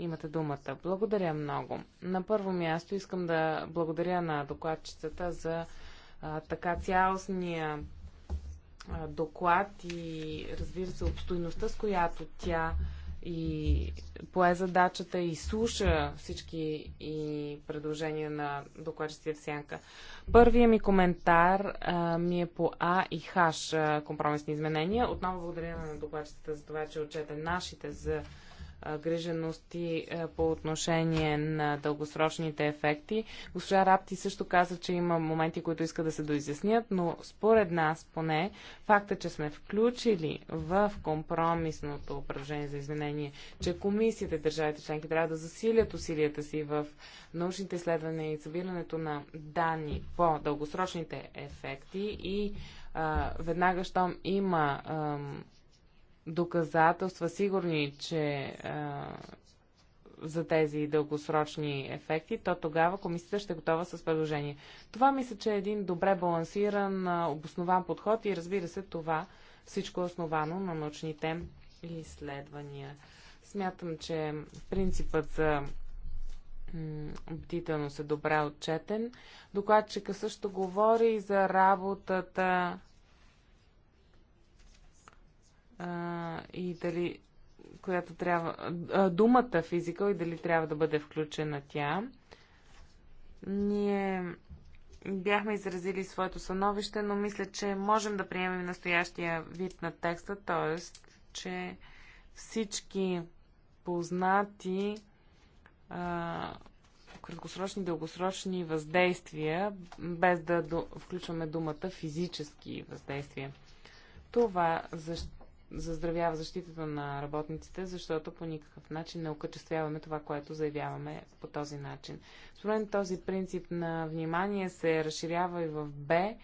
Имате думата. Благодаря много. На първо място искам да благодаря на докладчицата за а, така цялостния а, доклад и разбира се обстойността, с която тя и пое задачата и слуша всички и предложения на докладчиците в сянка. Първия ми коментар а, ми е по А и Хаш компромисни изменения. Отново благодаря на докладчицата за това, че отчете нашите за грижености по отношение на дългосрочните ефекти. Госпожа Рапти също каза, че има моменти, които иска да се доизяснят, но според нас поне факта, че сме включили в компромисното упражнение за изменение, че комисията държавите членки трябва да засилят усилията си в научните изследвания и събирането на данни по дългосрочните ефекти и а, веднага, щом има доказателства сигурни, че а, за тези дългосрочни ефекти, то тогава комисията ще е готова с предложение. Това мисля, че е един добре балансиран, обоснован подход и разбира се това всичко е основано на научните изследвания. Смятам, че принципът за бдителност е добре отчетен. Докладчика също говори за работата и дали която трябва, а, думата физика и дали трябва да бъде включена тя. Ние бяхме изразили своето становище, но мисля, че можем да приемем настоящия вид на текста, т.е. че всички познати а, краткосрочни, дългосрочни въздействия, без да включваме думата физически въздействия. Това защ заздравява защитата на работниците, защото по никакъв начин не окачествяваме това, което заявяваме по този начин. Според този принцип на внимание се разширява и в Б,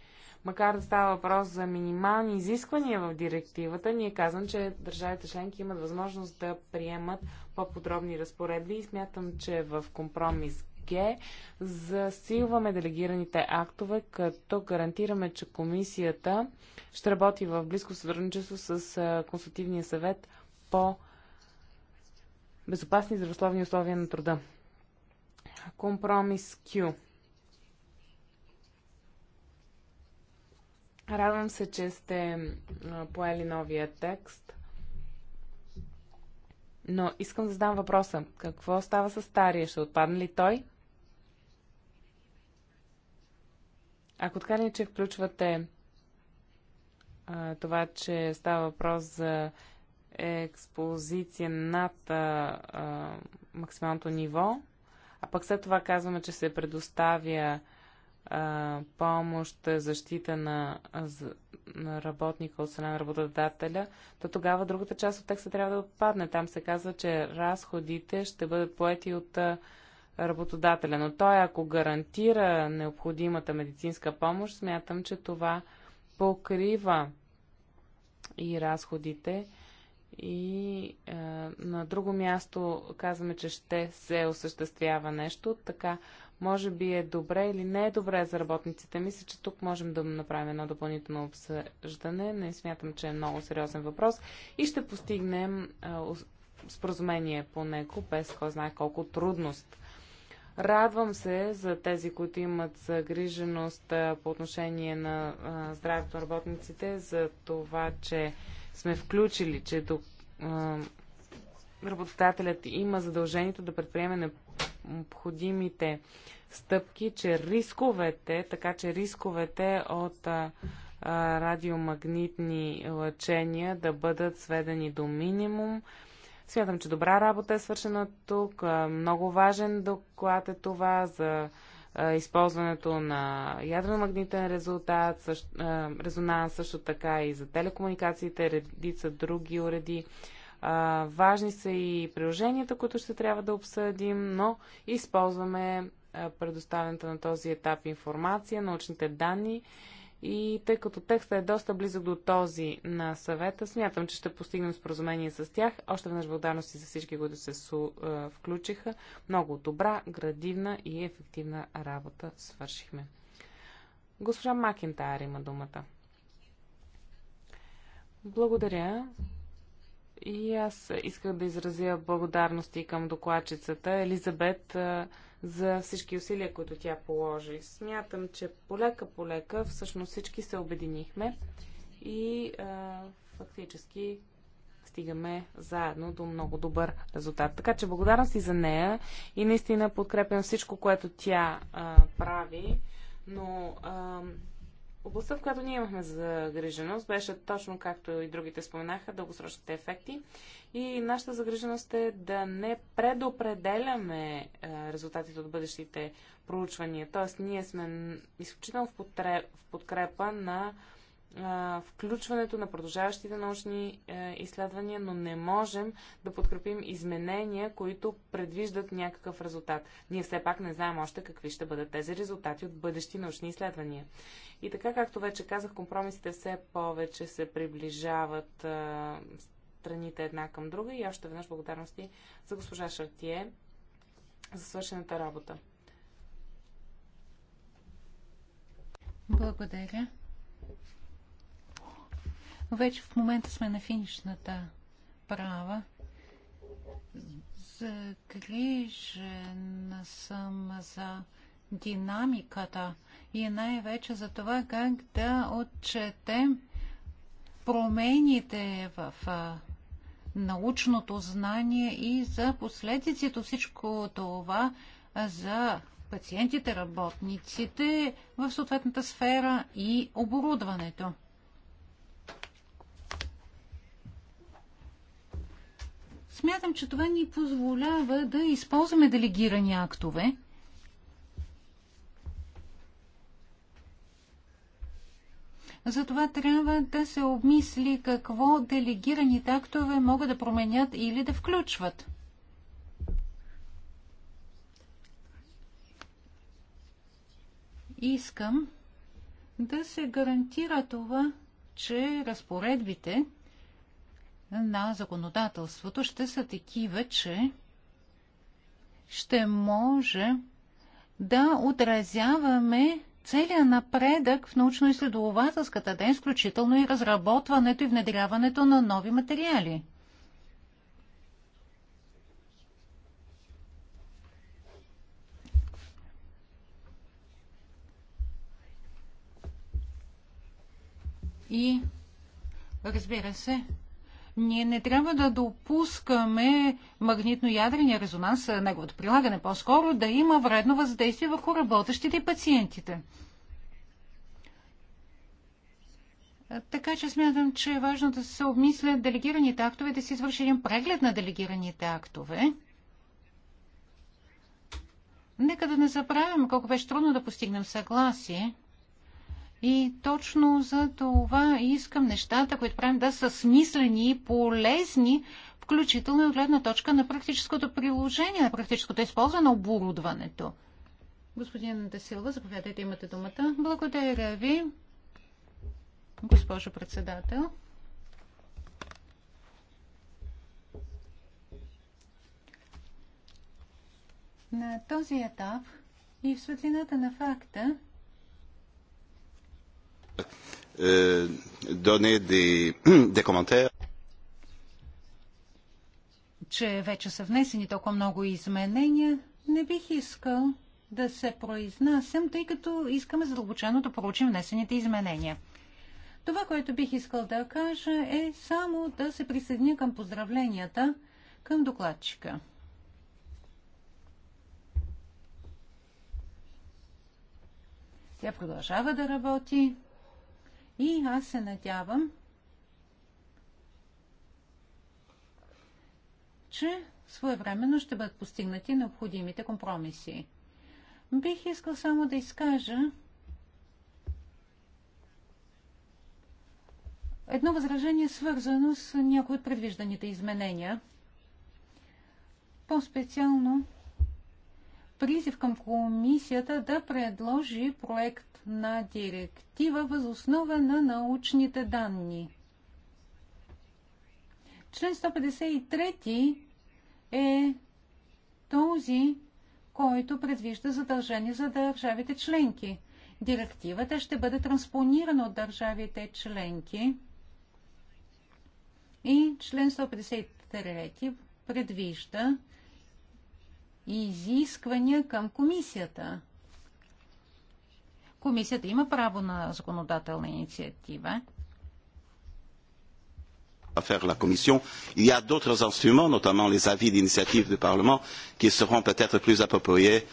макар да става въпрос за минимални изисквания в директивата, ние казвам, че държавите членки имат възможност да приемат по-подробни разпоредби и смятам, че в компромис г. Засилваме делегираните актове, като гарантираме, че комисията ще работи в близко сътрудничество с Консултативния съвет по безопасни здравословни условия на труда. Компромис Q. Радвам се, че сте поели новия текст. Но искам да задам въпроса. Какво става с стария? Ще отпадне ли той? Ако така ли, че включвате а, това, че става въпрос за експозиция над а, а, максималното ниво, а пък след това казваме, че се предоставя а, помощ, защита на, а, на работника от страна на работодателя, то тогава другата част от текста трябва да отпадне. Там се казва, че разходите ще бъдат поети от а, работодателя, но той ако гарантира необходимата медицинска помощ, смятам, че това покрива и разходите. И е, на друго място казваме, че ще се осъществява нещо, така може би е добре или не е добре за работниците. Мисля, че тук можем да направим едно допълнително обсъждане. Не смятам, че е много сериозен въпрос и ще постигнем е, споразумение по него без кой знае колко трудност. Радвам се за тези, които имат загриженост по отношение на здравето на работниците, за това, че сме включили, че тук, работодателят има задължението да предприеме необходимите стъпки, че рисковете, така че рисковете от радиомагнитни лъчения да бъдат сведени до минимум Смятам, че добра работа е свършена тук. Много важен доклад е това за използването на ядрено-магнитен резултат, резонанс, също така и за телекомуникациите, редица други уреди. Важни са и приложенията, които ще трябва да обсъдим, но използваме предоставената на този етап информация, научните данни и тъй като текстът е доста близък до този на съвета, смятам, че ще постигнем споразумение с тях. Още веднъж благодарности за всички, които се су, е, включиха. Много добра, градивна и ефективна работа свършихме. Госпожа Макентайр има думата. Благодаря. И аз исках да изразя благодарности към докладчицата Елизабет. Е, за всички усилия, които тя положи. Смятам, че полека-полека всъщност всички се обединихме и а, фактически стигаме заедно до много добър резултат. Така че благодарна си за нея и наистина подкрепям всичко, което тя а, прави, но а, областта, в която ние имахме загриженост, беше точно както и другите споменаха, дългосрочните ефекти. И нашата загриженост е да не предопределяме е, резултатите от бъдещите проучвания. Тоест, ние сме изключително в, подкрепа на включването на продължаващите научни е, изследвания, но не можем да подкрепим изменения, които предвиждат някакъв резултат. Ние все пак не знаем още какви ще бъдат тези резултати от бъдещи научни изследвания. И така, както вече казах, компромисите все повече се приближават страните една към друга и още веднъж благодарности за госпожа Шартие за свършената работа. Благодаря. Вече в момента сме на финишната права. Загрижена съм за динамиката и най-вече за това как да отчетем промените в научното знание и за последиците всичко това за пациентите, работниците в съответната сфера и оборудването. Смятам, че това ни позволява да използваме делегирани актове. Затова трябва да се обмисли какво делегираните актове могат да променят или да включват. Искам да се гарантира това, че разпоредбите, на законодателството ще са такива, че ще може да отразяваме целия напредък в научно-изследователската ден, включително и разработването и внедряването на нови материали. И разбира се, ние не трябва да допускаме магнитно-ядрения резонанс, неговото прилагане по-скоро, да има вредно въздействие върху работещите и пациентите. Така че смятам, че е важно да се обмислят делегираните актове, да се извърши един преглед на делегираните актове. Нека да не забравяме колко беше трудно да постигнем съгласие и точно за това искам нещата, които правим, да са смислени и полезни, включително и от гледна точка на практическото приложение, на практическото използване на оборудването. Господин Десилва, заповядайте, имате думата. Благодаря ви, госпожо председател. На този етап и в светлината на факта, Euh, donner des, des commentaires. Че вече са внесени толкова много изменения, не бих искал да се произнасям, тъй като искаме задълбочено да проучим внесените изменения. Това, което бих искал да кажа е само да се присъединя към поздравленията към докладчика. Тя продължава да работи и аз се надявам, че своевременно ще бъдат постигнати необходимите компромиси. Бих искал само да изкажа едно възражение, свързано с някои от предвижданите изменения. По-специално призив към комисията да предложи проект на директива възоснова на научните данни. Член 153 е този, който предвижда задължения за държавите членки. Директивата ще бъде транспонирана от държавите членки и член 153 предвижда и изисквания към комисията. Комисията има право на законодателна инициатива. À faire la Commission. Il y a d'autres instruments, notamment les avis d'initiative du Parlement, qui seront peut-être plus appropriés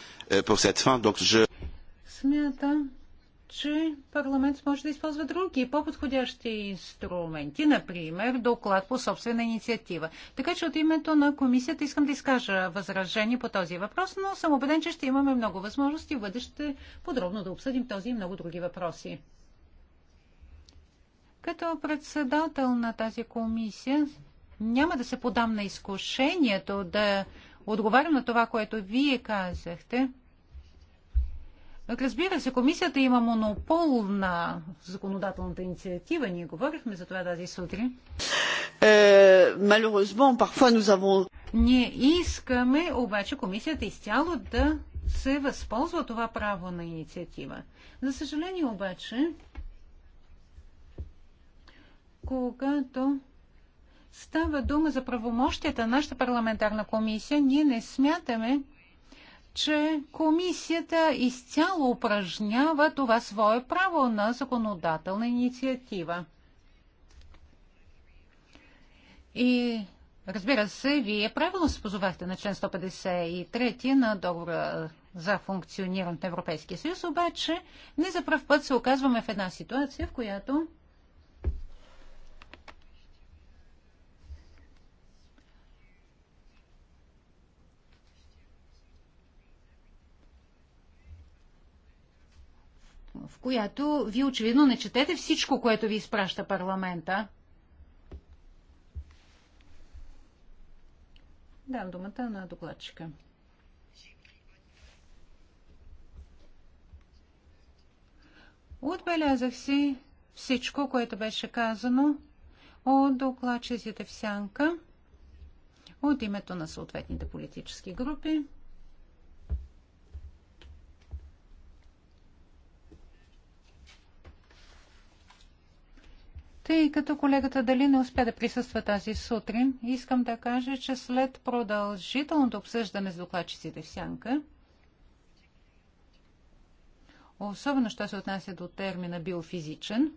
pour cette fin. Donc je. Смятам, че парламент може да използва други по-подходящи инструменти, например доклад по собствена инициатива. Така че от името на комисията искам да изкажа възражение по този въпрос, но съм убеден, че ще имаме много възможности в бъдеще подробно да обсъдим този и много други въпроси. Като председател на тази комисия няма да се подам на изкушението да отговарям на това, което вие казахте – Разбира се, комисията има монопол на законодателната инициатива. Ние говорихме за това тази сутрин. Е, avons... Ние искаме обаче комисията изцяло да се възползва това право на инициатива. За съжаление обаче, когато става дума за правомощията на нашата парламентарна комисия, ние не смятаме, че комисията изцяло упражнява това свое право на законодателна инициатива. И разбира се, вие правилно се позовахте на член 153 на договора за функционирането на Европейския съюз, обаче не за първ път се оказваме в една ситуация, в която в която ви очевидно не четете всичко, което ви изпраща парламента. Дам думата на докладчика. Отбелязах си всичко, което беше казано от докладчиците в сянка от името на съответните политически групи. Тъй като колегата дали не успя да присъства тази сутрин, искам да кажа, че след продължителното обсъждане с докладчиците в Сянка, особено що се отнася до термина биофизичен,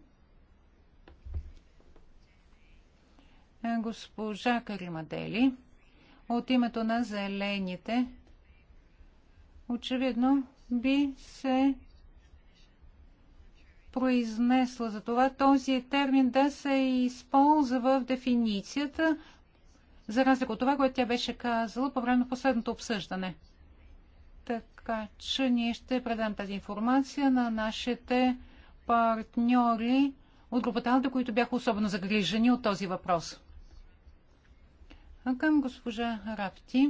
е, госпожа Каримадели от името на зелените очевидно би се произнесла за това този термин да се използва в дефиницията, за разлика от това, което тя беше казала по време на последното обсъждане. Така че ние ще предам тази информация на нашите партньори от групата Алда, които бяха особено загрижени от този въпрос. А към госпожа Рапти,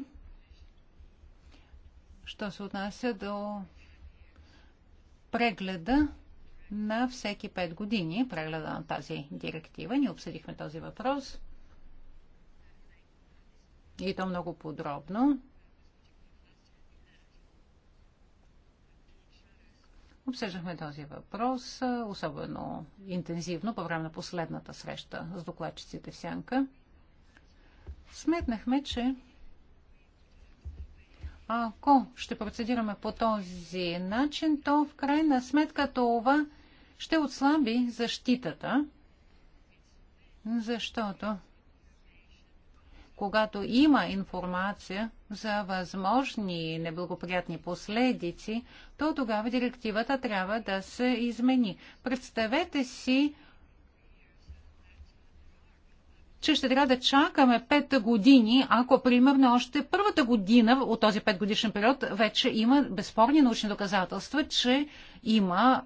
що се отнася до прегледа на всеки 5 години прегледа на тази директива. Ние обсъдихме този въпрос и то много подробно. Обсъждахме този въпрос особено интензивно по време на последната среща с докладчиците в Сянка. Сметнахме, че ако ще процедираме по този начин, то в крайна сметка това ще отслаби защитата, защото когато има информация за възможни неблагоприятни последици, то тогава директивата трябва да се измени. Представете си че ще трябва да чакаме 5 години, ако примерно още първата година от този 5 годишен период вече има безспорни научни доказателства, че има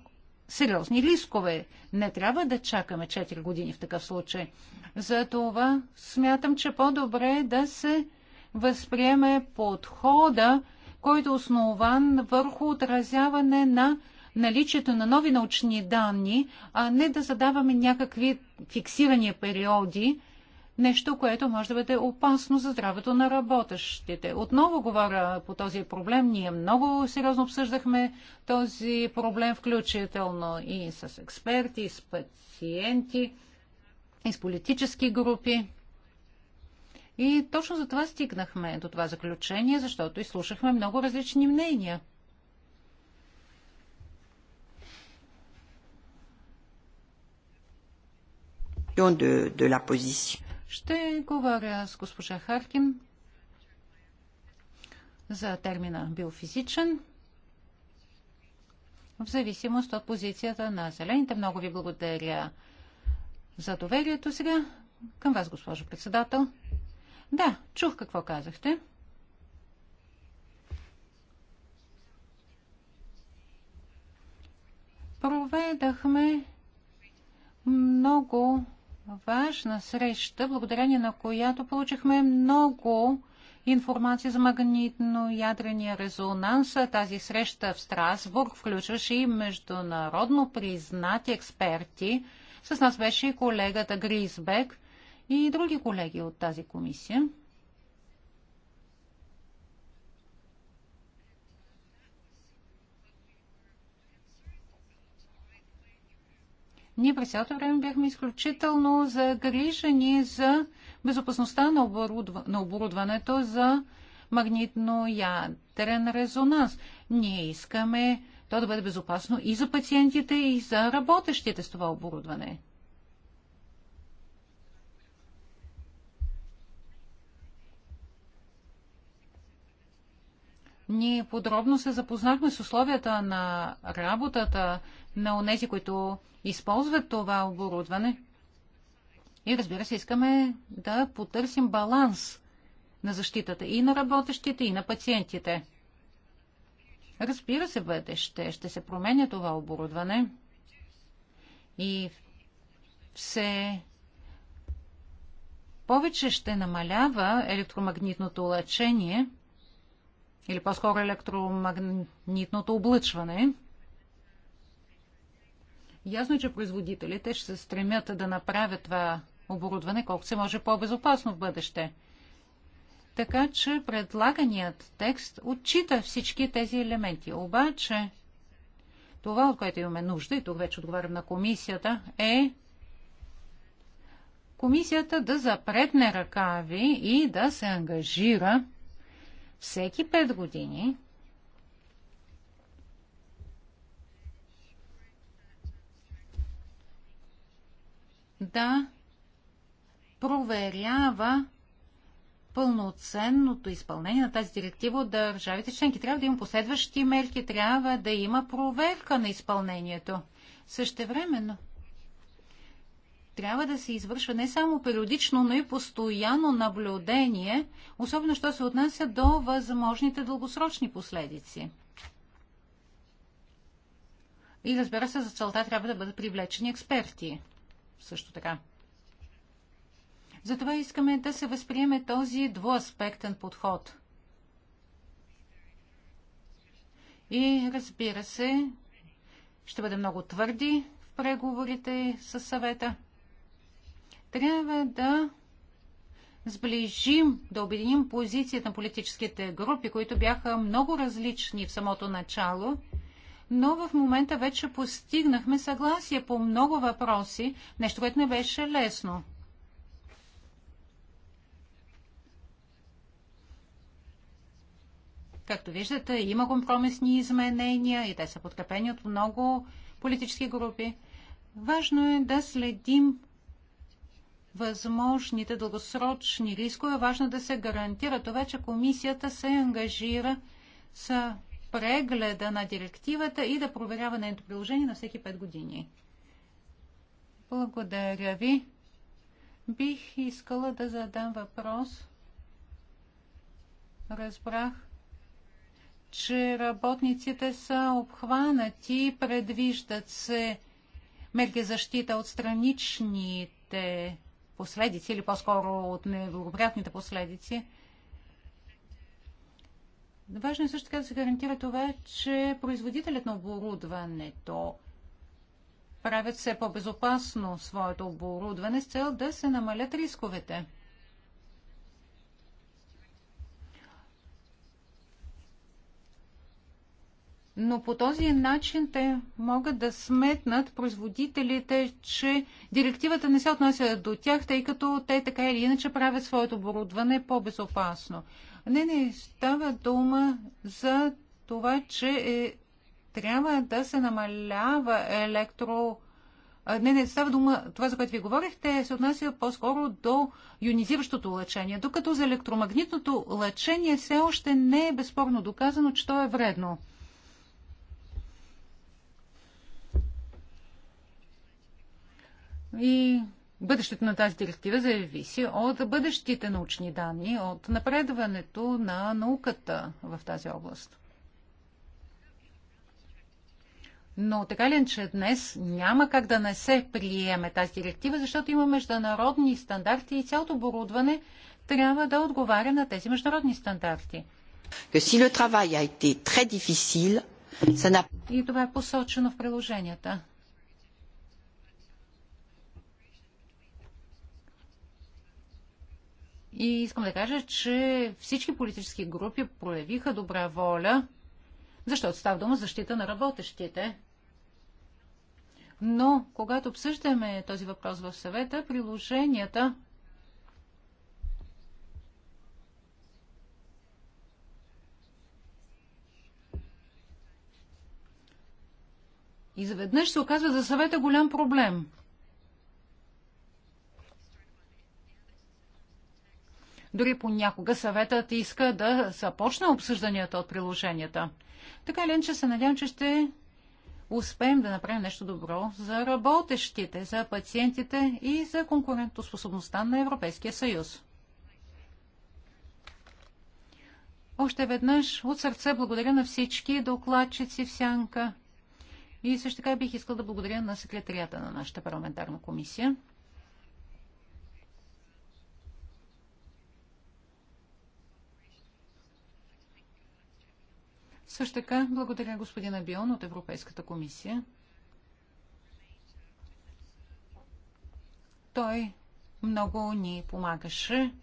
сериозни рискове. Не трябва да чакаме 4 години в такъв случай. Затова смятам, че по-добре е да се възприеме подхода, който е основан върху отразяване на наличието на нови научни данни, а не да задаваме някакви фиксирани периоди, нещо, което може да бъде опасно за здравето на работещите. Отново говоря по този проблем. Ние много сериозно обсъждахме този проблем, включително и с експерти, и с пациенти, и с политически групи. И точно за това стигнахме до това заключение, защото изслушахме много различни мнения. de, de la position ще говоря с госпожа Харкин за термина биофизичен в зависимост от позицията на зелените. Много ви благодаря за доверието сега. Към вас, госпожо председател. Да, чух какво казахте. Проведахме много важна среща, благодарение на която получихме много информация за магнитно-ядрения резонанс. Тази среща в Страсбург включваше и международно признати експерти. С нас беше и колегата Гризбек и други колеги от тази комисия. Ние през цялото време бяхме изключително загрижени за безопасността на, оборудва, на оборудването за магнитно-ядрен резонанс. Ние искаме то да бъде безопасно и за пациентите, и за работещите с това оборудване. Ние подробно се запознахме с условията на работата на онези, които използват това оборудване. И разбира се, искаме да потърсим баланс на защитата и на работещите, и на пациентите. Разбира се, бъдеще ще се променя това оборудване и все повече ще намалява електромагнитното лъчение – или по-скоро електромагнитното облъчване. Ясно е, че производителите ще се стремят да направят това оборудване колкото се може по-безопасно в бъдеще. Така че предлаганият текст отчита всички тези елементи. Обаче, това, от което имаме нужда, и тук вече отговарям на комисията, е комисията да запретне ръкави и да се ангажира всеки 5 години да проверява пълноценното изпълнение на тази директива от държавите членки. Трябва да има последващи мерки, трябва да има проверка на изпълнението. Същевременно трябва да се извършва не само периодично, но и постоянно наблюдение, особено що се отнася до възможните дългосрочни последици. И разбира се, за целта трябва да бъдат привлечени експерти. Също така. Затова искаме да се възприеме този двуаспектен подход. И разбира се, ще бъде много твърди в преговорите с съвета. Трябва да сближим, да обединим позицията на политическите групи, които бяха много различни в самото начало, но в момента вече постигнахме съгласие по много въпроси, нещо, което не беше лесно. Както виждате, има компромисни изменения и те са подкрепени от много политически групи. Важно е да следим възможните дългосрочни рискове, важно е да се гарантира това, че комисията се ангажира с прегледа на директивата и да проверява нейното приложение на всеки 5 години. Благодаря ви. Бих искала да задам въпрос. Разбрах, че работниците са обхванати, предвиждат се мерки защита от страничните последици или по-скоро от неблагоприятните последици. Важно е също така да се гарантира това, че производителят на оборудването правят все по-безопасно своето оборудване с цел да се намалят рисковете. но по този начин те могат да сметнат производителите, че директивата не се отнася до тях, тъй като те така или иначе правят своето оборудване по-безопасно. Не, не, става дума за това, че е, трябва да се намалява електро... Не, не, става дума, това, за което ви говорихте, се отнася по-скоро до ионизиращото лъчение, докато за електромагнитното лъчение все още не е безспорно доказано, че то е вредно. И бъдещето на тази директива зависи от бъдещите научни данни, от напредването на науката в тази област. Но така ли, е, че днес няма как да не се приеме тази директива, защото има международни стандарти и цялото оборудване трябва да отговаря на тези международни стандарти. И това е посочено в приложенията. И искам да кажа, че всички политически групи проявиха добра воля, защото става дума защита на работещите. Но, когато обсъждаме този въпрос в съвета, приложенията изведнъж се оказва за съвета голям проблем. Дори понякога съветът иска да започне обсъжданията от приложенията. Така ли, че се надявам, че ще успеем да направим нещо добро за работещите, за пациентите и за конкурентоспособността на Европейския съюз. Още веднъж от сърце благодаря на всички докладчици в Сянка. И също така бих искал да благодаря на секретарията на нашата парламентарна комисия. Също така, благодаря господина Бион от Европейската комисия. Той много ни помагаше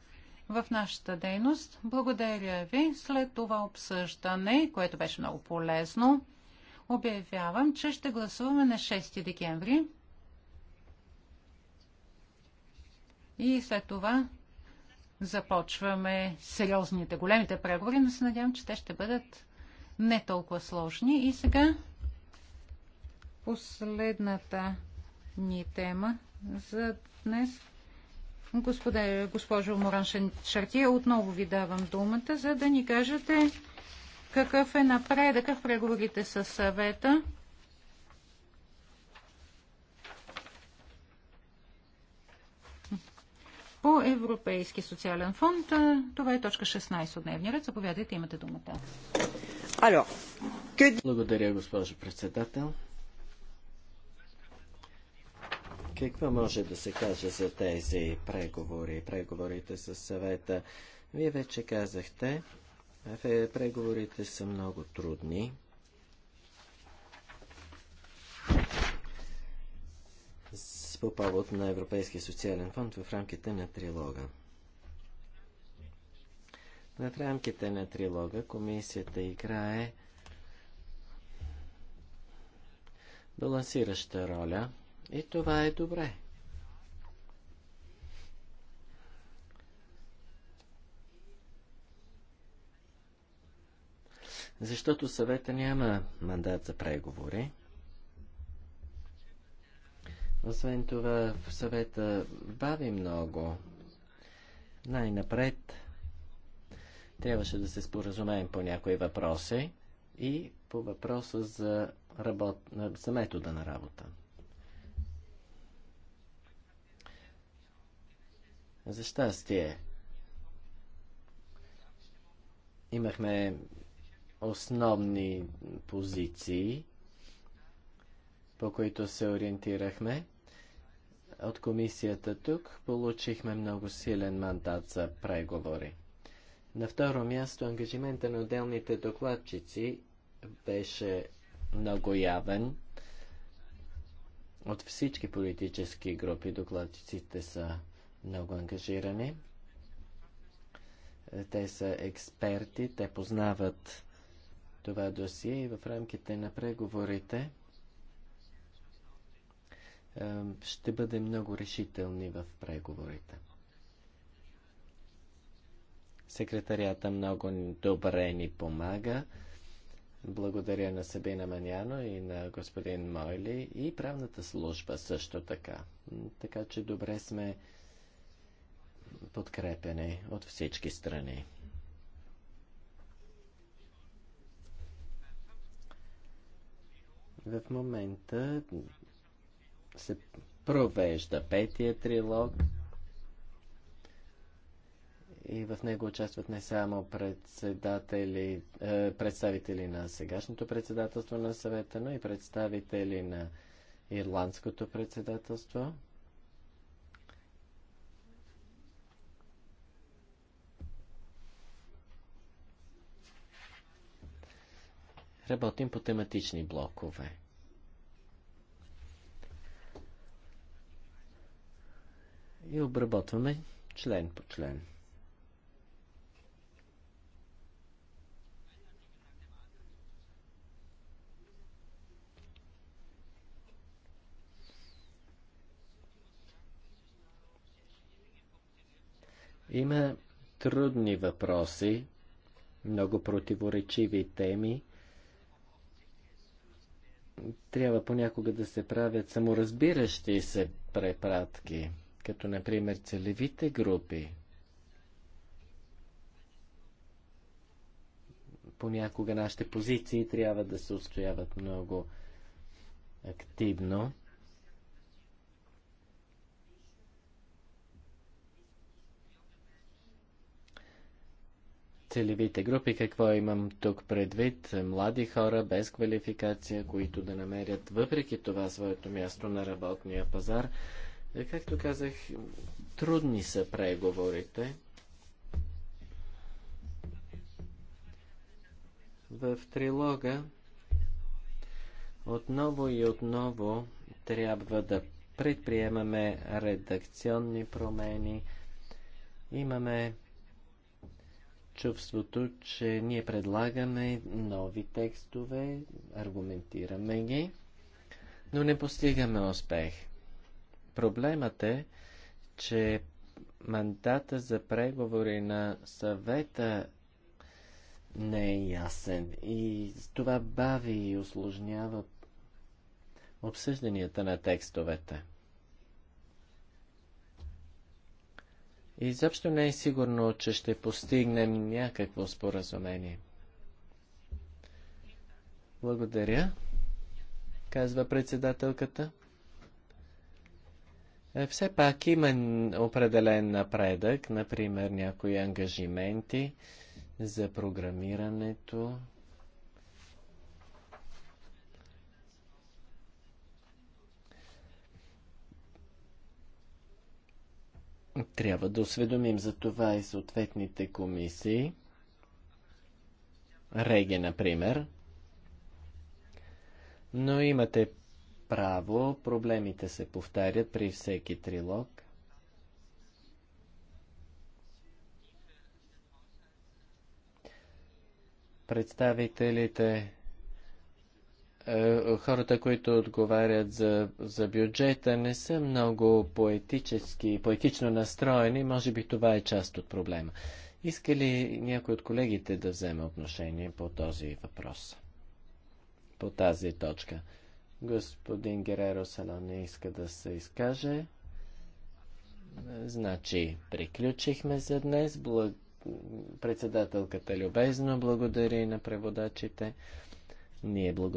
в нашата дейност. Благодаря ви. След това обсъждане, което беше много полезно, обявявам, че ще гласуваме на 6 декември. И след това започваме сериозните, големите преговори, но се надявам, че те ще бъдат не толкова сложни. И сега последната ни тема за днес. Господа, госпожо Моран Шартия, отново ви давам думата, за да ни кажете какъв е напредъка в преговорите с съвета. по Европейски социален фонд. Това е точка 16 от дневния ред. Заповядайте, имате думата. Благодаря, госпожо председател. Какво може да се каже за тези преговори, преговорите с съвета? Вие вече казахте, е, преговорите са много трудни. По повод на Европейския социален фонд в рамките на трилога. В рамките на трилога комисията играе балансираща роля и това е добре. Защото съвета няма мандат за преговори. Освен това, в съвета бави много. Най-напред Трябваше да се споразумеем по някои въпроси и по въпроса за, работ... за метода на работа. За щастие, имахме основни позиции, по които се ориентирахме. От комисията тук получихме много силен мандат за преговори. На второ място, ангажимента на отделните докладчици беше много явен. От всички политически групи докладчиците са много ангажирани. Те са експерти, те познават това досие и в рамките на преговорите ще бъдем много решителни в преговорите. Секретарията много добре ни помага. Благодаря на Сабина Маняно и на господин Мойли и правната служба също така. Така че добре сме подкрепени от всички страни. В момента се провежда петия трилог – и в него участват не само председатели, е, представители на сегашното председателство на съвета, но и представители на ирландското председателство. Работим по тематични блокове. И обработваме член по член. Има трудни въпроси, много противоречиви теми. Трябва понякога да се правят саморазбиращи се препратки, като например целевите групи. Понякога нашите позиции трябва да се устояват много активно. целевите групи, какво имам тук предвид? Млади хора без квалификация, които да намерят въпреки това своето място на работния пазар. Е, както казах, трудни са преговорите. В трилога отново и отново трябва да предприемаме редакционни промени. Имаме чувството, че ние предлагаме нови текстове, аргументираме ги, но не постигаме успех. Проблемът е, че мандата за преговори на съвета не е ясен и това бави и осложнява обсъжданията на текстовете. Изобщо не е сигурно, че ще постигнем някакво споразумение. Благодаря, казва председателката. Е, все пак има определен напредък, например някои ангажименти за програмирането, Трябва да осведомим за това и съответните комисии. Реге, например. Но имате право, проблемите се повтарят при всеки трилог. Представителите е, хората, които отговарят за, за бюджета, не са много поетически, поетично настроени. Може би това е част от проблема. Иска ли някой от колегите да вземе отношение по този въпрос? По тази точка. Господин Гереро Салон не иска да се изкаже. Значи, приключихме за днес. Благ... Председателката любезно благодари на преводачите. Ние благодарим.